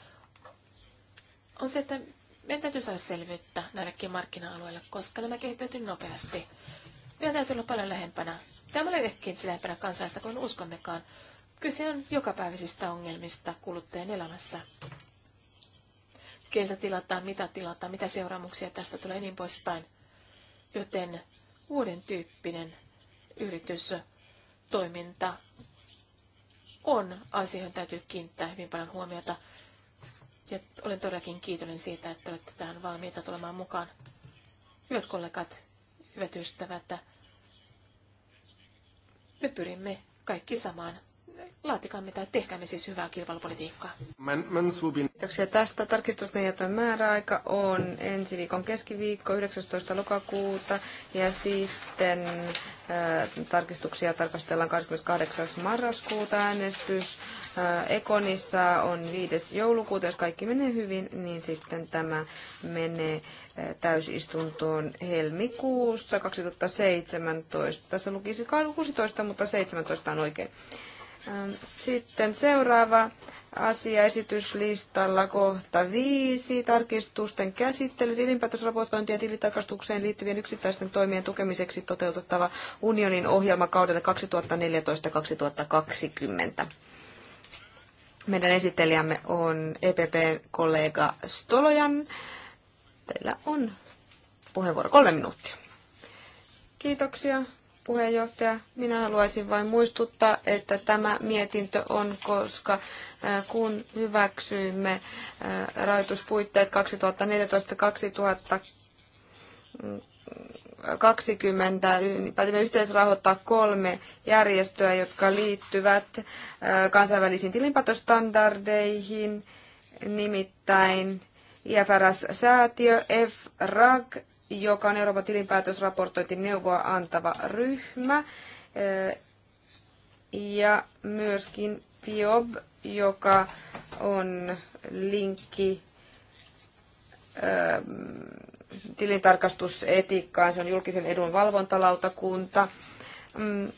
on se, että meidän täytyy saada selvyyttä näillekin markkina-alueille, koska nämä kehittyvät nopeasti. Meidän täytyy olla paljon lähempänä. Tämä on ehkäkin lähempänä kansalaista kuin uskommekaan. Kyse on jokapäiväisistä ongelmista kuluttajien elämässä. Keltä tilataan, mitä tilataan, mitä seuraamuksia tästä tulee niin poispäin. Joten uuden tyyppinen yritystoiminta on asia, johon täytyy kiinnittää hyvin paljon huomiota. Ja olen todellakin kiitollinen siitä, että olette tähän valmiita tulemaan mukaan. Hyvät kollegat, hyvät ystävät, me pyrimme kaikki samaan laatikaamme tai tehkäämme siis hyvää kilpailupolitiikkaa. Kiitoksia tästä. Tarkistusten jätön määräaika on ensi viikon keskiviikko 19. lokakuuta ja sitten ää, tarkistuksia tarkastellaan 28. marraskuuta äänestys. Ää, Ekonissa on 5. joulukuuta. Jos kaikki menee hyvin, niin sitten tämä menee täysistuntoon helmikuussa 2017. Tässä lukisi 16, mutta 17 on oikein. Ähm, sitten seuraava asiaesityslistalla kohta viisi. Tarkistusten käsittely tilinpäätösraportointi ja tilitarkastukseen liittyvien yksittäisten toimien tukemiseksi toteutettava unionin ohjelma kaudelle 2014-2020. Meidän esittelijämme on EPP-kollega Stolojan. Teillä on puheenvuoro kolme minuuttia. Kiitoksia puheenjohtaja, minä haluaisin vain muistuttaa, että tämä mietintö on, koska kun hyväksyimme rahoituspuitteet 2014-2020, päätimme yhteisrahoittaa kolme järjestöä, jotka liittyvät kansainvälisiin tilinpäätöstandardeihin, nimittäin IFRS-säätiö, FRAG joka on Euroopan tilinpäätösraportointi-neuvoa antava ryhmä, eh, ja myöskin PIOB, joka on linkki eh, tilintarkastusetiikkaan, se on julkisen edun valvontalautakunta. Mm,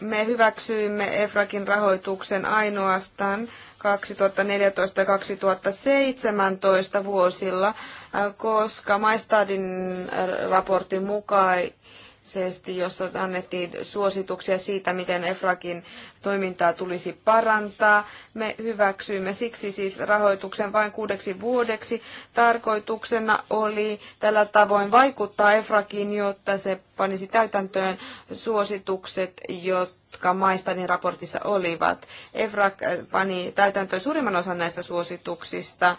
me hyväksyimme EFRAKin rahoituksen ainoastaan 2014 ja 2017 vuosilla, äh, koska Maistadin raportin mukaan Seesti, jossa annettiin suosituksia siitä, miten EFRAKin toimintaa tulisi parantaa. Me hyväksyimme siksi siis rahoituksen vain kuudeksi vuodeksi. Tarkoituksena oli tällä tavoin vaikuttaa EFRAKin, jotta se panisi täytäntöön suositukset, jotka maistanin raportissa olivat. EFRAK pani täytäntöön suurimman osan näistä suosituksista.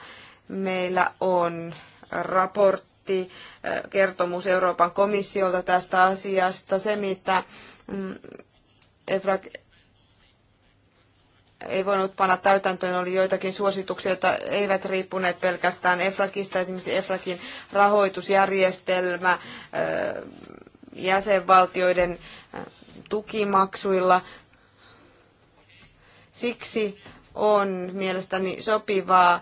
Meillä on raportti parlamentti, eh, kertomus Euroopan komissiolta tästä asiasta, se mitä mm, EFRAG ei voinut panna täytäntöön, oli joitakin suosituksia, joita eivät riippuneet pelkästään EFRAKista, esimerkiksi EFRAKin rahoitusjärjestelmä eh, jäsenvaltioiden eh, tukimaksuilla. Siksi on mielestäni sopivaa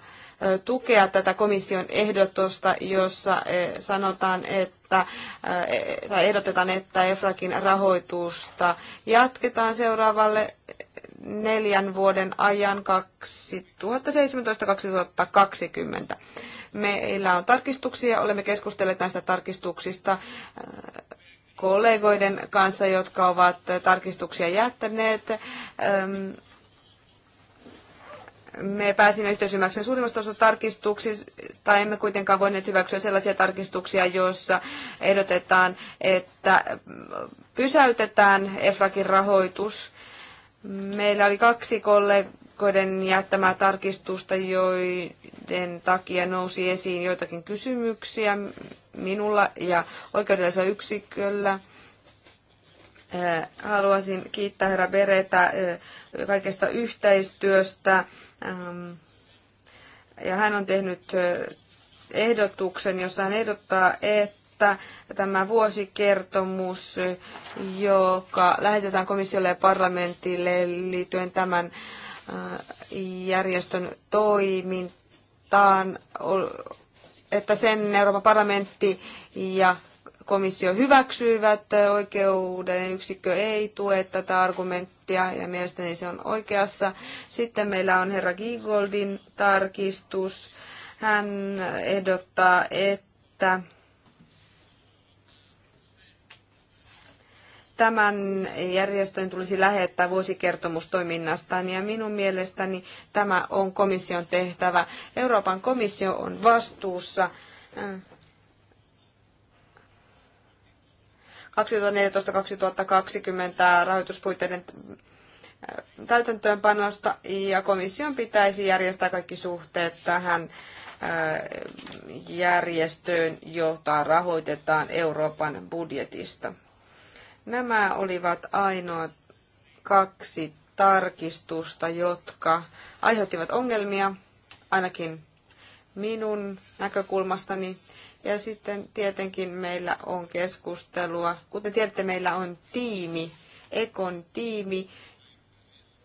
tukea tätä komission ehdotusta, jossa e, sanotaan, että e, tai ehdotetaan, että EFRAKin rahoitusta jatketaan seuraavalle neljän vuoden ajan 2017-2020. Meillä on tarkistuksia, olemme keskustelleet näistä tarkistuksista kollegoiden kanssa, jotka ovat tarkistuksia jättäneet. Me pääsimme yhteisymmärryksen suurimmasta osasta tarkistuksista, emme kuitenkaan voineet hyväksyä sellaisia tarkistuksia, joissa ehdotetaan, että pysäytetään EFRAKin rahoitus. Meillä oli kaksi kollegoiden jättämää tarkistusta, joiden takia nousi esiin joitakin kysymyksiä minulla ja oikeudellisella yksiköllä Haluaisin kiittää herra Beretä kaikesta yhteistyöstä. Ähm, ja hän on tehnyt ehdotuksen, jossa hän ehdottaa, että tämä vuosikertomus, joka lähetetään komissiolle ja parlamentille liittyen tämän järjestön toimintaan, että sen Euroopan parlamentti ja komissio hyväksyivät, oikeuden yksikkö ei tue tätä argumenttia ja mielestäni se on oikeassa. Sitten meillä on herra Giegoldin tarkistus. Hän ehdottaa, että tämän järjestön tulisi lähettää vuosikertomustoiminnastaan toiminnastaan ja minun mielestäni tämä on komission tehtävä. Euroopan komissio on vastuussa 2014-2020 rahoituspuitteiden äh, täytäntöönpanosta ja komission pitäisi järjestää kaikki suhteet tähän äh, järjestöön, jota rahoitetaan Euroopan budjetista. Nämä olivat ainoat kaksi tarkistusta, jotka aiheuttivat ongelmia, ainakin minun näkökulmastani. Ja sitten tietenkin meillä on keskustelua. Kuten tiedätte, meillä on tiimi, Ekon tiimi,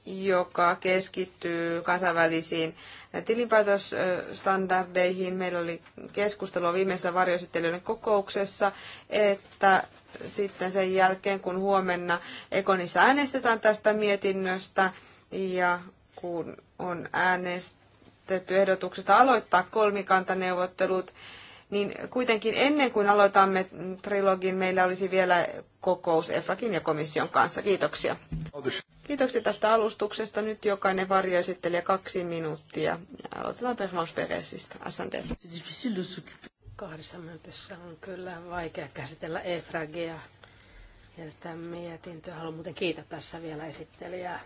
joka keskittyy kansainvälisiin tilinpäätösstandardeihin. Meillä oli keskustelua viimeisessä varjoesittelijöiden kokouksessa, että sitten sen jälkeen, kun huomenna Ekonissa äänestetään tästä mietinnöstä ja kun on äänestetty ehdotuksesta aloittaa kolmikantaneuvottelut, niin kuitenkin ennen kuin aloitamme trilogin, meillä olisi vielä kokous EFRAKin ja komission kanssa. Kiitoksia. Kiitoksia tästä alustuksesta. Nyt jokainen varjoesittelijä kaksi minuuttia. Aloitetaan Permans Peresistä, SND. Kahdessa minuutissa on kyllä vaikea käsitellä EFRAGia ja tämän mietintöä. Haluan muuten kiittää tässä vielä esittelijää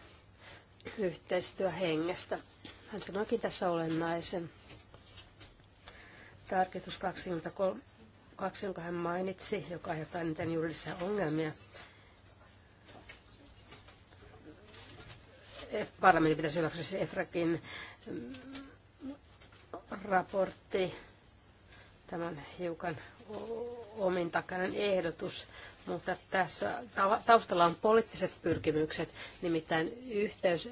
yhteistyöhengestä. Hän sanoikin tässä olennaisen Tarkistus 23, kaksi, jonka hän mainitsi, joka aiheuttaa eniten juridisia ongelmia. E, parlamentin pitäisi hyväksyä se EFRAKin mm, raportti, tämän hiukan omintakainen ehdotus, mutta tässä taustalla on poliittiset pyrkimykset, nimittäin yhteys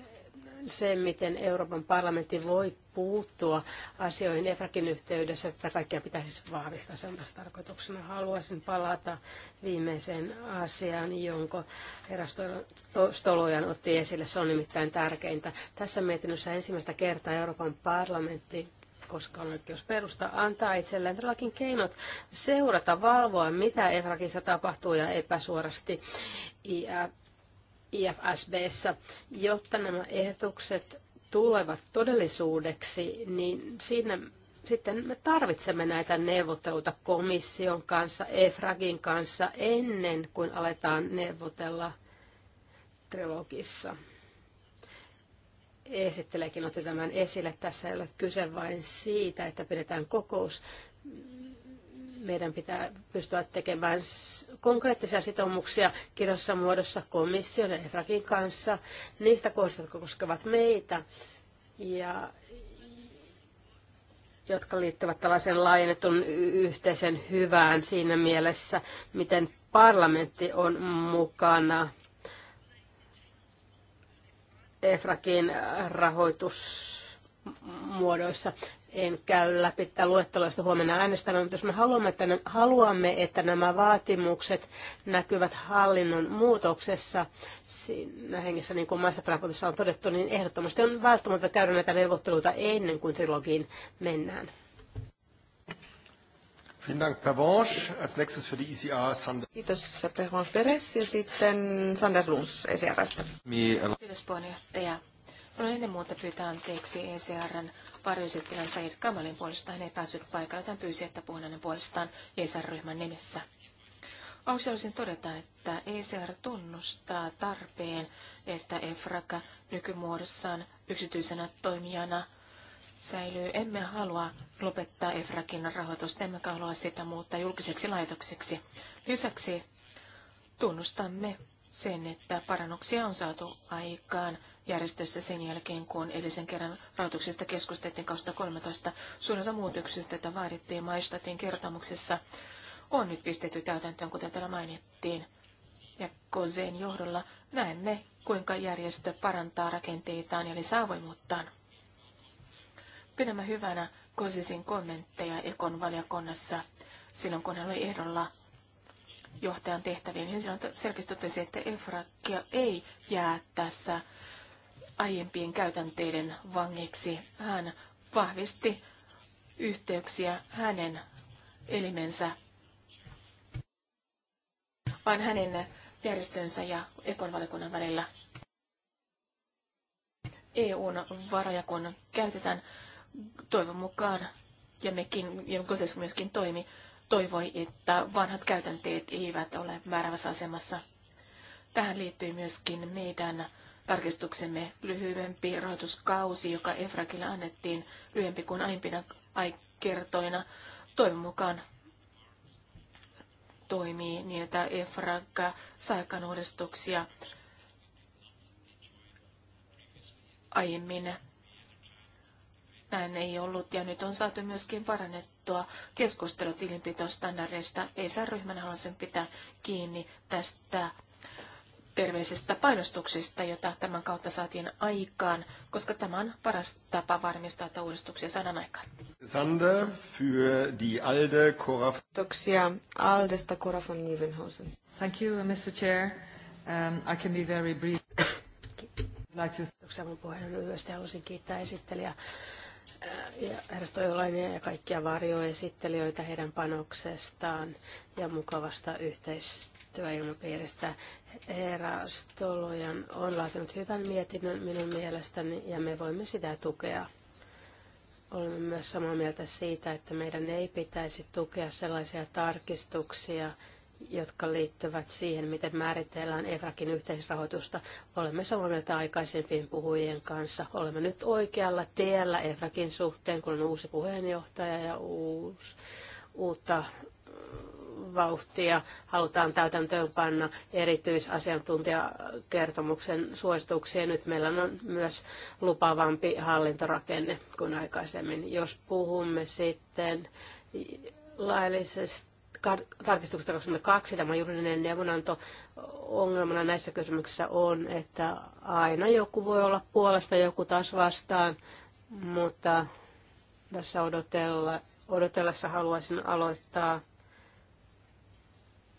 se, miten Euroopan parlamentti voi puuttua asioihin EFRAKin yhteydessä, että kaikkea pitäisi siis vahvistaa samassa tarkoituksena. Haluaisin palata viimeiseen asiaan, jonka herra Stolojan otti esille. Se on nimittäin tärkeintä. Tässä mietinnössä ensimmäistä kertaa Euroopan parlamentti koska on oikeus perusta, antaa itselleen todellakin keinot seurata, valvoa, mitä EFRAKissa tapahtuu ja epäsuorasti IFSBssä, jotta nämä ehdotukset tulevat todellisuudeksi, niin siinä sitten me tarvitsemme näitä neuvotteluita komission kanssa, EFRAGin kanssa, ennen kuin aletaan neuvotella trilogissa. Esittelekin otti tämän esille. Tässä ei ole kyse vain siitä, että pidetään kokous meidän pitää pystyä tekemään konkreettisia sitoumuksia kirjassa muodossa komission ja EFRAKin kanssa niistä kohdista, jotka koskevat meitä ja jotka liittyvät tällaisen laajennetun yhteisen hyvään siinä mielessä, miten parlamentti on mukana EFRAKin rahoitusmuodoissa. En käy läpi tätä luetteloista huomenna äänestämään, mutta jos me haluamme että, ne, haluamme, että nämä vaatimukset näkyvät hallinnon muutoksessa, siinä hengessä niin kuin maissa on todettu, niin ehdottomasti on välttämättä käydä näitä neuvotteluita ennen kuin trilogiin mennään. E Kiitos Pervanche Peres ja sitten Sander Luns ECRstä. Kiitos puheenjohtaja. Olen ennen muuta pyytää anteeksi ECRn varjoesittelijän Said Kamalin puolesta. Hän ei päässyt paikalle, hän pyysi, että puhun hänen puolestaan ESR-ryhmän nimissä. Aluksi haluaisin todeta, että ECR tunnustaa tarpeen, että EFRAKA nykymuodossaan yksityisenä toimijana säilyy. Emme halua lopettaa EFRAKin rahoitusta, emmekä halua sitä muuttaa julkiseksi laitokseksi. Lisäksi tunnustamme sen, että parannuksia on saatu aikaan järjestössä sen jälkeen, kun edellisen kerran rahoituksesta keskusteltiin 2013 suunnassa muutoksista, joita vaadittiin maistatin kertomuksessa, on nyt pistetty täytäntöön, kuten täällä mainittiin. Ja Koseen johdolla näemme, kuinka järjestö parantaa rakenteitaan ja lisää avoimuuttaan. Pidämme hyvänä Kosisin kommentteja Ekon valiokunnassa silloin, kun hän oli ehdolla johtajan tehtäviin. Hän silloin selkeästi totesi, että Efrakia ei jää tässä aiempien käytänteiden vangiksi. Hän vahvisti yhteyksiä hänen elimensä, vaan hänen järjestönsä ja ekonvalikunnan välillä. EUn varoja kun käytetään toivon mukaan, ja mekin, ja myöskin toimi, toivoi, että vanhat käytänteet eivät ole määrävässä asemassa. Tähän liittyy myöskin meidän tarkistuksemme lyhyempi rahoituskausi, joka EFRAKille annettiin lyhyempi kuin aiempina kertoina. Toivon mukaan toimii niin, että Efrak saa uudistuksia aiemmin näin ei ollut, ja nyt on saatu myöskin parannettua keskustelutilinpitostandardeista. Ei saa ryhmän sen pitää kiinni tästä terveisestä painostuksesta, jota tämän kautta saatiin aikaan, koska tämä on paras tapa varmistaa, että uudistuksia saadaan aikaan. Sande für die ALDE, Cora... Kiitoksia ALDEsta, Cora von Nivenhausen. Thank you, Mr. Chair. Um, I can be very brief. Kiitoksia, minun puheen lyhyesti haluaisin kiittää esittelijä ja herra Toivolainen ja kaikkia varjoesittelijöitä heidän panoksestaan ja mukavasta yhteistyöilmapiiristä. Herra Stolojan on laatinut hyvän mietinnön minun mielestäni ja me voimme sitä tukea. Olemme myös samaa mieltä siitä, että meidän ei pitäisi tukea sellaisia tarkistuksia, jotka liittyvät siihen, miten määritellään evrakin yhteisrahoitusta. Olemme samaa mieltä aikaisempien puhujien kanssa. Olemme nyt oikealla tiellä evrakin suhteen, kun on uusi puheenjohtaja ja uusi, uutta mm, vauhtia halutaan täytäntöönpanna erityisasiantuntijakertomuksen suosituksia. Nyt meillä on myös lupavampi hallintorakenne kuin aikaisemmin. Jos puhumme sitten laillisesti tarkistuksesta 22 tämä juridinen neuvonanto ongelmana näissä kysymyksissä on, että aina joku voi olla puolesta, joku taas vastaan, mutta tässä odotella, odotellessa haluaisin aloittaa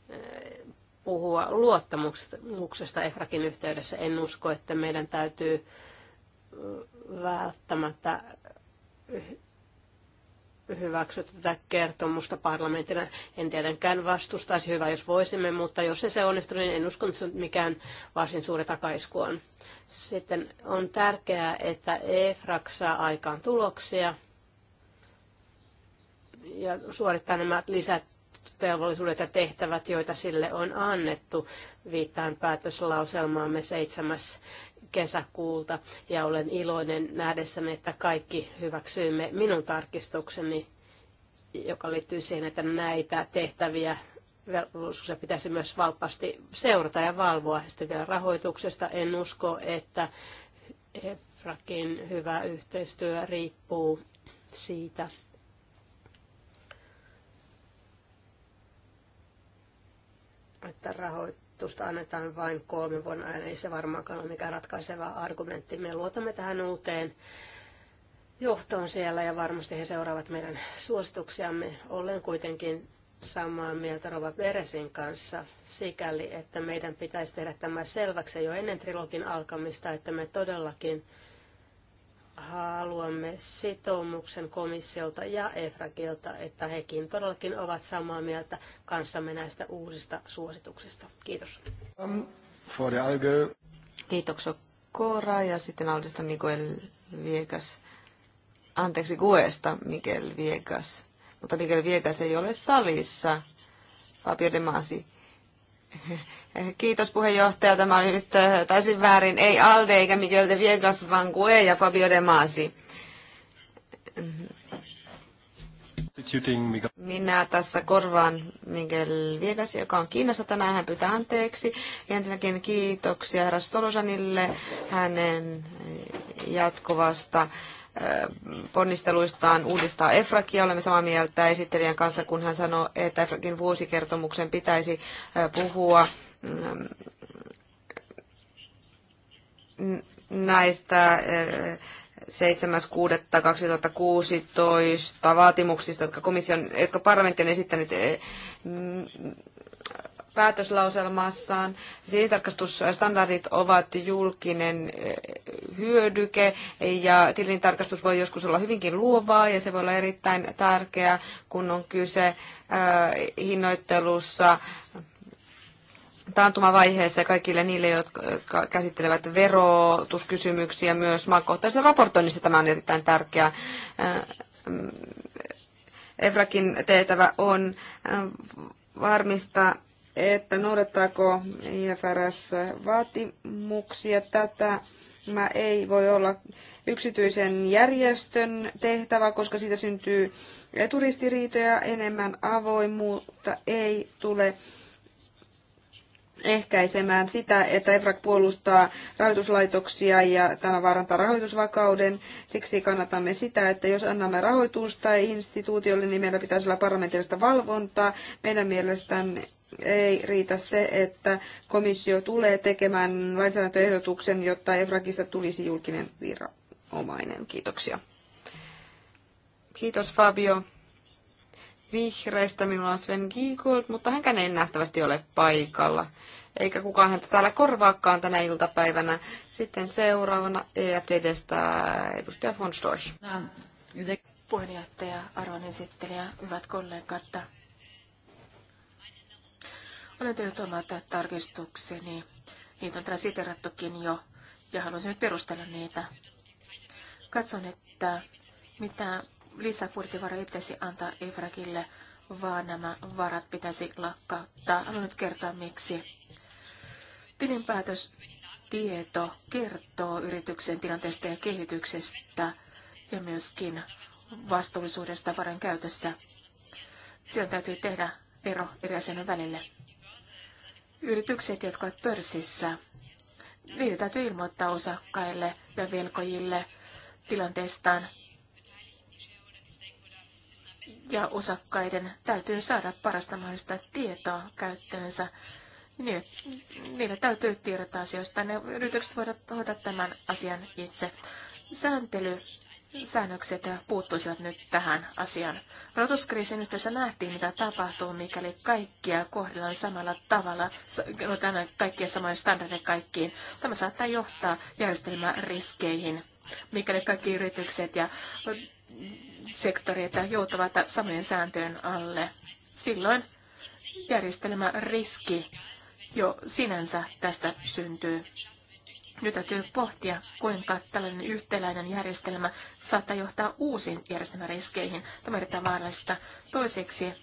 eh, puhua luottamuksesta Efrakin yhteydessä. En usko, että meidän täytyy eh, välttämättä hyväksy tätä kertomusta parlamentina. En tietenkään vastustaisi hyvä, jos voisimme, mutta jos se, se onnistuu, niin en usko, että se on mikään varsin suuri takaisku on. Sitten on tärkeää, että EFRAX saa aikaan tuloksia ja suorittaa nämä lisät velvollisuudet ja tehtävät, joita sille on annettu. Viittaan päätöslauselmaamme 7 kesäkuulta ja olen iloinen nähdessäni, että kaikki hyväksyimme minun tarkistukseni, joka liittyy siihen, että näitä tehtäviä velvollisuuksia pitäisi myös valppaasti seurata ja valvoa. Sitten vielä rahoituksesta en usko, että EFRAKin hyvä yhteistyö riippuu siitä, että rahoit rahoitusta annetaan vain kolmen vuoden ajan, ei se varmaankaan ole mikään ratkaiseva argumentti. Me luotamme tähän uuteen johtoon siellä ja varmasti he seuraavat meidän suosituksiamme. Olen kuitenkin samaa mieltä Rova Beresin kanssa sikäli, että meidän pitäisi tehdä tämä selväksi jo ennen trilogin alkamista, että me todellakin haluamme sitoumuksen komissiolta ja EFRAGilta, että hekin todellakin ovat samaa mieltä kanssamme näistä uusista suosituksista. Kiitos. Um, Kiitoksia Kora ja sitten Aldista Miguel Viekas. Anteeksi, Guesta Miguel Viekas. Mutta Miguel Viekas ei ole salissa. Fabio De Masi Kiitos puheenjohtaja. Tämä oli nyt eh, täysin väärin. Ei Alde eikä Miguel de Viegas, vaan Gue ja Fabio De Masi. Minä tässä korvaan Miguel Viegas, joka on Kiinassa tänään. Hän pyytää anteeksi. ensinnäkin kiitoksia herra Stolosanille hänen jatkuvasta ponnisteluistaan uudistaa EFRAKia. Olemme samaa mieltä esittelijän kanssa, kun hän sanoi, että EFRAKin vuosikertomuksen pitäisi puhua mm, näistä 7.6.2016 vaatimuksista, jotka, komission, jotka parlamentti on esittänyt päätöslauselmassaan. Tilintarkastusstandardit ovat julkinen eh, hyödyke ja tilintarkastus voi joskus olla hyvinkin luovaa ja se voi olla erittäin tärkeää, kun on kyse eh, hinnoittelussa taantumavaiheessa kaikille niille, jotka käsittelevät verotuskysymyksiä myös maakohtaisessa raportoinnissa. Tämä on erittäin tärkeää. Eh, mm, evrakin tehtävä on varmistaa, että noudattaako IFRS vaatimuksia tätä. Mä ei voi olla yksityisen järjestön tehtävä, koska siitä syntyy turistiriitoja enemmän avoimuutta ei tule ehkäisemään sitä, että EFRAC puolustaa rahoituslaitoksia ja tämä vaarantaa rahoitusvakauden. Siksi kannatamme sitä, että jos annamme rahoitusta instituutiolle, niin meillä pitäisi olla parlamentaarista valvontaa. Meidän mielestämme ei riitä se, että komissio tulee tekemään lainsäädäntöehdotuksen, jotta Efrakista tulisi julkinen viranomainen. Kiitoksia. Kiitos Fabio. Vihreistä minulla on Sven Giegold, mutta hänkään ei nähtävästi ole paikalla. Eikä kukaan häntä täällä korvaakaan tänä iltapäivänä. Sitten seuraavana EFDDstä edustaja von Storch. Puheenjohtaja, arvon esittelijä, hyvät kollegat. Olen tehnyt omat tarkistukseni. Niitä on täällä siterattukin jo ja haluaisin nyt perustella niitä. Katson, että mitä lisäbudjettivaroja ei pitäisi antaa Efrakille, vaan nämä varat pitäisi lakkauttaa. Haluan nyt kertoa miksi. Tilinpäätöstieto kertoo yrityksen tilanteesta ja kehityksestä ja myöskin vastuullisuudesta varan käytössä. Sieltä täytyy tehdä ero eri asioiden välille yritykset, jotka ovat pörssissä, niitä täytyy ilmoittaa osakkaille ja velkojille tilanteestaan. Ja osakkaiden täytyy saada parasta mahdollista tietoa käyttöönsä. Niin, niille täytyy tiedottaa asioista. Ne yritykset voivat hoitaa tämän asian itse. Sääntely säännökset puuttuisivat nyt tähän asiaan. Rotuskriisin yhteydessä nähtiin, mitä tapahtuu, mikäli kaikkia kohdellaan samalla tavalla, no, kaikkia samoja standardeja kaikkiin. Tämä saattaa johtaa järjestelmäriskeihin, mikäli kaikki yritykset ja sektorit joutuvat samojen sääntöjen alle. Silloin järjestelmäriski jo sinänsä tästä syntyy. Nyt täytyy pohtia, kuinka tällainen yhtäläinen järjestelmä saattaa johtaa uusiin järjestelmäriskeihin. Tämä erittäin vaarallista. Toiseksi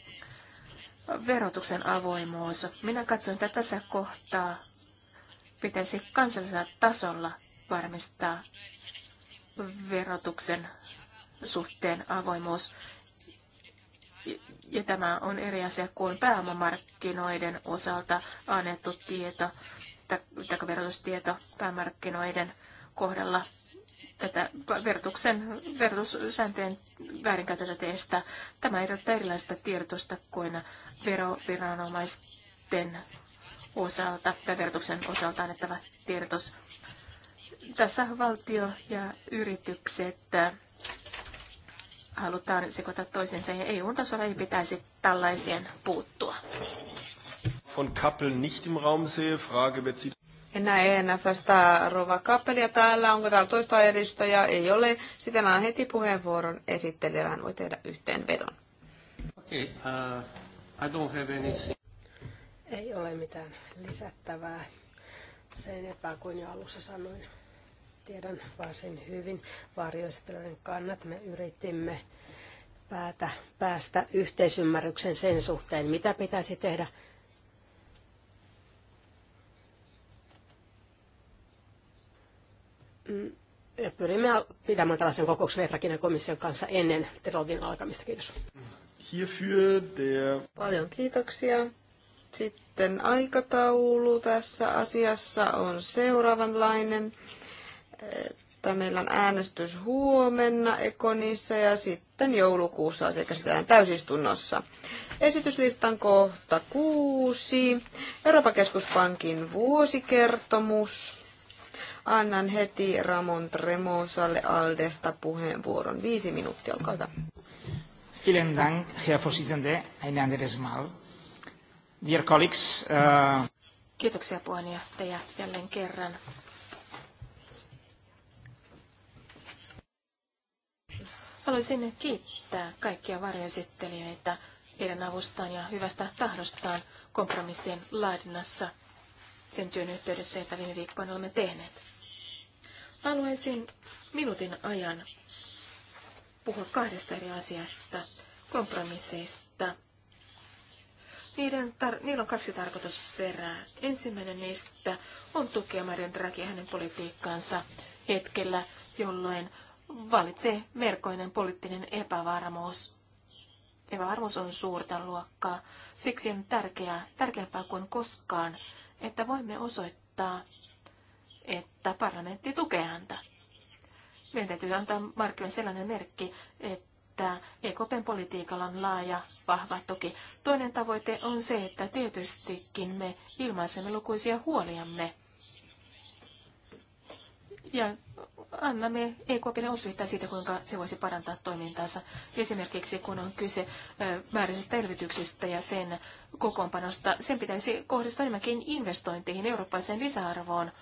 verotuksen avoimuus. Minä katson, että tässä kohtaa pitäisi kansallisella tasolla varmistaa verotuksen suhteen avoimuus. Ja tämä on eri asia kuin pääomamarkkinoiden osalta annettu tieto tai verotustieto päämarkkinoiden kohdalla tätä verotuksen, verotussääntöjen väärinkäytöntä teistä. Tämä edellyttää erilaista tiedotusta kuin veroviranomaisten osalta tai verotuksen osalta annettava tiedotus. Tässä valtio ja yritykset äh, halutaan sekoittaa toisiinsa ja EU-tasolla ei pitäisi tällaisien puuttua von Kappel nicht im Raum sehe. Frage bezieht. En näe tästä e Rova Kappelia täällä. Onko täällä toista edustajaa? Ei ole. Sitten annan heti puheenvuoron esittelijään voi tehdä yhteenvedon. Okay, uh, I don't have anything. Ei ole mitään lisättävää sen enempää kuin jo alussa sanoin. Tiedän varsin hyvin varjoistelijoiden kannat. Me yritimme päätä, päästä yhteisymmärryksen sen suhteen, mitä pitäisi tehdä Mm. ja pyrimme pidämään tällaisen kokouksen EFRAKin komission kanssa ennen Terovin alkamista. Kiitos. Paljon kiitoksia. Sitten aikataulu tässä asiassa on seuraavanlainen. Että meillä on äänestys huomenna Ekonissa ja sitten joulukuussa asia käsitellään täysistunnossa. Esityslistan kohta kuusi. Euroopan keskuspankin vuosikertomus annan heti Ramon Tremosalle Aldesta puheenvuoron. Viisi minuuttia, olkaa hyvä. Vielen dank, herr Vorsitzende, ein anderes Mal. Dear colleagues, uh... Kiitoksia puheenjohtaja jälleen kerran. Haluaisin kiittää kaikkia varjoesittelijöitä heidän avustaan ja hyvästä tahdostaan kompromissien laadinnassa sen työn yhteydessä, jota viime viikkoina olemme tehneet. Haluaisin minuutin ajan puhua kahdesta eri asiasta, kompromisseista. Niiden tar- niillä on kaksi tarkoitusperää. Ensimmäinen niistä on tukea Marian Draghi hänen politiikkaansa hetkellä, jolloin valitsee merkoinen poliittinen epävarmuus. Epävarmuus on suurta luokkaa. Siksi on tärkeää, tärkeämpää kuin koskaan, että voimme osoittaa että parlamentti tukee häntä. Meidän täytyy antaa Markille sellainen merkki, että EKPn politiikalla on laaja, vahva tuki. Toinen tavoite on se, että tietystikin me ilmaisemme lukuisia huoliamme ja annamme EKPlle osviittaa siitä, kuinka se voisi parantaa toimintaansa. Esimerkiksi kun on kyse määräisestä elvytyksestä ja sen kokoonpanosta, sen pitäisi kohdistua enemmänkin investointeihin, eurooppaiseen lisäarvoon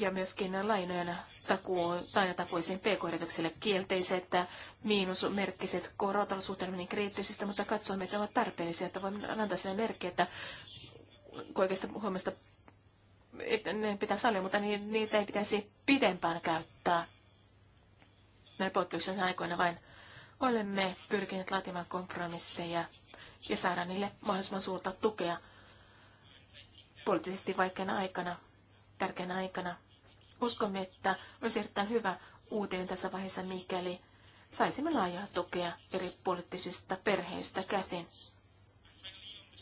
ja myöskin lainojen takuu, lainatakuisiin pk-yrityksille kielteiset miinusmerkkiset korot ovat niin kriittisistä, mutta katsomme, että ovat tarpeellisia, että voimme antaa sille merkki, että oikeasta huomesta että ne pitää sallia, mutta niitä ei pitäisi pidempään käyttää. Näin poikkeuksen aikoina vain olemme pyrkineet laatimaan kompromisseja ja saada niille mahdollisimman suurta tukea poliittisesti vaikeana aikana, tärkeänä aikana. Uskomme, että olisi erittäin hyvä uutinen tässä vaiheessa, mikäli saisimme laajaa tukea eri poliittisista perheistä käsin.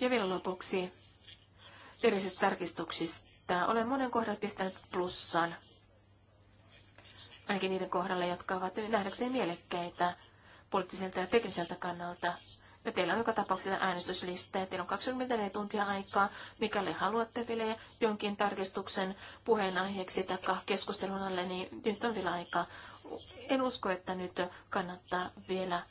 Ja vielä lopuksi erisistä tarkistuksista. Olen monen kohdalla pistänyt plussan. Ainakin niiden kohdalla, jotka ovat nähdäkseni mielekkäitä poliittiselta ja tekniseltä kannalta. Ja teillä on joka tapauksessa äänestyslista ja teillä on 24 tuntia aikaa, mikäli haluatte vielä jonkin tarkistuksen puheenaiheeksi tai keskustelun alle, niin nyt on vielä aikaa. En usko, että nyt kannattaa vielä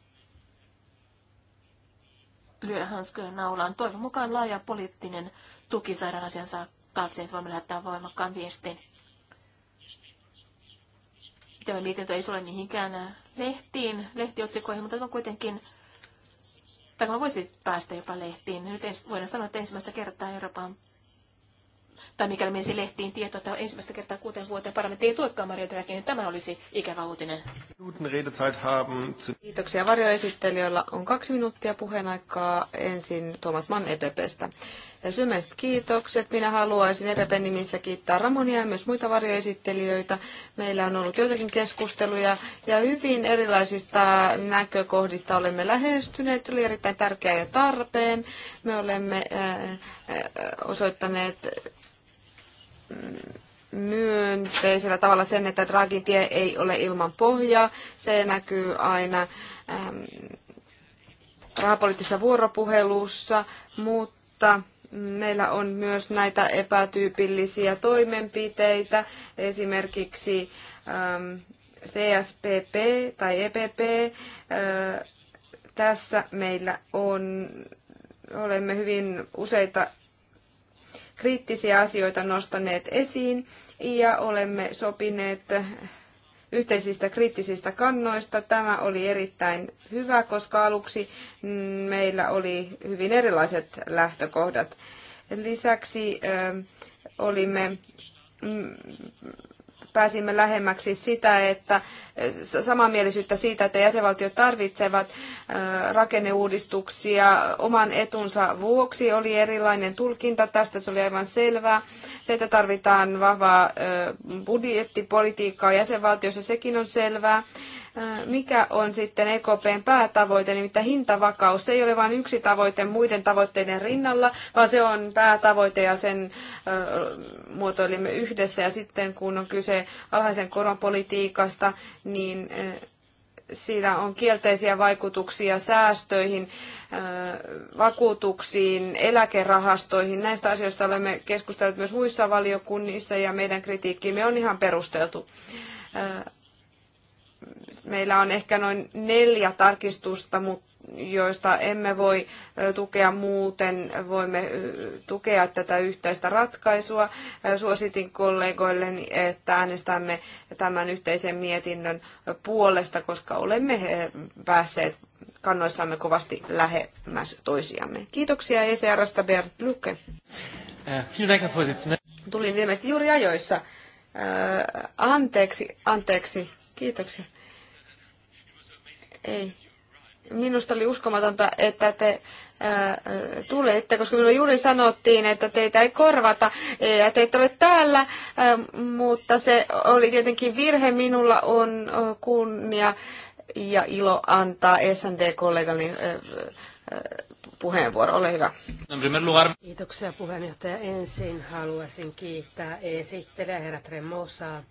lyödä hanskoja naulaan. Toivon mukaan laaja poliittinen tuki saadaan asian taakse, että voimme lähettää voimakkaan viestin. Tämä mietintö ei tule mihinkään lehtiin, lehtiotsikoihin, mutta tämä on kuitenkin tämä voisi päästä jopa lehtiin. Nyt ens, voidaan sanoa, että ensimmäistä kertaa Euroopan, tai mikäli menisi lehtiin tieto, että ensimmäistä kertaa kuuteen vuoteen parlamentti ei tuekaan Maria Draghi, niin tämä olisi ikävä uutinen. Kiitoksia varjoesittelijöillä. On kaksi minuuttia puheenaikaa. Ensin Thomas Mann EPPstä. Sydämiset kiitokset. Minä haluaisin EPPn nimissä kiittää Ramonia ja myös muita varjoesittelijöitä. Meillä on ollut joitakin keskusteluja ja hyvin erilaisista näkökohdista olemme lähestyneet. oli erittäin tärkeä ja tarpeen. Me olemme äh, äh, osoittaneet mm, myönteisellä tavalla sen, että Dragin tie ei ole ilman pohjaa. Se näkyy aina ähm, rahapoliittisessa vuoropuhelussa, mutta Meillä on myös näitä epätyypillisiä toimenpiteitä, esimerkiksi ähm, CSPP tai EPP. Äh, tässä meillä on, olemme hyvin useita kriittisiä asioita nostaneet esiin ja olemme sopineet yhteisistä kriittisistä kannoista. Tämä oli erittäin hyvä, koska aluksi mm, meillä oli hyvin erilaiset lähtökohdat. Lisäksi olimme mm, pääsimme lähemmäksi sitä, että eh, samanmielisyyttä siitä, että jäsenvaltiot tarvitsevat eh, rakenneuudistuksia oman etunsa vuoksi, oli erilainen tulkinta tästä, se oli aivan selvää. Se, että tarvitaan vahvaa eh, budjettipolitiikkaa jäsenvaltiossa, sekin on selvää. Äh, mikä on sitten EKPn päätavoite, nimittäin hintavakaus. Se ei ole vain yksi tavoite muiden tavoitteiden rinnalla, vaan se on päätavoite ja sen äh, muotoilimme yhdessä. Ja sitten kun on kyse alhaisen koron politiikasta, niin äh, siinä on kielteisiä vaikutuksia säästöihin, vakuutuksiin, eläkerahastoihin. Näistä asioista olemme keskustelleet myös muissa valiokunnissa ja meidän kritiikkimme on ihan perusteltu meillä on ehkä noin neljä tarkistusta, mutta joista emme voi tukea muuten, voimme tukea tätä yhteistä ratkaisua. Suositin kollegoille, että äänestämme tämän yhteisen mietinnön puolesta, koska olemme päässeet kannoissamme kovasti lähemmäs toisiamme. Kiitoksia ECRstä Bert Lucke. Äh, Tulin ilmeisesti juuri ajoissa. Äh, anteeksi, anteeksi. Kiitoksia. Ei. Minusta oli uskomatonta, että te tulitte, koska minulle juuri sanottiin, että teitä ei korvata ja te ette ole täällä, mutta se oli tietenkin virhe. Minulla on kunnia ja ilo antaa SND-kollegani puheenvuoro. Ole hyvä. Kiitoksia puheenjohtaja. Ensin haluaisin kiittää esittelijä herra Tremosaa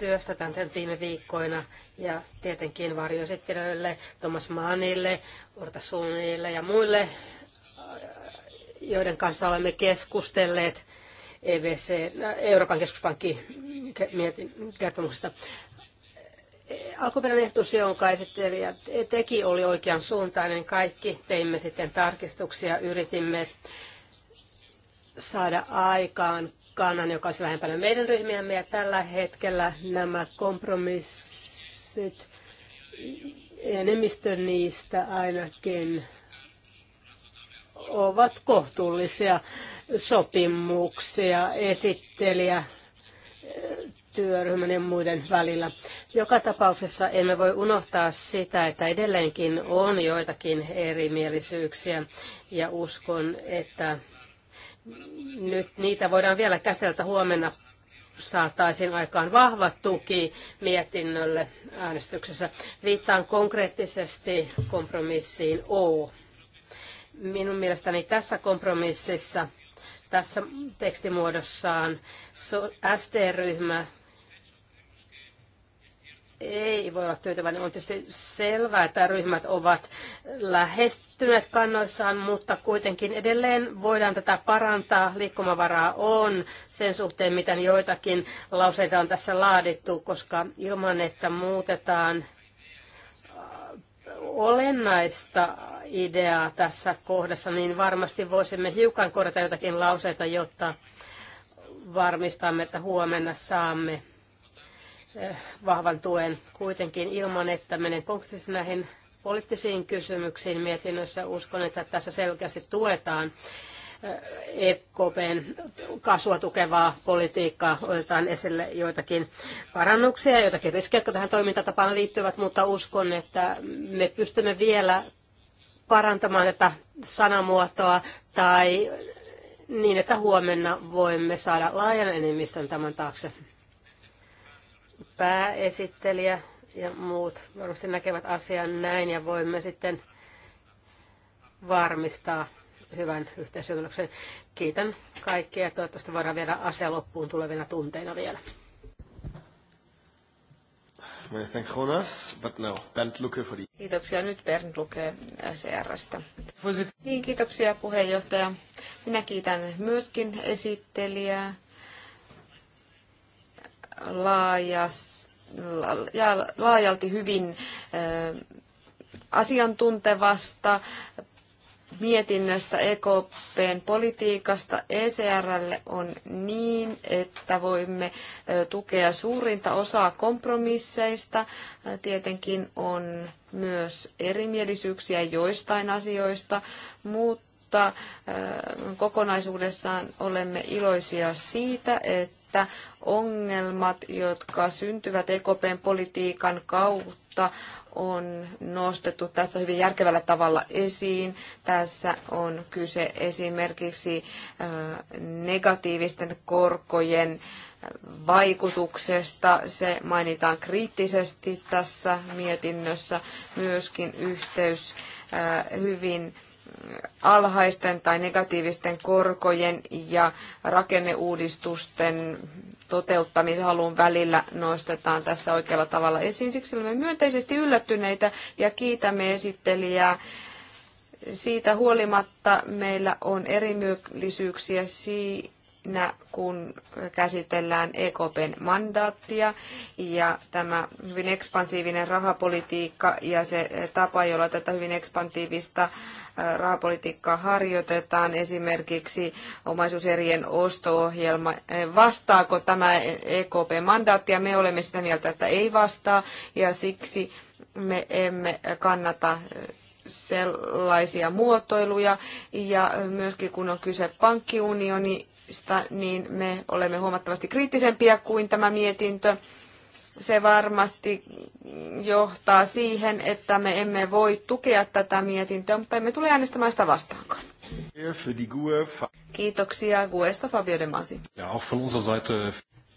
työstetään tämän viime viikkoina ja tietenkin varjoesittelijöille, Thomas Maanille, Urta Suunille ja muille, joiden kanssa olemme keskustelleet EBC, äh, Euroopan keskuspankki kertomuksesta. Alkuperäinen ehdotus, jonka esittelijä teki, oli oikean suuntainen. Kaikki teimme sitten tarkistuksia, yritimme saada aikaan kannan, joka olisi lähempänä meidän ryhmiämme. Ja tällä hetkellä nämä kompromissit, enemmistö niistä ainakin, ovat kohtuullisia sopimuksia esittelijä työryhmän ja muiden välillä. Joka tapauksessa emme voi unohtaa sitä, että edelleenkin on joitakin erimielisyyksiä ja uskon, että nyt niitä voidaan vielä käsiteltä huomenna saataisiin aikaan vahva tuki mietinnölle äänestyksessä. Viittaan konkreettisesti kompromissiin O. Minun mielestäni tässä kompromississa, tässä tekstimuodossaan SD-ryhmä ei voi olla tyytyväinen. On tietysti selvää, että ryhmät ovat lähestyneet kannoissaan, mutta kuitenkin edelleen voidaan tätä parantaa. Liikkumavaraa on sen suhteen, miten joitakin lauseita on tässä laadittu, koska ilman, että muutetaan äh, olennaista ideaa tässä kohdassa, niin varmasti voisimme hiukan korjata jotakin lauseita, jotta varmistamme, että huomenna saamme Eh, vahvan tuen kuitenkin ilman, että menen konkreettisesti näihin poliittisiin kysymyksiin mietinnössä. Uskon, että tässä selkeästi tuetaan EKPn eh, e kasvua tukevaa politiikkaa. Otetaan esille joitakin parannuksia, joitakin riskejä, jotka tähän toimintatapaan liittyvät, mutta uskon, että me pystymme vielä parantamaan tätä sanamuotoa tai niin, että huomenna voimme saada laajan enemmistön tämän taakse pääesittelijä ja muut varmasti näkevät asian näin ja voimme sitten varmistaa hyvän yhteisymmärryksen. Kiitän kaikkia ja toivottavasti voidaan viedä asia loppuun tulevina tunteina vielä. Kiitoksia. Nyt Bernd lukee SRstä. E niin, kiitoksia puheenjohtaja. Minä kiitän myöskin esittelijää laajalti hyvin asiantuntevasta mietinnästä EKPn politiikasta ECRlle on niin, että voimme tukea suurinta osaa kompromisseista. Tietenkin on myös erimielisyyksiä joistain asioista, mutta mutta äh, kokonaisuudessaan olemme iloisia siitä, että ongelmat, jotka syntyvät EKPn politiikan kautta, on nostettu tässä hyvin järkevällä tavalla esiin. Tässä on kyse esimerkiksi äh, negatiivisten korkojen vaikutuksesta. Se mainitaan kriittisesti tässä mietinnössä. Myöskin yhteys äh, hyvin alhaisten tai negatiivisten korkojen ja rakenneuudistusten toteuttamishalun välillä nostetaan tässä oikealla tavalla esiin. Siksi olemme myönteisesti yllättyneitä ja kiitämme esittelijää. Siitä huolimatta meillä on erimielisyyksiä siitä, kun käsitellään EKPn mandaattia ja tämä hyvin ekspansiivinen rahapolitiikka ja se tapa, jolla tätä hyvin ekspansiivista rahapolitiikkaa harjoitetaan, esimerkiksi omaisuuserien osto-ohjelma. Vastaako tämä EKP-mandaattia? Me olemme sitä mieltä, että ei vastaa ja siksi me emme kannata sellaisia muotoiluja. Ja myöskin kun on kyse pankkiunionista, niin me olemme huomattavasti kriittisempiä kuin tämä mietintö. Se varmasti johtaa siihen, että me emme voi tukea tätä mietintöä, mutta emme tule äänestämään sitä vastaankaan. Kiitoksia Guesta Fabio De Masi. Ja, auch von unserer Seite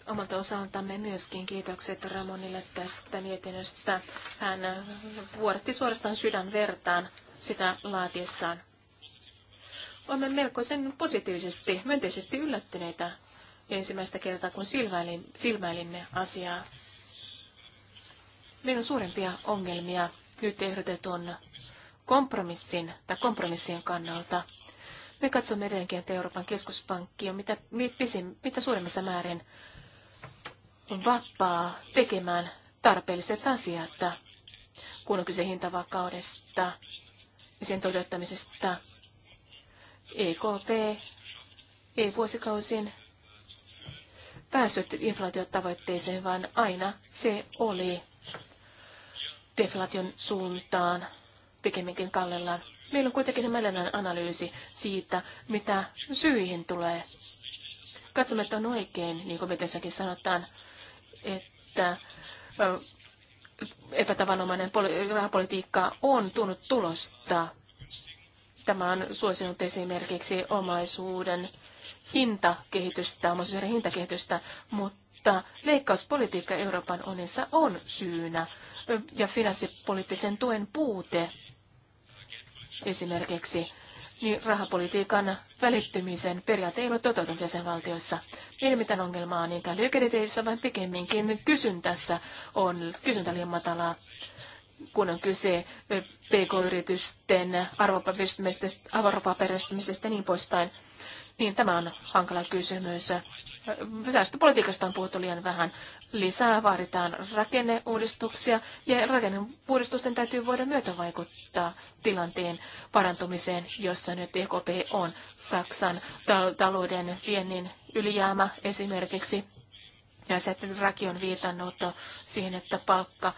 omalta osaltamme myöskin kiitokset Ramonille tästä mietinnöstä. Hän vuodatti suorastaan sydänvertaan sitä laatiessaan. Olemme melkoisen positiivisesti, myönteisesti yllättyneitä ensimmäistä kertaa, kun silmäilin, silmäilimme asiaa. Meillä on suurempia ongelmia nyt ehdotetun kompromissin tai kompromissien kannalta. Me katsomme edelleenkin, että Euroopan keskuspankki on mitä, mitä, mitä suuremmassa määrin vapaa tekemään tarpeelliset asiat, kun on kyse hintavakaudesta ja sen toteuttamisesta. EKP ei vuosikausin päässyt inflaatiotavoitteeseen, vaan aina se oli deflaation suuntaan pikemminkin kallellaan. Meillä on kuitenkin meidän analyysi siitä, mitä syihin tulee. Katsomme, että on oikein, niin kuin me tässäkin sanotaan, että epätavanomainen rahapolitiikka on tuonut tulosta. Tämä on suosinut esimerkiksi omaisuuden hintakehitystä, omaisuuden hintakehitystä, mutta leikkauspolitiikka Euroopan unionissa on syynä ja finanssipoliittisen tuen puute esimerkiksi niin rahapolitiikan välittymisen periaate ei ole toteutunut jäsenvaltioissa. Ei ole mitään ongelmaa niinkään lyökeriteissä, vaan pikemminkin kysyntässä on kysyntä liian matalaa kun on kyse eh, pk-yritysten arvopaperistamisestä ja niin poispäin. Niin tämä on hankala kysymys. Säästöpolitiikasta on puhuttu liian vähän. Lisää vaaditaan rakenneuudistuksia ja rakenneuudistusten täytyy voida myötävaikuttaa tilanteen parantumiseen, jossa nyt EKP on Saksan tal- talouden viennin ylijäämä esimerkiksi. Ja se, että Raki on viitannut siihen, että palkka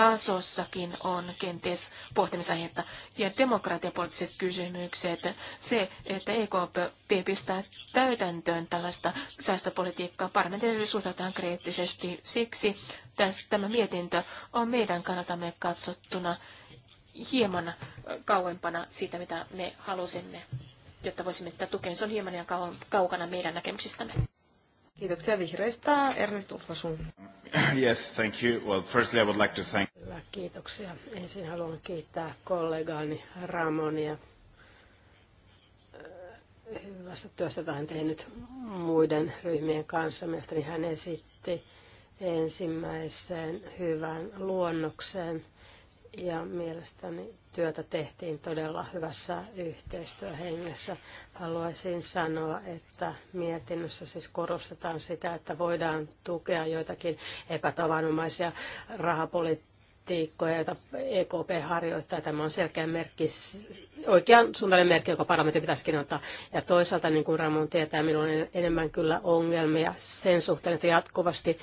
tasossakin on kenties pohtimisaihetta. Ja demokratiapoliittiset kysymykset, se, että EKP pistää täytäntöön tällaista säästöpolitiikkaa, parlamentin suhtautetaan kriittisesti. Siksi tämä mietintö on meidän kannatamme katsottuna hieman kauempana siitä, mitä me halusimme, jotta voisimme sitä tukea. Se on hieman ja kaukana meidän näkemyksistämme. Kiitoksia vihreistä. Ernest Urtasun. Yes, thank you. Well, firstly I would like to thank... Hyvä, kiitoksia. Ensin haluan kiittää kollegaani Ramonia eh, hyvästä työstä, jota tehnyt muiden ryhmien kanssa. Mielestäni hän esitti ensimmäiseen hyvään luonnokseen ja mielestäni työtä tehtiin todella hyvässä yhteistyöhengessä. Haluaisin sanoa, että mietinnössä siis korostetaan sitä, että voidaan tukea joitakin epätavanomaisia rahapoliittisia joita EKP harjoittaa. Tämä on selkeä merkki, oikean suuntainen merkki, joka parlamentti pitäisikin ottaa. Ja toisaalta, niin kuin Ramon tietää, minulla on enemmän kyllä ongelmia sen suhteen, että jatkuvasti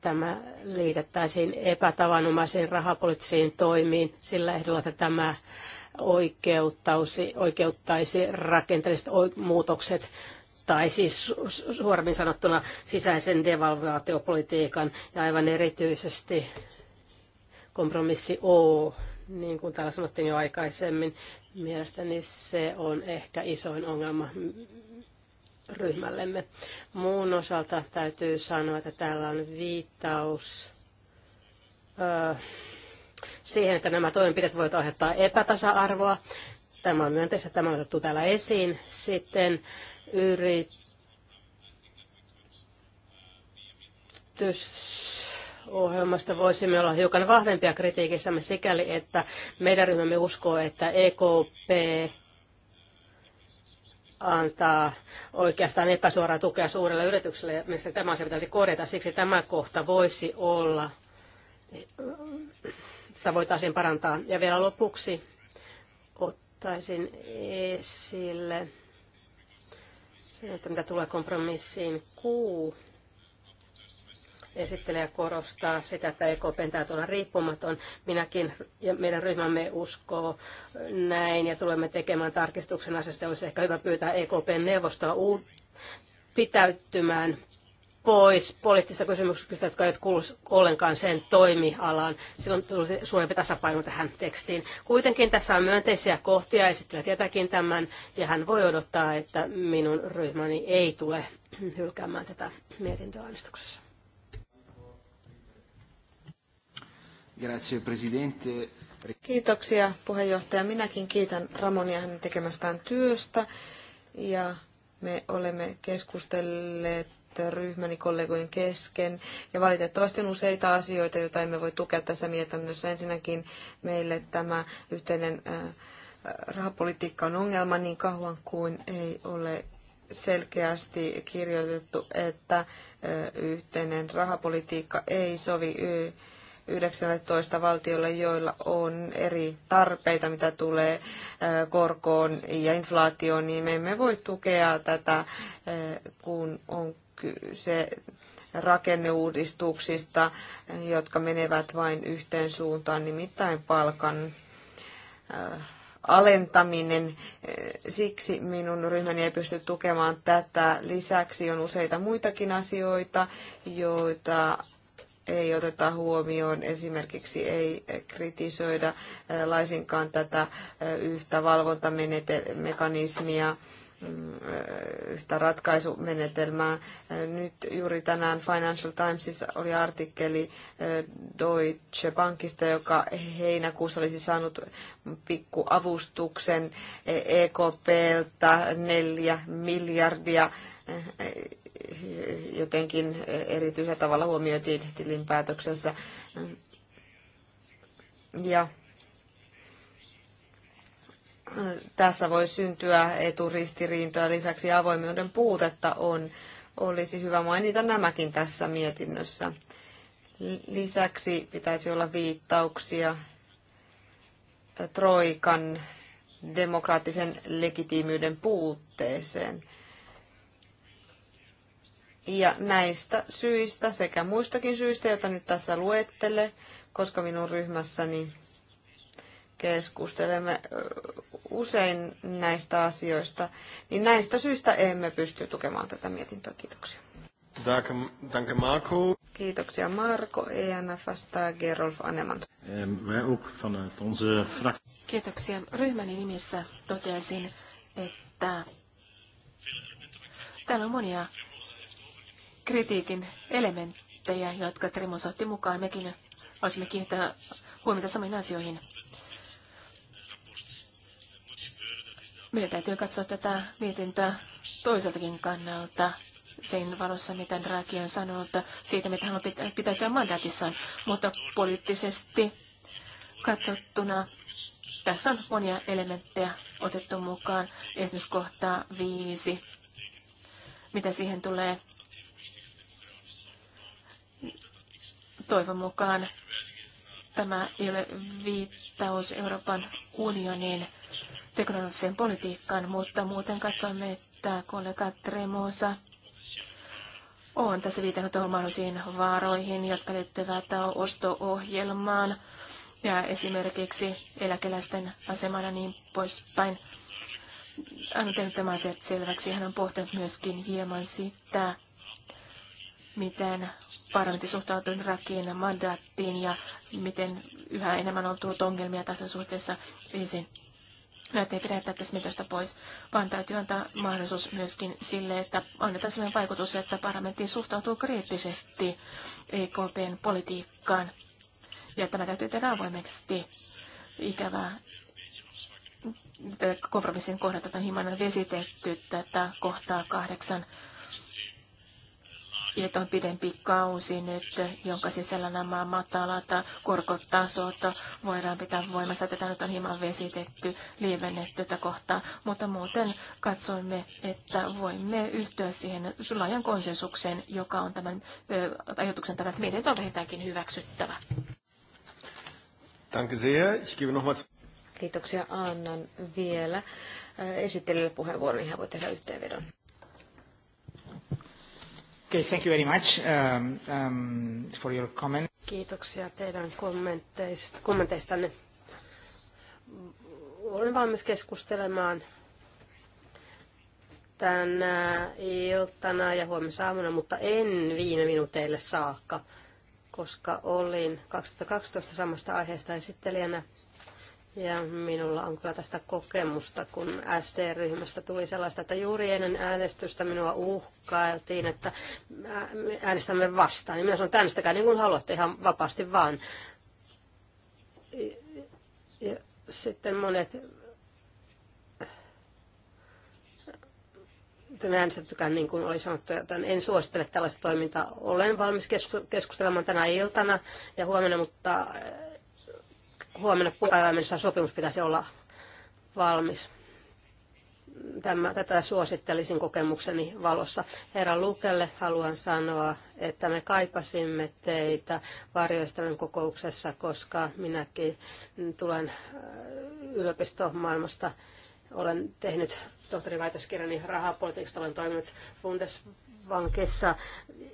tämä liitettäisiin epätavanomaisiin rahapoliittisiin toimiin sillä ehdolla, että tämä oikeuttaisi, oikeuttaisi rakenteelliset muutokset tai siis suoremmin sanottuna sisäisen devalvaatiopolitiikan ja aivan erityisesti kompromissi O, niin kuin täällä sanottiin jo aikaisemmin, mielestäni se on ehkä isoin ongelma, ryhmällemme. Muun osalta täytyy sanoa, että täällä on viittaus ö, siihen, että nämä toimenpiteet voivat aiheuttaa epätasa-arvoa. Tämä on myönteistä, tämä on otettu täällä esiin. Sitten yritys ohjelmasta voisimme olla hiukan vahvempia kritiikissämme sikäli, että meidän ryhmämme uskoo, että EKP antaa oikeastaan epäsuoraa tukea suurelle yritykselle. mistä tämä asia pitäisi korjata, siksi tämä kohta voisi olla, sitä voitaisiin parantaa. Ja vielä lopuksi ottaisin esille sen, että mitä tulee kompromissiin kuu Esittelijä korostaa sitä, että EKPn täytyy olla riippumaton. Minäkin ja meidän ryhmämme uskoo näin ja tulemme tekemään tarkistuksen asiasta. Olisi ehkä hyvä pyytää EKPn neuvostoa pitäytymään pois poliittisista kysymyksistä, jotka eivät kuulu ollenkaan sen toimialaan. Silloin tulisi suurempi tasapaino tähän tekstiin. Kuitenkin tässä on myönteisiä kohtia, esittelee, tietäkin tämän, ja hän voi odottaa, että minun ryhmäni ei tule hylkäämään tätä mietintöä äänestyksessä. Grazie, presidente. Kiitoksia puheenjohtaja. Minäkin kiitän Ramonia hänen tekemästään työstä ja me olemme keskustelleet ryhmäni kollegojen kesken. Ja valitettavasti on useita asioita, joita emme voi tukea tässä mietinnössä. Ensinnäkin meille tämä yhteinen rahapolitiikka on ongelma niin kauan kuin ei ole selkeästi kirjoitettu, että yhteinen rahapolitiikka ei sovi 19 valtiolle, joilla on eri tarpeita, mitä tulee korkoon ja inflaatioon, niin me emme voi tukea tätä, kun on kyse rakenneuudistuksista, jotka menevät vain yhteen suuntaan, nimittäin palkan alentaminen. Siksi minun ryhmäni ei pysty tukemaan tätä. Lisäksi on useita muitakin asioita, joita ei oteta huomioon, esimerkiksi ei kritisoida laisinkaan tätä yhtä valvontamekanismia, yhtä ratkaisumenetelmää. Nyt juuri tänään Financial Timesissa oli artikkeli Deutsche Bankista, joka heinäkuussa olisi saanut pikkuavustuksen EKPltä neljä miljardia jotenkin erityisellä tavalla huomioitiin tilinpäätöksessä. Ja tässä voi syntyä eturistiriintoja, lisäksi avoimuuden puutetta on. Olisi hyvä mainita nämäkin tässä mietinnössä. Lisäksi pitäisi olla viittauksia Troikan demokraattisen legitiimiyden puutteeseen. Ja näistä syistä sekä muistakin syistä, joita nyt tässä luettele, koska minun ryhmässäni keskustelemme usein näistä asioista, niin näistä syistä emme pysty tukemaan tätä mietintöä. Kiitoksia. Danke, Marco. Kiitoksia Marko ENFstä Gerolf Anemant. Ehm, Kiitoksia. Ryhmäni nimissä toteaisin, että täällä on monia kritiikin elementtejä, jotka Tremos otti mukaan. Mekin olisimme kiinnittää huomiota samoin asioihin. Meidän täytyy katsoa tätä mietintöä toiseltakin kannalta sen valossa, mitä Draghi on sanonut siitä, mitä hän on pitäytyä mandaatissaan, mutta poliittisesti katsottuna tässä on monia elementtejä otettu mukaan, esimerkiksi kohtaa viisi, mitä siihen tulee Toivon mukaan tämä ei ole viittaus Euroopan unionin teknologiseen politiikkaan, mutta muuten katsomme, että kollega Tremosa on tässä viitannut mahdollisiin vaaroihin, jotka liittyvät osto-ohjelmaan ja esimerkiksi eläkeläisten asemana niin poispäin. Hän on tehnyt tämän asiat selväksi. Hän on pohtinut myöskin hieman sitä, miten parlamentti suhtautui Irakin mandaattiin ja miten yhä enemmän on tullut ongelmia tässä suhteessa esiin. Näitä ei pidä jättää tästä mitästä pois, vaan täytyy antaa mahdollisuus myöskin sille, että annetaan sellainen vaikutus, että parlamentti suhtautuu kriittisesti EKPn politiikkaan. Ja tämä täytyy tehdä avoimeksi. Ikävää. Kompromissin kohdat on hieman vesitetty tätä kohtaa kahdeksan ja että on pidempi kausi nyt, jonka sisällä nämä matalat korkotasot voidaan pitää voimassa. Tätä nyt on hieman vesitetty, lievennetty tätä kohtaa, mutta muuten katsoimme, että voimme yhtyä siihen laajan konsensukseen, joka on tämän ajatuksen tämän, että mietintö on vähintäänkin hyväksyttävä. Danke sehr. Ich gebe nochmals... Kiitoksia. Annan vielä esittelijälle puheenvuoron, niin hän voi tehdä yhteenvedon. Okay, thank you very much um, um, for your comment. Kiitoksia teidän kommenteistanne. Olen valmis keskustelemaan tänä iltana ja aamuna, mutta en viime minuuteille saakka, koska olin 2012 samasta aiheesta esittelijänä ja minulla on kyllä tästä kokemusta, kun sd ryhmästä tuli sellaista, että juuri ennen äänestystä minua uhkailtiin, että äänestämme vastaan. Niin minä sanoin, että äänestäkää niin kuin haluatte ihan vapaasti vaan. Ja sitten monet äänestettykään niin kuin oli sanottu, joten en suosittele tällaista toimintaa. Olen valmis keskustelemaan tänä iltana ja huomenna, mutta huomenna päivään mennessä sopimus pitäisi olla valmis. Tämä, tätä suosittelisin kokemukseni valossa. Herra Lukelle haluan sanoa, että me kaipasimme teitä varjoistelun kokouksessa, koska minäkin tulen äh, yliopistomaailmasta. Olen tehnyt tohtoriväitöskirjani rahapolitiikasta, olen toiminut Bundesbankissa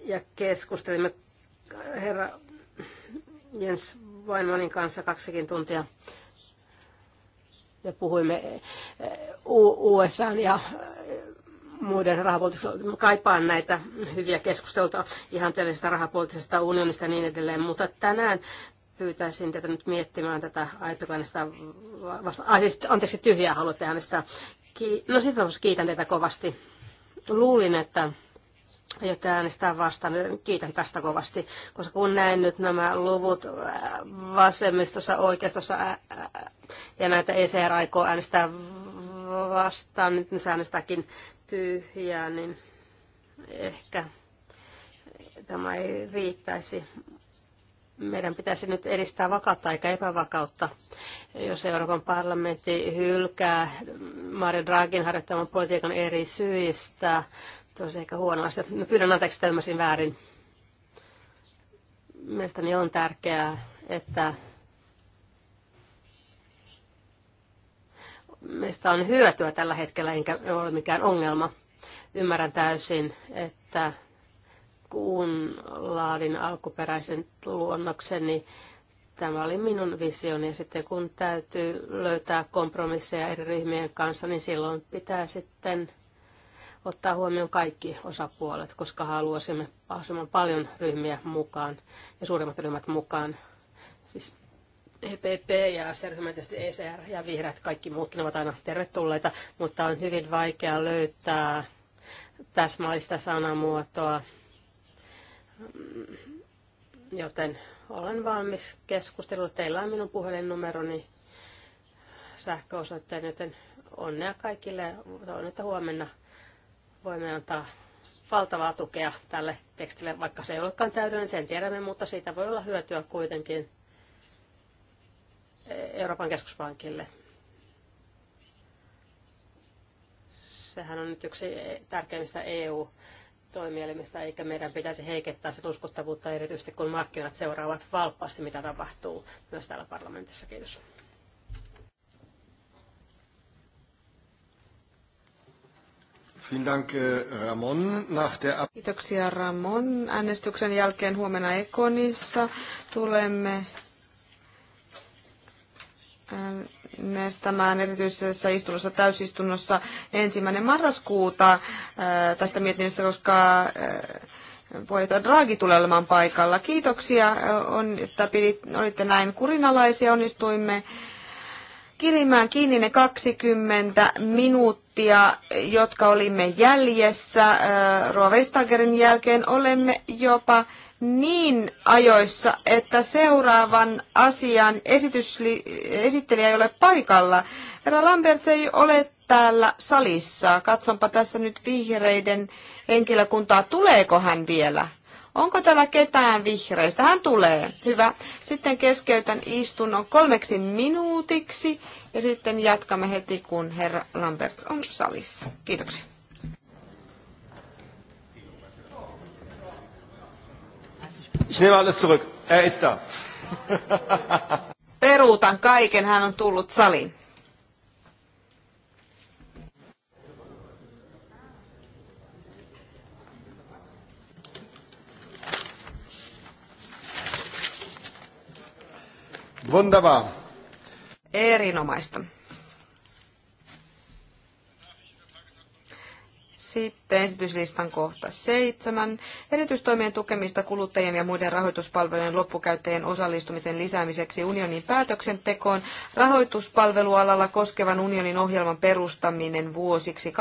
ja keskustelimme äh, herra Jens vaimonin kanssa kaksikin tuntia ja puhuimme eh, USA ja eh, muiden rahapoliittisista. kaipaan näitä hyviä keskusteluita ihan tällaisesta rahapoliittisesta unionista ja niin edelleen, mutta tänään pyytäisin tätä nyt miettimään tätä aitokainesta, vasta, ah, siis, anteeksi tyhjää haluatte äänestää. Ki- no sitten kiitän teitä kovasti. Luulin, että jotta äänestää vastaan. Kiitän tästä kovasti, koska kun näen nyt nämä luvut äh, vasemmistossa, oikeistossa ää, ää, ja näitä ECR aikoo äänestää vastaan, nyt se äänestääkin tyhjää, niin ehkä tämä ei riittäisi. Meidän pitäisi nyt edistää vakautta eikä epävakautta. Jos Euroopan parlamentti hylkää Mario Draghin harjoittaman politiikan eri syistä, tosi ehkä huono asia. Mä pyydän anteeksi, että ymmärsin väärin. Mielestäni on tärkeää, että meistä on hyötyä tällä hetkellä, enkä ole mikään ongelma. Ymmärrän täysin, että kun laadin alkuperäisen luonnoksen, niin tämä oli minun visioni. Ja sitten kun täytyy löytää kompromisseja eri ryhmien kanssa, niin silloin pitää sitten ottaa huomioon kaikki osapuolet, koska haluaisimme mahdollisimman paljon ryhmiä mukaan ja suurimmat ryhmät mukaan. Siis EPP ja SR-ryhmä, tietysti ECR ja vihreät, kaikki muutkin ovat aina tervetulleita, mutta on hyvin vaikea löytää täsmällistä sanamuotoa, joten olen valmis keskustelulle. Teillä on minun puhelinnumeroni sähköosoitteen, joten onnea kaikille. Toivon, että huomenna voimme antaa valtavaa tukea tälle tekstille, vaikka se ei olekaan täydellinen, sen tiedämme, mutta siitä voi olla hyötyä kuitenkin Euroopan keskuspankille. Sehän on nyt yksi tärkeimmistä EU-toimielimistä, eikä meidän pitäisi heikettää sen uskottavuutta erityisesti, kun markkinat seuraavat valppaasti, mitä tapahtuu myös täällä parlamentissa. Kiitos. Äh, Kiitoksia Ramon. Äänestyksen jälkeen huomenna Ekonissa tulemme äänestämään erityisessä istunnossa täysistunnossa ensimmäinen marraskuuta äh, tästä mietinnöstä, koska äh, puheenjohtaja Draghi tulee olemaan paikalla. Kiitoksia, on, että pidit, olitte näin kurinalaisia. Onnistuimme kirimään kiinni ne 20 minuuttia prosenttia, jotka olimme jäljessä äh, Rua Vestagerin jälkeen, olemme jopa niin ajoissa, että seuraavan asian esitysli, esittelijä ei ole paikalla. Herra Lambert ei ole täällä salissa. Katsonpa tässä nyt vihreiden henkilökuntaa. Tuleeko hän vielä? Onko täällä ketään vihreistä? Hän tulee. Hyvä. Sitten keskeytän istunnon kolmeksi minuutiksi ja sitten jatkamme heti, kun herra Lamberts on salissa. Kiitoksia. Ich nehme alles zurück. Er ist da. Peruutan kaiken, hän on tullut saliin. Wunderbar. Erinomaista. Sitten esityslistan kohta seitsemän. Erityistoimien tukemista kuluttajien ja muiden rahoituspalvelujen loppukäyttäjien osallistumisen lisäämiseksi unionin päätöksentekoon rahoituspalvelualalla koskevan unionin ohjelman perustaminen vuosiksi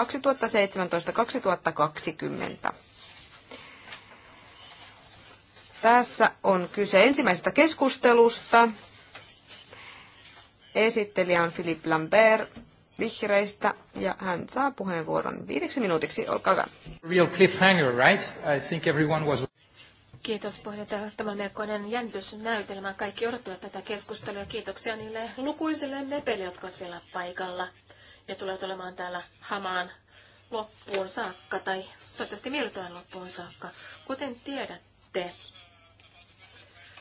2017-2020. Tässä on kyse ensimmäisestä keskustelusta. Esittelijä on Philippe Lambert vihreistä ja hän saa puheenvuoron viideksi minuutiksi. Olkaa hyvä. Real cliffhanger, right? I think everyone was... Kiitos puheenjohtaja. Tämä melkoinen jännitysnäytelmä. Kaikki odottavat tätä keskustelua. Kiitoksia niille lukuisille mepeille, jotka ovat vielä paikalla ja tulevat olemaan täällä hamaan loppuun saakka tai toivottavasti mieltään loppuun saakka. Kuten tiedätte,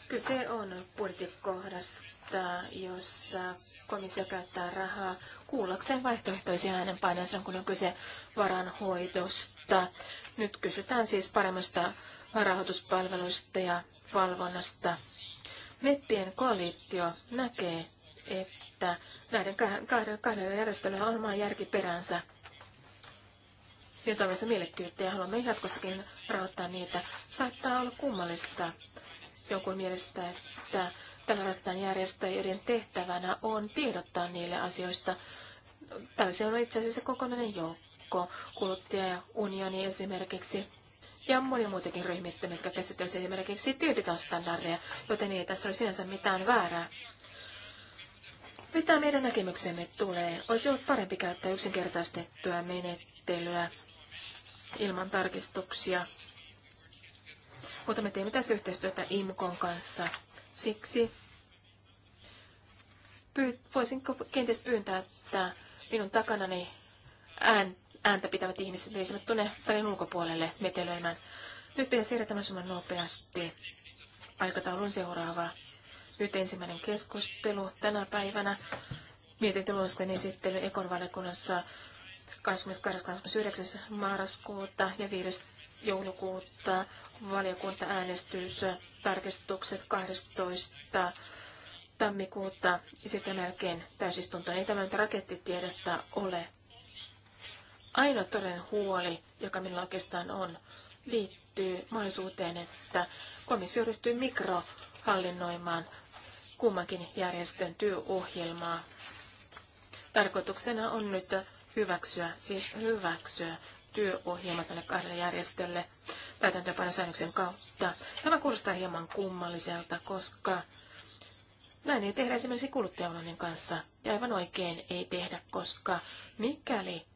kyse on budjettikohdasta mutta jossa komissio käyttää rahaa kuullakseen vaihtoehtoisia äänenpaineensa, kun on kyse varanhoidosta. Nyt kysytään siis paremmasta rahoituspalveluista ja valvonnasta. Meppien koalitio näkee, että näiden kahdella järjestelyllä on oma järki peränsä jotain mielessä mielekkyyttä ja haluamme jatkossakin rahoittaa niitä. Saattaa olla kummallista, jonkun mielestä, että tällä rakennetaan järjestäjien tehtävänä on tiedottaa niille asioista. Tällaisia on itse asiassa kokonainen joukko, unioni esimerkiksi ja monia muitakin ryhmittä, jotka käsittelevät esimerkiksi tieditastandardeja, joten ei tässä ole sinänsä mitään väärää. Mitä meidän näkemyksemme tulee? Olisi ollut parempi käyttää yksinkertaistettua menettelyä ilman tarkistuksia mutta me teemme tässä yhteistyötä IMKon kanssa. Siksi voisinko kenties pyyntää, että minun takanani ään, ääntä pitävät ihmiset menisivät tuonne salin ulkopuolelle metelöimään. Nyt pitäisi siirtää mahdollisimman nopeasti. Aikataulun seuraava. Nyt ensimmäinen keskustelu tänä päivänä. Mietintöluonnosten esittely Ekon valiokunnassa 28.9. marraskuuta ja 5 joulukuuta äänestys tarkistukset 12 tammikuuta ja sitten melkein täysistunto. Ei tämä nyt rakettitiedettä ole. Ainoa toden huoli, joka minulla oikeastaan on, liittyy mahdollisuuteen, että komissio ryhtyy mikrohallinnoimaan kummankin järjestön työohjelmaa. Tarkoituksena on nyt hyväksyä, siis hyväksyä työohjelma tälle kahdelle järjestölle täytäntöpanosäännöksen kautta. Tämä kuulostaa hieman kummalliselta, koska näin ei tehdä esimerkiksi kuluttajaunionin kanssa. Ja aivan oikein ei tehdä, koska mikäli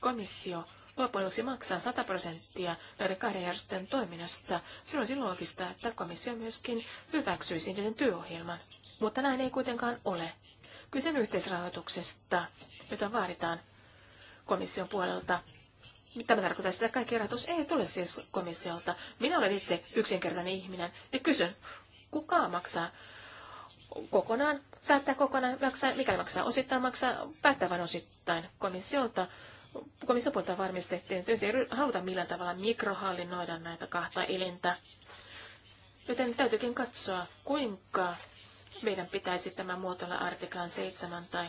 komissio lopuksi maksaa 100 prosenttia näiden kahden järjestön toiminnasta, silloin olisi loogista, että komissio myöskin hyväksyisi niiden työohjelman. Mutta näin ei kuitenkaan ole. Kyse yhteisrahoituksesta, jota vaaditaan komission puolelta Tämä tarkoittaa sitä, että kaikki rahoitus ei tule siis komissiolta. Minä olen itse yksinkertainen ihminen ja kysyn, kuka maksaa kokonaan, päättää kokonaan, maksaa, mikä maksaa osittain, maksaa, päättää vain osittain komissiolta. Komission puolta varmistettiin, että ei haluta millään tavalla mikrohallinnoida näitä kahta elintä. Joten täytyykin katsoa, kuinka meidän pitäisi tämä muotoilla artiklan 7 tai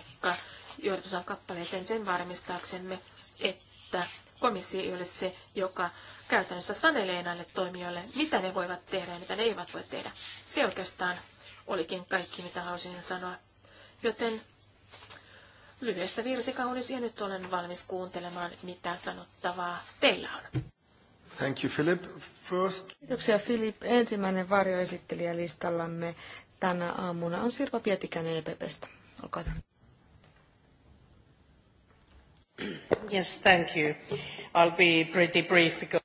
johdatus kappaleeseen sen varmistaaksemme, että komissio ei ole se, joka käytännössä sanelee näille toimijoille, mitä ne voivat tehdä ja mitä ne eivät voi tehdä. Se oikeastaan olikin kaikki, mitä halusin sanoa. Joten lyhyestä virsi kaunis ja nyt olen valmis kuuntelemaan, mitä sanottavaa teillä on. Thank you, Philip. First... Kiitoksia, Philip. Ensimmäinen varjoesittelijä listallamme tänä aamuna on Sirpa Pietikäinen EPPstä. Olkaa hyvä.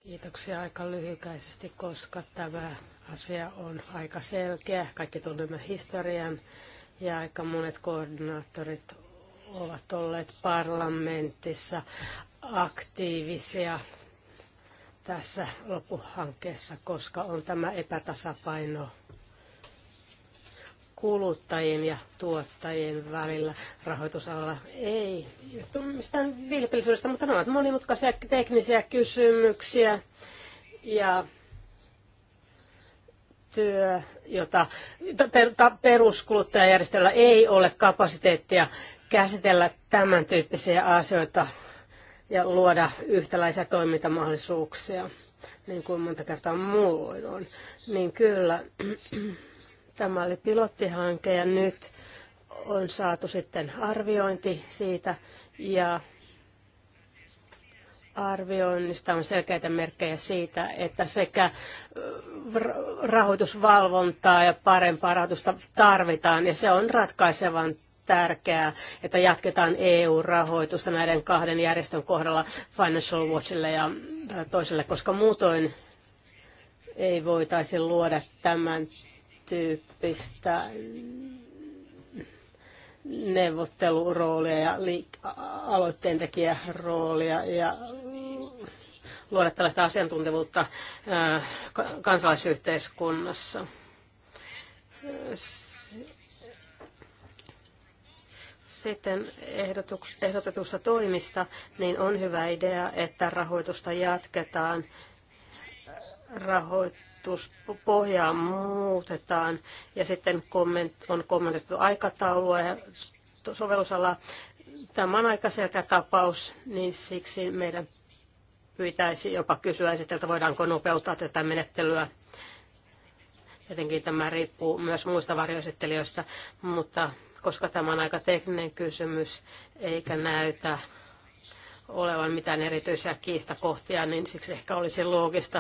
Kiitoksia aika lyhykäisesti, koska tämä asia on aika selkeä. Kaikki tunnemme historian ja aika monet koordinaattorit ovat olleet parlamentissa aktiivisia tässä loppuhankkeessa, koska on tämä epätasapaino kuluttajien ja tuottajien välillä rahoitusalalla. Ei johtu mistään vilpillisyydestä, mutta ne ovat monimutkaisia teknisiä kysymyksiä ja työ, jota peruskuluttajajärjestöllä ei ole kapasiteettia käsitellä tämän tyyppisiä asioita ja luoda yhtäläisiä toimintamahdollisuuksia, niin kuin monta kertaa muulloin on, niin kyllä Tämä oli pilottihanke ja nyt on saatu sitten arviointi siitä ja arvioinnista on selkeitä merkkejä siitä, että sekä rahoitusvalvontaa ja parempaa rahoitusta tarvitaan, ja se on ratkaisevan tärkeää, että jatketaan EU-rahoitusta näiden kahden järjestön kohdalla Financial Watchille ja toiselle, koska muutoin ei voitaisi luoda tämän tyyppistä neuvotteluroolia ja aloitteen roolia ja luoda tällaista asiantuntevuutta kansalaisyhteiskunnassa. Sitten ehdotetusta toimista, niin on hyvä idea, että rahoitusta jatketaan rahoit asetuspohjaa muutetaan ja sitten komment on kommentoitu aikataulua ja sovellusala. Tämä on aika selkeä tapaus, niin siksi meidän pyytäisi jopa kysyä esiteltä, voidaanko nopeuttaa tätä menettelyä. Tietenkin tämä riippuu myös muista varjoesittelijöistä, mutta koska tämä on aika tekninen kysymys, eikä näytä olevan mitään erityisiä kiistakohtia, niin siksi ehkä olisi loogista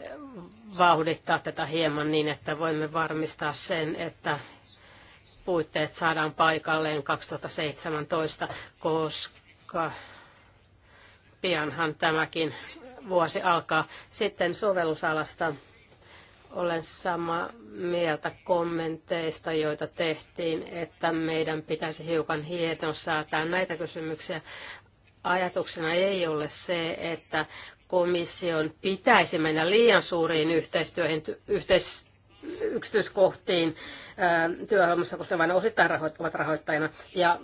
eh, vauhdittaa tätä hieman niin, että voimme varmistaa sen, että puitteet saadaan paikalleen 2017, koska pianhan tämäkin vuosi alkaa. Sitten sovellusalasta olen sama mieltä kommenteista, joita tehtiin, että meidän pitäisi hiukan hienosäätää näitä kysymyksiä, Ajatuksena ei ole se, että komission pitäisi mennä liian suuriin yhteistyöhön, yhteis, yksityiskohtiin työohjelmassa, koska ne vain osittain ovat rahoittajina. Ja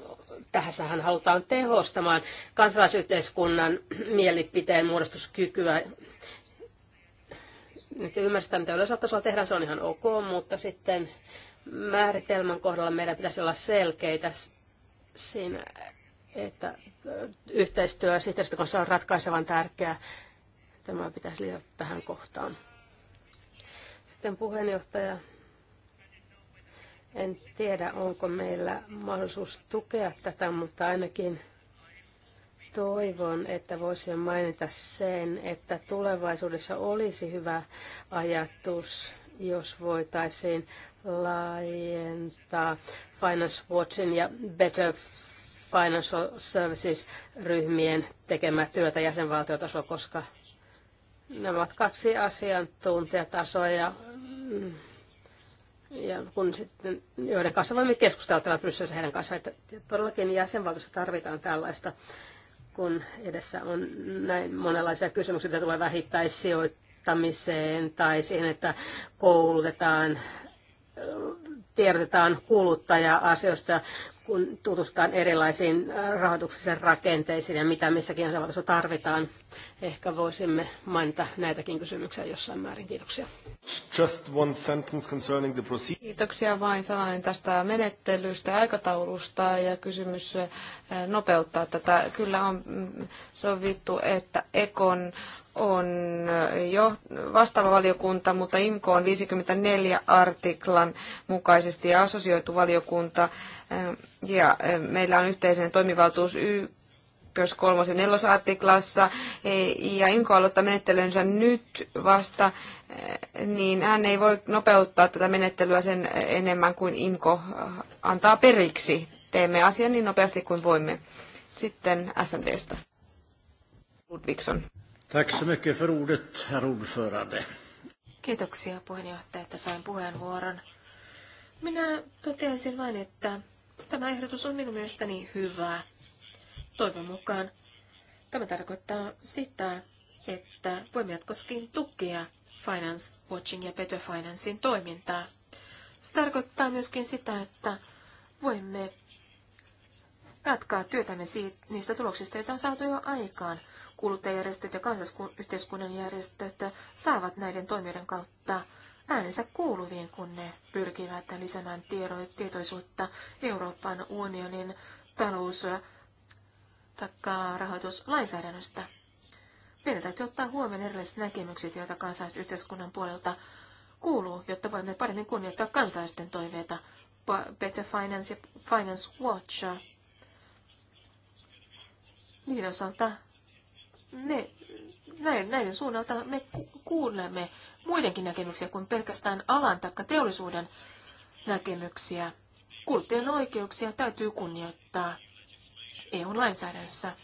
tähän halutaan tehostamaan kansalaisyhteiskunnan mielipiteen muodostuskykyä. Nyt ymmärretään, mitä yleisellä tasolla tehdään, se on ihan ok, mutta sitten määritelmän kohdalla meidän pitäisi olla selkeitä siinä että yhteistyö sihteeristön kanssa on ratkaisevan tärkeää. Tämä pitäisi lisätä tähän kohtaan. Sitten puheenjohtaja. En tiedä, onko meillä mahdollisuus tukea tätä, mutta ainakin toivon, että voisin mainita sen, että tulevaisuudessa olisi hyvä ajatus, jos voitaisiin laajentaa Finance Watchin ja Better financial services-ryhmien tekemää työtä jäsenvaltiotasolla, koska nämä ovat kaksi asiantuntijatasoa ja, mm, ja kun sitten, joiden kanssa voimme keskustella täällä Brysselissä heidän kanssaan, että todellakin jäsenvaltiossa tarvitaan tällaista, kun edessä on näin monenlaisia kysymyksiä, mitä tulee vähittäissijoittamiseen tai siihen, että koulutetaan tiedotetaan kuluttaja-asioista ja kun tutustutaan erilaisiin äh, rahoituksen rakenteisiin ja mitä missäkin osavaltiossa tarvitaan. Ehkä voisimme mainita näitäkin kysymyksiä jossain määrin. Kiitoksia. Just one sentence concerning the procedure. Kiitoksia vain sananen tästä menettelystä ja aikataulusta ja kysymys eh, nopeuttaa tätä. Kyllä on sovittu, että Ekon on eh, jo vastaava valiokunta, mutta IMKO on 54 artiklan mukaisesti ja assosioitu valiokunta. Eh, ja meillä on yhteisen toimivaltuus YK ykkös, kolmos ja nelosartiklassa e, ja Inko aloittaa menettelynsä nyt vasta, e, niin hän ei voi nopeuttaa tätä menettelyä sen enemmän kuin Inko e, antaa periksi. Teemme asian niin nopeasti kuin voimme. Sitten SNDstä. Ludvigson. Tack så mycket för ordet, herr ordförande. Kiitoksia puheenjohtaja, että sain puheenvuoron. Minä toteaisin vain, että tämä ehdotus on minun mielestäni hyvä. Toivon mukaan tämä tarkoittaa sitä, että voimme jatkossakin tukea Finance Watching ja Better Financein toimintaa. Se tarkoittaa myöskin sitä, että voimme jatkaa työtämme siitä, niistä tuloksista, joita on saatu jo aikaan. Kuluttajajärjestöt ja kansallisyhteiskunnan järjestöt saavat näiden toimijoiden kautta äänensä kuuluviin, kun ne pyrkivät lisäämään tietoisuutta Euroopan unionin talous- taikka rahoituslainsäädännöstä. Meidän täytyy ottaa huomioon erilaiset näkemykset, joita kansalaiset yhteiskunnan puolelta kuuluu, jotta voimme paremmin kunnioittaa kansalaisten toiveita. Better Finance ja Finance Watch. Niiden osalta me, näiden, näiden suunnalta me kuulemme muidenkin näkemyksiä kuin pelkästään alan tai teollisuuden näkemyksiä. Kuluttajan oikeuksia täytyy kunnioittaa. EU-lainsäädännössä.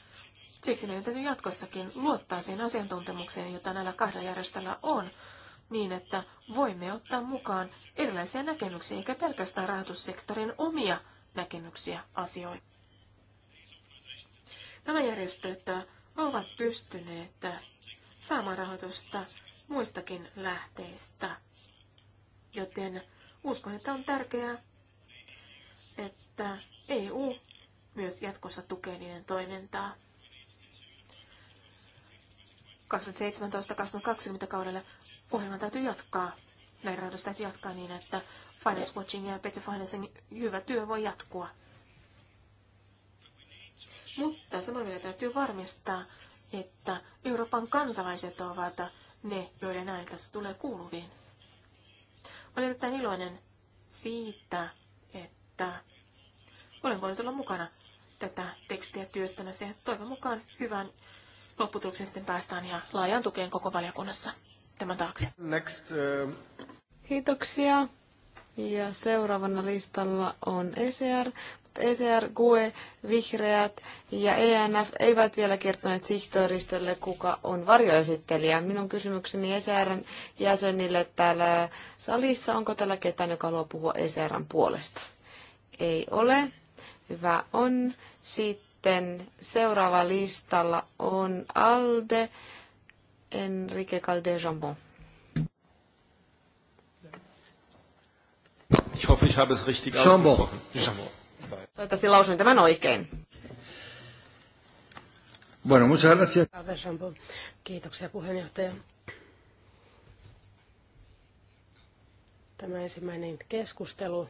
Siksi meidän täytyy jatkossakin luottaa siihen asiantuntemukseen, jota näillä kahdella järjestöllä on, niin että voimme ottaa mukaan erilaisia näkemyksiä, eikä pelkästään rahoitussektorin omia näkemyksiä asioihin. Nämä järjestöt ovat pystyneet saamaan rahoitusta muistakin lähteistä, joten uskon, että on tärkeää, että EU myös jatkossa tukee niiden toimintaa. 2017-2020 kaudelle ohjelman täytyy jatkaa. Näin rahoitus täytyy jatkaa niin, että Finance Watching ja Better Financing hyvä työ voi jatkua. Mutta samoin vielä täytyy varmistaa, että Euroopan kansalaiset ovat ne, joiden ääni tässä tulee kuuluviin. Olen erittäin iloinen siitä, että olen voinut olla mukana tätä tekstiä työstämässä. Ja toivon mukaan hyvän lopputuloksen sitten päästään ja laajaan tukeen koko valiokunnassa tämän taakse. Next, uh... Kiitoksia. Ja seuraavana listalla on ECR, mutta ECR, GUE, Vihreät ja ENF eivät vielä kertoneet sihteeristölle, kuka on varjoesittelijä. Minun kysymykseni ECRn jäsenille täällä salissa, onko täällä ketään, joka haluaa puhua ECRn puolesta? Ei ole. Hyvä on. Sitten seuraava listalla on Alde Enrique Calde-Jambon. Ich hoffe, ich habe es richtig ausgesprochen. Toivottavasti lausuin tämän oikein. Bueno, muchas gracias. Kiitoksia puheenjohtaja. Tämä ensimmäinen keskustelu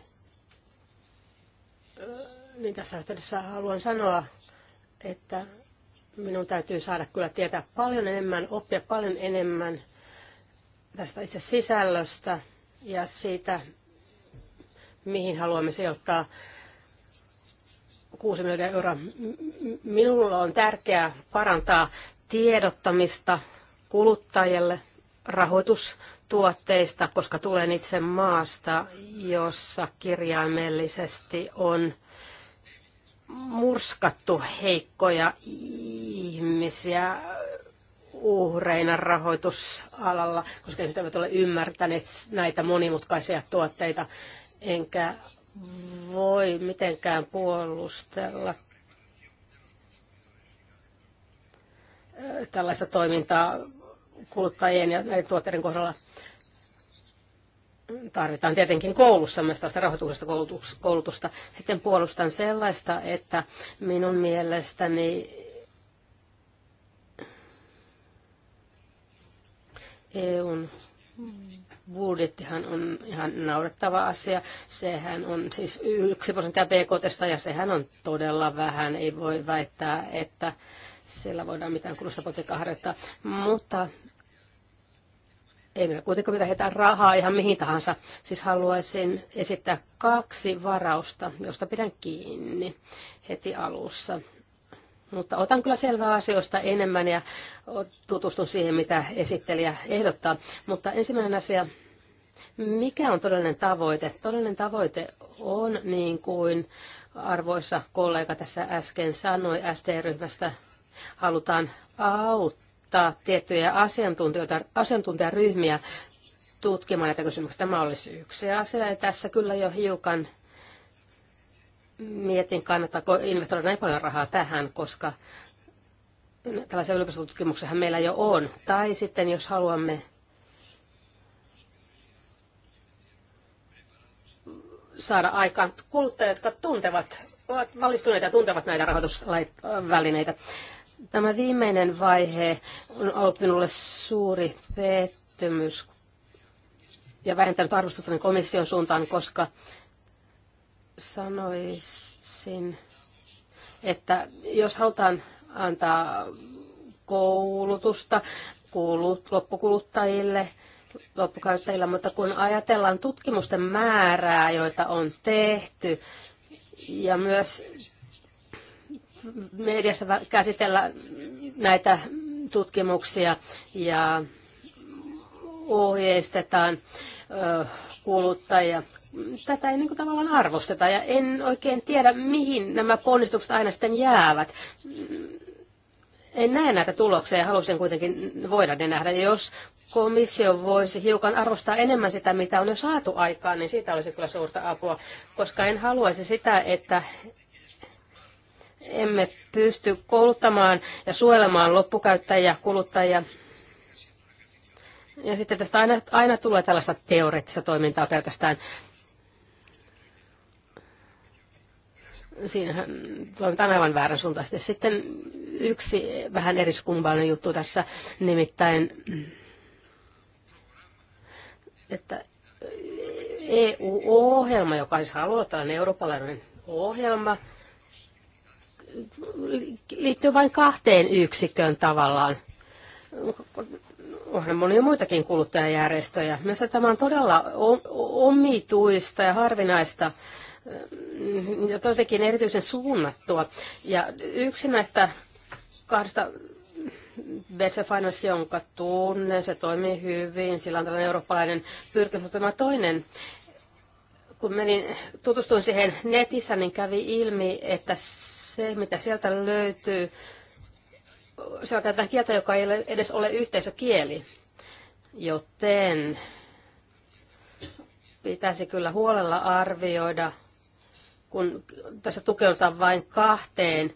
niin tässä yhteydessä haluan sanoa, että minun täytyy saada kyllä tietää paljon enemmän, oppia paljon enemmän tästä itse sisällöstä ja siitä, mihin haluamme sijoittaa 6 miljoonaa. euroa. Minulla on tärkeää parantaa tiedottamista kuluttajille rahoitustuotteista, koska tulen itse maasta, jossa kirjaimellisesti on murskattu heikkoja ihmisiä uhreina rahoitusalalla, koska ihmiset eivät ole ymmärtäneet näitä monimutkaisia tuotteita, enkä voi mitenkään puolustella äh, tällaista toimintaa kuluttajien ja näiden tuotteiden kohdalla tarvitaan tietenkin koulussa myös tällaista rahoituksesta koulutusta. Sitten puolustan sellaista, että minun mielestäni EUn budjettihan on ihan naurettava asia. Sehän on siis yksi prosenttia BKTstä ja sehän on todella vähän. Ei voi väittää, että siellä voidaan mitään kulusta harjoittaa. Mutta ei meillä kuitenkaan pitää heittää rahaa ihan mihin tahansa. Siis haluaisin esittää kaksi varausta, josta pidän kiinni heti alussa. Mutta otan kyllä selvää asioista enemmän ja tutustun siihen, mitä esittelijä ehdottaa. Mutta ensimmäinen asia, mikä on todellinen tavoite? Todellinen tavoite on, niin kuin arvoisa kollega tässä äsken sanoi SD-ryhmästä, halutaan auttaa ottaa tiettyjä asiantuntijoita, asiantuntijaryhmiä tutkimaan näitä kysymyksiä. Tämä olisi yksi asia. Ja tässä kyllä jo hiukan mietin, kannattaako investoida näin paljon rahaa tähän, koska tällaisia yliopistotutkimuksia meillä jo on. Tai sitten jos haluamme saada aikaan kuluttajat, jotka tuntevat, ovat valistuneita ja tuntevat näitä rahoitusvälineitä. Tämä viimeinen vaihe on ollut minulle suuri pettymys ja vähentänyt arvostustani komission suuntaan, koska sanoisin, että jos halutaan antaa koulutusta kuulut, loppukuluttajille, loppukäyttäjille, mutta kun ajatellaan tutkimusten määrää, joita on tehty, ja myös mediassa käsitellä näitä tutkimuksia ja ohjeistetaan kuluttajia. Tätä ei niin kuin tavallaan arvosteta ja en oikein tiedä, mihin nämä ponnistukset aina sitten jäävät. En näe näitä tuloksia ja halusin kuitenkin voida ne nähdä. Jos komissio voisi hiukan arvostaa enemmän sitä, mitä on jo saatu aikaan, niin siitä olisi kyllä suurta apua, koska en haluaisi sitä, että emme pysty kouluttamaan ja suojelemaan loppukäyttäjiä, kuluttajia. Ja sitten tästä aina, aina tulee tällaista teoreettista toimintaa pelkästään. Siinähän toimitaan aivan väärän suuntaisesti. Sitten yksi vähän eriskumpainen juttu tässä, nimittäin, että EU-ohjelma, joka olisi siis halua, tällainen eurooppalainen ohjelma – liittyy vain kahteen yksikköön tavallaan. Onhan monia muitakin kuluttajajärjestöjä. Mielestäni tämä on todella omituista ja harvinaista mm, ja jotenkin erityisen suunnattua. Ja yksi näistä kahdesta BC Finance, jonka tunnen, se toimii hyvin, sillä on tällainen eurooppalainen pyrkimys, mutta tämä toinen kun menin, tutustuin siihen netissä, niin kävi ilmi, että se, mitä sieltä löytyy, siellä käytetään kieltä, joka ei edes ole yhteisökieli. Joten pitäisi kyllä huolella arvioida kun tässä tukeudutaan vain kahteen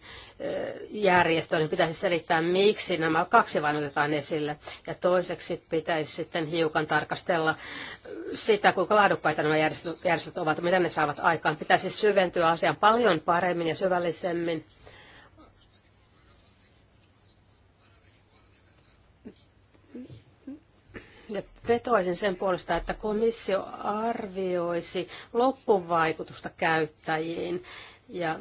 järjestöön, niin pitäisi selittää, miksi nämä kaksi vain otetaan esille. Ja toiseksi pitäisi sitten hiukan tarkastella sitä, kuinka laadukkaita nämä järjestöt, järjestöt ovat, mitä ne saavat aikaan. Pitäisi syventyä asiaan paljon paremmin ja syvällisemmin ja vetoaisin sen puolesta, että komissio arvioisi loppuvaikutusta käyttäjiin ja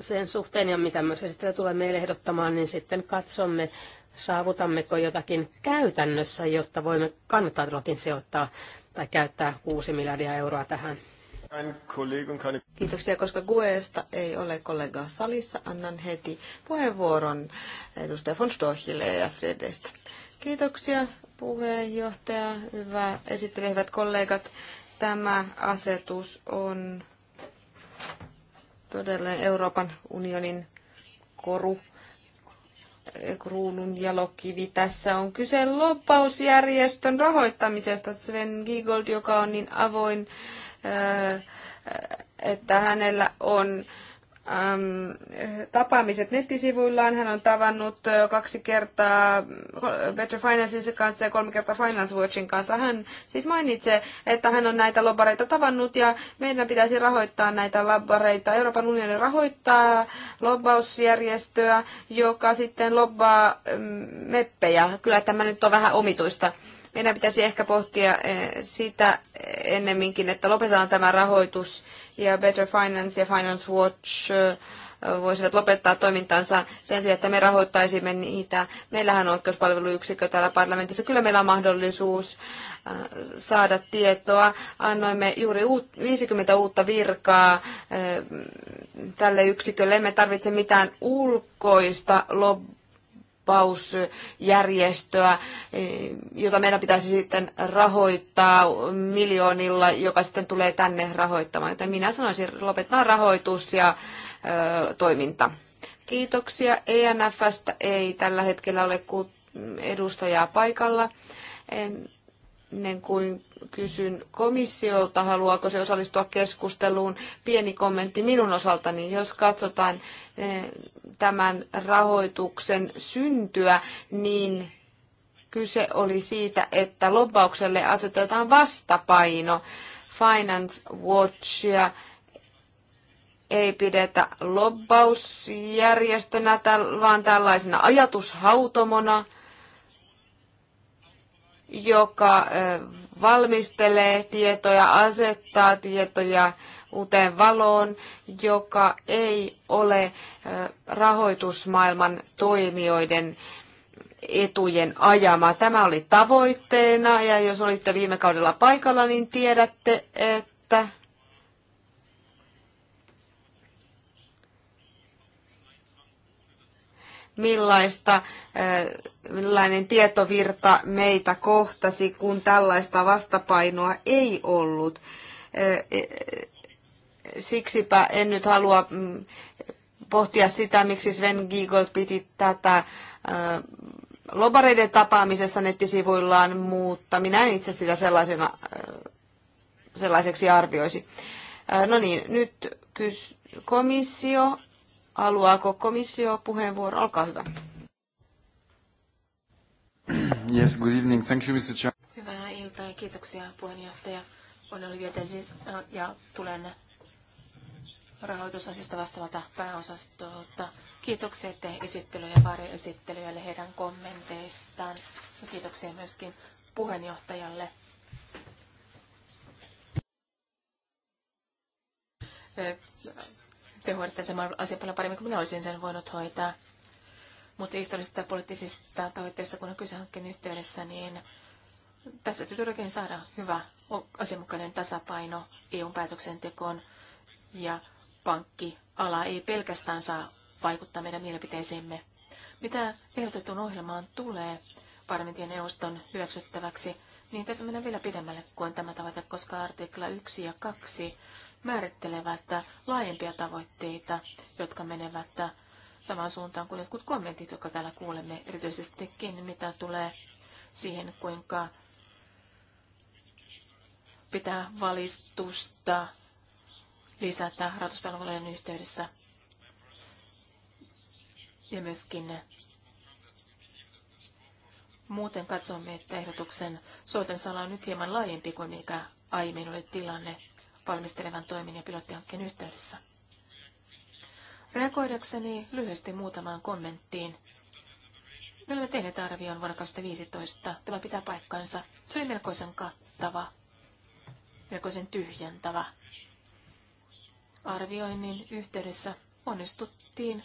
sen suhteen ja mitä myös esittely tulee meille ehdottamaan, niin sitten katsomme, saavutammeko jotakin käytännössä, jotta voimme kannattaa todellakin sijoittaa tai käyttää 6 miljardia euroa tähän. Kiitoksia, koska Gueesta ei ole kollegaa salissa. Annan heti puheenvuoron edustaja von Stochille Fredestä. Kiitoksia puheenjohtaja, hyvä esittely, hyvät kollegat. Tämä asetus on todellinen Euroopan unionin koru, kruunun jalokivi. Tässä on kyse loppausjärjestön rahoittamisesta. Sven Giegold, joka on niin avoin, että hänellä on Ähm, tapaamiset nettisivuillaan. Hän on tavannut kaksi kertaa Better Finances kanssa ja kolme kertaa Finance Watchin kanssa. Hän siis mainitsee, että hän on näitä lobareita tavannut ja meidän pitäisi rahoittaa näitä lobareita. Euroopan unioni rahoittaa lobbausjärjestöä, joka sitten lobbaa mm, meppejä. Kyllä tämä nyt on vähän omituista meidän pitäisi ehkä pohtia eh, sitä ennemminkin, että lopetetaan tämä rahoitus ja Better Finance ja Finance Watch voisivat lopettaa toimintansa sen sijaan, että me rahoittaisimme niitä. Meillähän on oikeuspalveluyksikkö täällä parlamentissa. Kyllä meillä on mahdollisuus saada tietoa. Annoimme juuri 50 uutta virkaa tälle yksikölle. Emme tarvitse mitään ulkoista lobbyä kauppausjärjestöä, eh, jota meidän pitäisi sitten rahoittaa miljoonilla, joka sitten tulee tänne rahoittamaan. Joten minä sanoisin, lopetetaan rahoitus ja ö, eh, toiminta. Kiitoksia. ENFstä ei tällä hetkellä ole edustajaa paikalla. En ennen kuin kysyn komissiolta, haluaako se osallistua keskusteluun, pieni kommentti minun osaltani. Jos katsotaan eh, tämän rahoituksen syntyä, niin kyse oli siitä, että lobbaukselle asetetaan vastapaino. Finance Watchia ei pidetä lobbausjärjestönä, vaan tällaisena ajatushautomona – joka valmistelee tietoja, asettaa tietoja uuteen valoon, joka ei ole rahoitusmaailman toimijoiden etujen ajama. Tämä oli tavoitteena ja jos olitte viime kaudella paikalla, niin tiedätte, että millaista, eh, millainen tietovirta meitä kohtasi, kun tällaista vastapainoa ei ollut. Eh, eh, siksipä en nyt halua mm, pohtia sitä, miksi Sven Giegold piti tätä lobareiden tapaamisessa nettisivuillaan, mutta minä en itse sitä sellaisena, sellaiseksi arvioisi. No niin, nyt kys- komissio Haluaako komissio puheenvuoro? Olkaa hyvä. Yes, good evening. Thank you, Mr. Chair. Hyvää iltaa ja kiitoksia puheenjohtaja. Olen Olivia Tesis äh, ja tulen rahoitusasista vastaavalta pääosastolta. te esittelyille ja varjoesittelijöille heidän kommenteistaan ja kiitoksia myöskin puheenjohtajalle. Äh, te hoidatte sen asian paljon paremmin kuin minä olisin sen voinut hoitaa. Mutta historiallisista ja poliittisista tavoitteista, kun on kyse hankkeen yhteydessä, niin tässä täytyy todellakin saada hyvä asianmukainen tasapaino EUn päätöksentekoon ja pankkiala ei pelkästään saa vaikuttaa meidän mielipiteisiimme. Mitä ehdotetun ohjelmaan tulee parlamentin neuvoston hyväksyttäväksi, niin tässä mennään vielä pidemmälle kuin tämä tavoite, koska artikla 1 ja 2 määrittelevät laajempia tavoitteita, jotka menevät samaan suuntaan kuin jotkut kommentit, jotka täällä kuulemme, erityisestikin mitä tulee siihen, kuinka pitää valistusta lisätä rahoituspalvelujen yhteydessä ja myöskin Muuten katsomme, että ehdotuksen soitensala on nyt hieman laajempi kuin mikä aiemmin oli tilanne valmistelevan toimin ja pilottihankkeen yhteydessä. Reagoidakseni lyhyesti muutamaan kommenttiin. Me olemme tehneet arvion vuonna 2015. Tämä pitää paikkansa. Se oli melkoisen kattava, melkoisen tyhjentävä. Arvioinnin yhteydessä onnistuttiin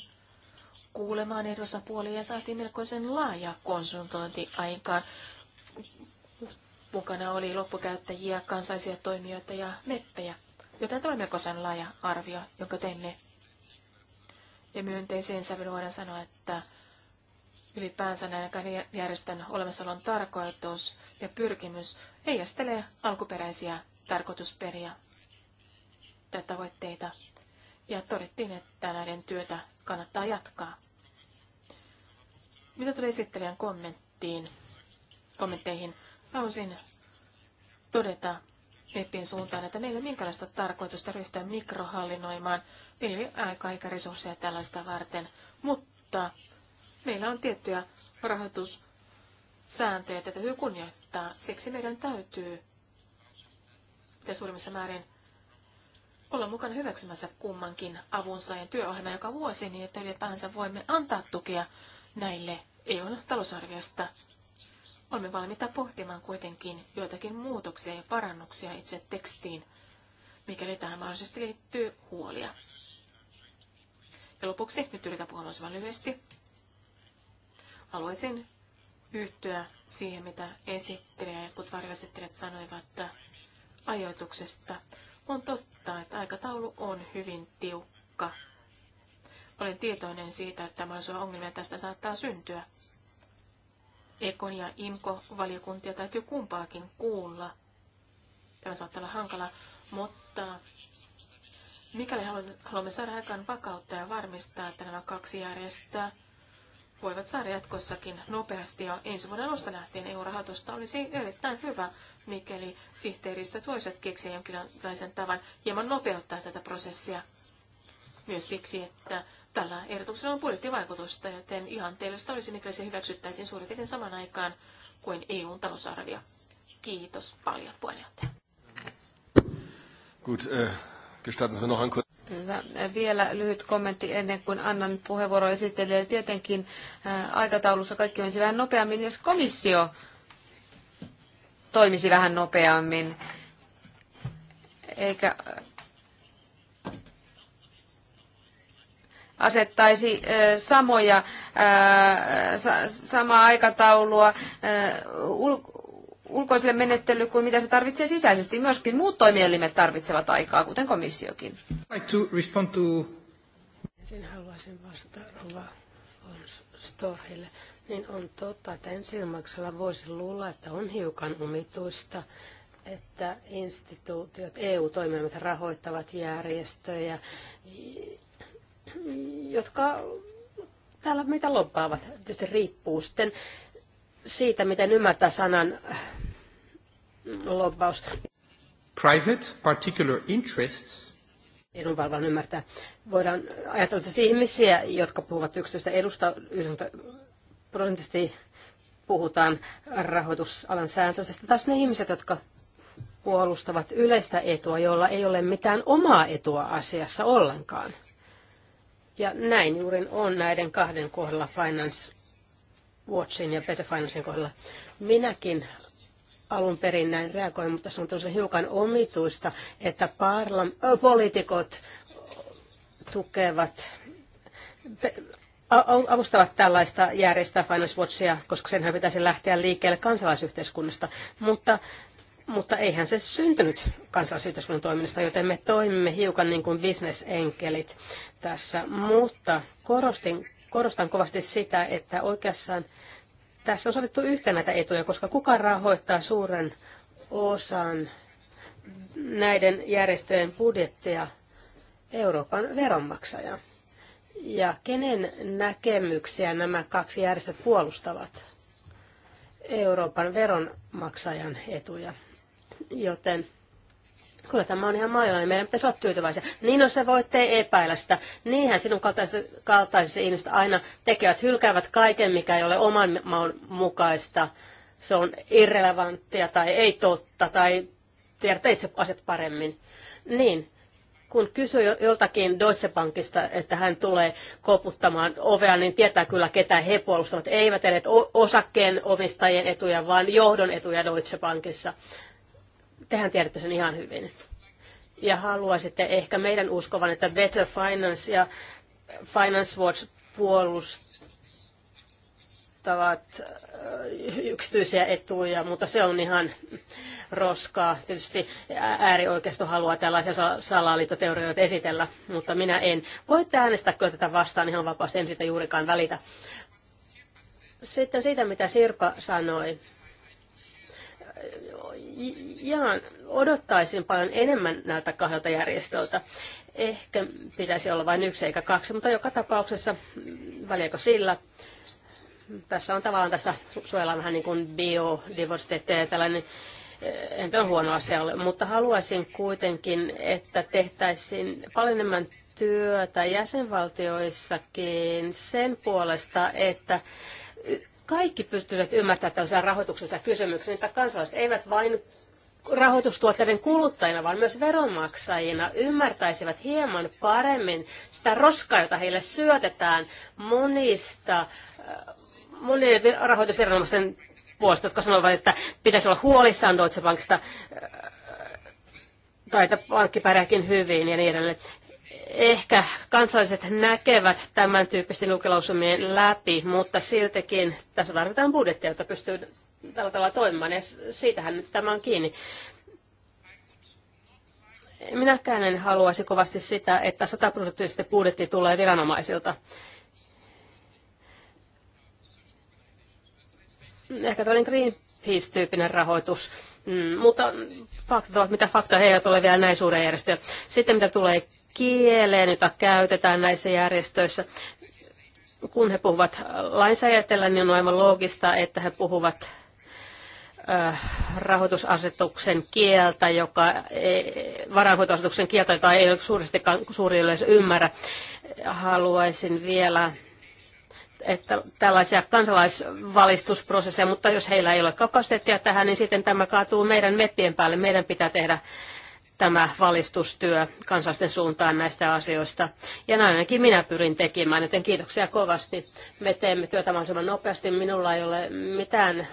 kuulemaan eri osapuolia ja saatiin melkoisen laaja konsultointi aikaan. Mukana oli loppukäyttäjiä, kansaisia toimijoita ja meppejä, joten tämä oli melkoisen laaja arvio, jonka teimme. Ja myönteiseen sävyyn voidaan sanoa, että ylipäänsä näin järjestön olemassaolon tarkoitus ja pyrkimys heijastelee alkuperäisiä tarkoitusperiä tai tavoitteita ja todettiin, että näiden työtä kannattaa jatkaa. Mitä tulee esittelijän kommenttiin, kommentteihin, haluaisin todeta Pepin suuntaan, että meillä ei ole minkälaista tarkoitusta ryhtyä mikrohallinnoimaan. Meillä ei aika eikä resursseja tällaista varten, mutta meillä on tiettyjä rahoitussääntöjä, että täytyy kunnioittaa. Siksi meidän täytyy mitä suurimmissa määrin olla mukana hyväksymässä kummankin avunsaajan työohjelma joka vuosi, niin että ylipäänsä voimme antaa tukea näille EUn talousarviosta. Olemme valmiita pohtimaan kuitenkin joitakin muutoksia ja parannuksia itse tekstiin, mikäli tähän mahdollisesti liittyy huolia. Ja lopuksi, nyt yritän puhua vain lyhyesti, haluaisin yhtyä siihen, mitä esittelijä ja jotkut sanoivat ajoituksesta. On totta, että aikataulu on hyvin tiukka. Olen tietoinen siitä, että mahdollisia ongelmia tästä saattaa syntyä. Ekon ja IMKO-valiokuntia täytyy kumpaakin kuulla. Tämä saattaa olla hankala, mutta mikäli haluamme saada aikaan vakautta ja varmistaa, että nämä kaksi järjestöä voivat saada jatkossakin nopeasti ja ensi vuoden alusta lähtien EU-rahoitusta olisi erittäin hyvä, mikäli sihteeristöt voisivat keksiä jonkinlaisen tavan hieman nopeuttaa tätä prosessia. Myös siksi, että tällä ehdotuksella on budjettivaikutusta, joten ihanteellista olisi, mikäli se hyväksyttäisiin suurin piirtein saman aikaan kuin EUn talousarvio. Kiitos paljon puheenjohtaja. Gut, äh, gestatten Sie mir noch ein Hyvä. Vielä lyhyt kommentti ennen kuin annan puheenvuoron esittelijälle. Tietenkin aikataulussa kaikki menisi vähän nopeammin, jos komissio toimisi vähän nopeammin, eikä asettaisi samoja, samaa aikataulua ulkoiselle menettelylle kuin mitä se tarvitsee sisäisesti. Myöskin muut toimielimet tarvitsevat aikaa, kuten komissiokin. Ensin haluaisin vastata Rova Storhille. Niin on totta, että ensilmäyksellä voisi luulla, että on hiukan omituista, että instituutiot, eu toimielimet rahoittavat järjestöjä, jotka täällä mitä lobbaavat. Tietysti riippuu sitten siitä, miten ymmärtää sanan lobbausta. Private particular interests. Edunvalvon ymmärtää. Voidaan ajatella siis ihmisiä, jotka puhuvat yksityistä edusta, prosenttisesti puhutaan rahoitusalan sääntöisestä. Taas ne ihmiset, jotka puolustavat yleistä etua, jolla ei ole mitään omaa etua asiassa ollenkaan. Ja näin juuri on näiden kahden kohdalla Finance Watchin ja Better Financin kohdalla. Minäkin alun perin näin reagoin, mutta se on tosiaan hiukan omituista, että parla- ö, poliitikot tukevat, avustavat tällaista järjestää Finance Watchia, koska senhän pitäisi lähteä liikkeelle kansalaisyhteiskunnasta. Mutta mutta eihän se syntynyt kansalaisyhteiskunnan toiminnasta, joten me toimimme hiukan niin kuin bisnesenkelit tässä. Mutta korostin korostan kovasti sitä, että oikeassaan tässä on sovittu yhtä näitä etuja, koska kuka rahoittaa suuren osan näiden järjestöjen budjetteja Euroopan veronmaksaja. Ja kenen näkemyksiä nämä kaksi järjestöt puolustavat? Euroopan veronmaksajan etuja. Joten Kyllä tämä on ihan maailma, niin meidän pitäisi olla tyytyväisiä. Niin on se voitte epäillä sitä. Niinhän sinun kaltaisesi, kaltaisesi ihmiset aina tekevät, hylkäävät kaiken, mikä ei ole oman maun mukaista. Se on irrelevanttia tai ei totta tai tiedätte itse asiat paremmin. Niin, kun kysyy joltakin Deutsche Bankista, että hän tulee koputtamaan ovea, niin tietää kyllä, ketä he puolustavat. Eivät edes osakkeen omistajien etuja, vaan johdon etuja Deutsche Bankissa. Tehän tiedätte sen ihan hyvin. Ja haluaisitte ehkä meidän uskovan, että Better Finance ja Finance Watch puolustavat äh, yksityisiä etuja, mutta se on ihan roskaa. Tietysti äärioikeisto haluaa tällaisia salaliittoteorioita esitellä, mutta minä en. Voitte äänestää kyllä tätä vastaan ihan vapaasti, en sitä juurikaan välitä. Sitten siitä, mitä Sirpa sanoi ihan odottaisin paljon enemmän näiltä kahdelta järjestöltä. Ehkä pitäisi olla vain yksi eikä kaksi, mutta joka tapauksessa väliäkö sillä. Tässä on tavallaan tästä suojellaan vähän niin kuin biodiversiteettia ja tällainen eh, en ole huono asia ole, mutta haluaisin kuitenkin, että tehtäisiin paljon enemmän työtä jäsenvaltioissakin sen puolesta, että kaikki pystyvät ymmärtämään tällaisen rahoituksensa kysymyksen, että kansalaiset eivät vain rahoitustuotteiden kuluttajina, vaan myös veronmaksajina ymmärtäisivät hieman paremmin sitä roskaa, jota heille syötetään monista, äh, monien rahoitusviranomaisten puolesta, jotka sanovat, että pitäisi olla huolissaan Deutsche Bankista, äh, tai että pankki pärjääkin hyvin ja niin edelleen ehkä kansalaiset näkevät tämän tyyppisten julkilausumien läpi, mutta siltikin tässä tarvitaan budjettia, jotta pystyy tällä tavalla toimimaan, ja siitähän nyt tämä on kiinni. Minäkään en haluaisi kovasti sitä, että sataprosenttisesti budjetti tulee viranomaisilta. Ehkä tällainen Greenpeace-tyyppinen rahoitus, mm, mutta faktat ovat mitä faktoja, he eivät ole vielä näin suuren järjestöjä. Sitten mitä tulee kieleen, jota käytetään näissä järjestöissä. Kun he puhuvat lainsäädäntöllä, niin on aivan loogista, että he puhuvat äh, rahoitusasetuksen kieltä, joka e, varainhoitoasetuksen kieltä, jota ei suuresti suuri yleisö ymmärrä. Haluaisin vielä että tällaisia kansalaisvalistusprosesseja, mutta jos heillä ei ole kapasiteettia tähän, niin sitten tämä kaatuu meidän meppien päälle. Meidän pitää tehdä tämä valistustyö kansalaisten suuntaan näistä asioista. Ja näin ainakin minä pyrin tekemään, joten kiitoksia kovasti. Me teemme työtä mahdollisimman nopeasti. Minulla ei ole mitään äh,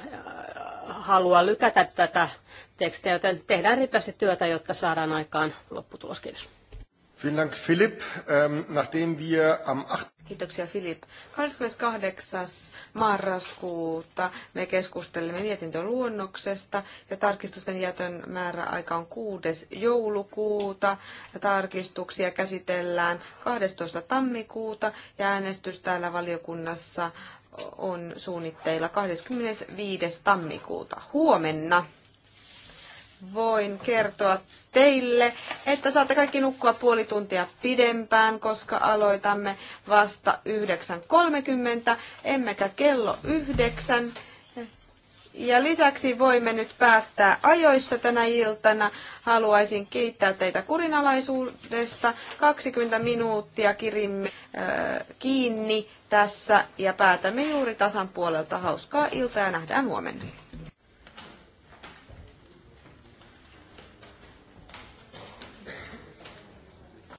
halua lykätä tätä tekstiä, joten tehdään ripeästi työtä, jotta saadaan aikaan lopputulos. Kiitos. Vielen Dank, Philipp. Ähm, nachdem wir am 8. Kiitoksia Filip. 28. marraskuuta me keskustelemme mietintöluonnoksesta ja tarkistusten jätön määräaika on 6. joulukuuta. Tarkistuksia käsitellään 12. tammikuuta ja äänestys täällä valiokunnassa on suunnitteilla 25. tammikuuta huomenna voin kertoa teille, että saatte kaikki nukkua puoli tuntia pidempään, koska aloitamme vasta 9.30, emmekä kello 9. Ja lisäksi voimme nyt päättää ajoissa tänä iltana. Haluaisin kiittää teitä kurinalaisuudesta. 20 minuuttia kirimme äh, kiinni tässä ja päätämme juuri tasan puolelta. Hauskaa iltaa ja nähdään huomenna.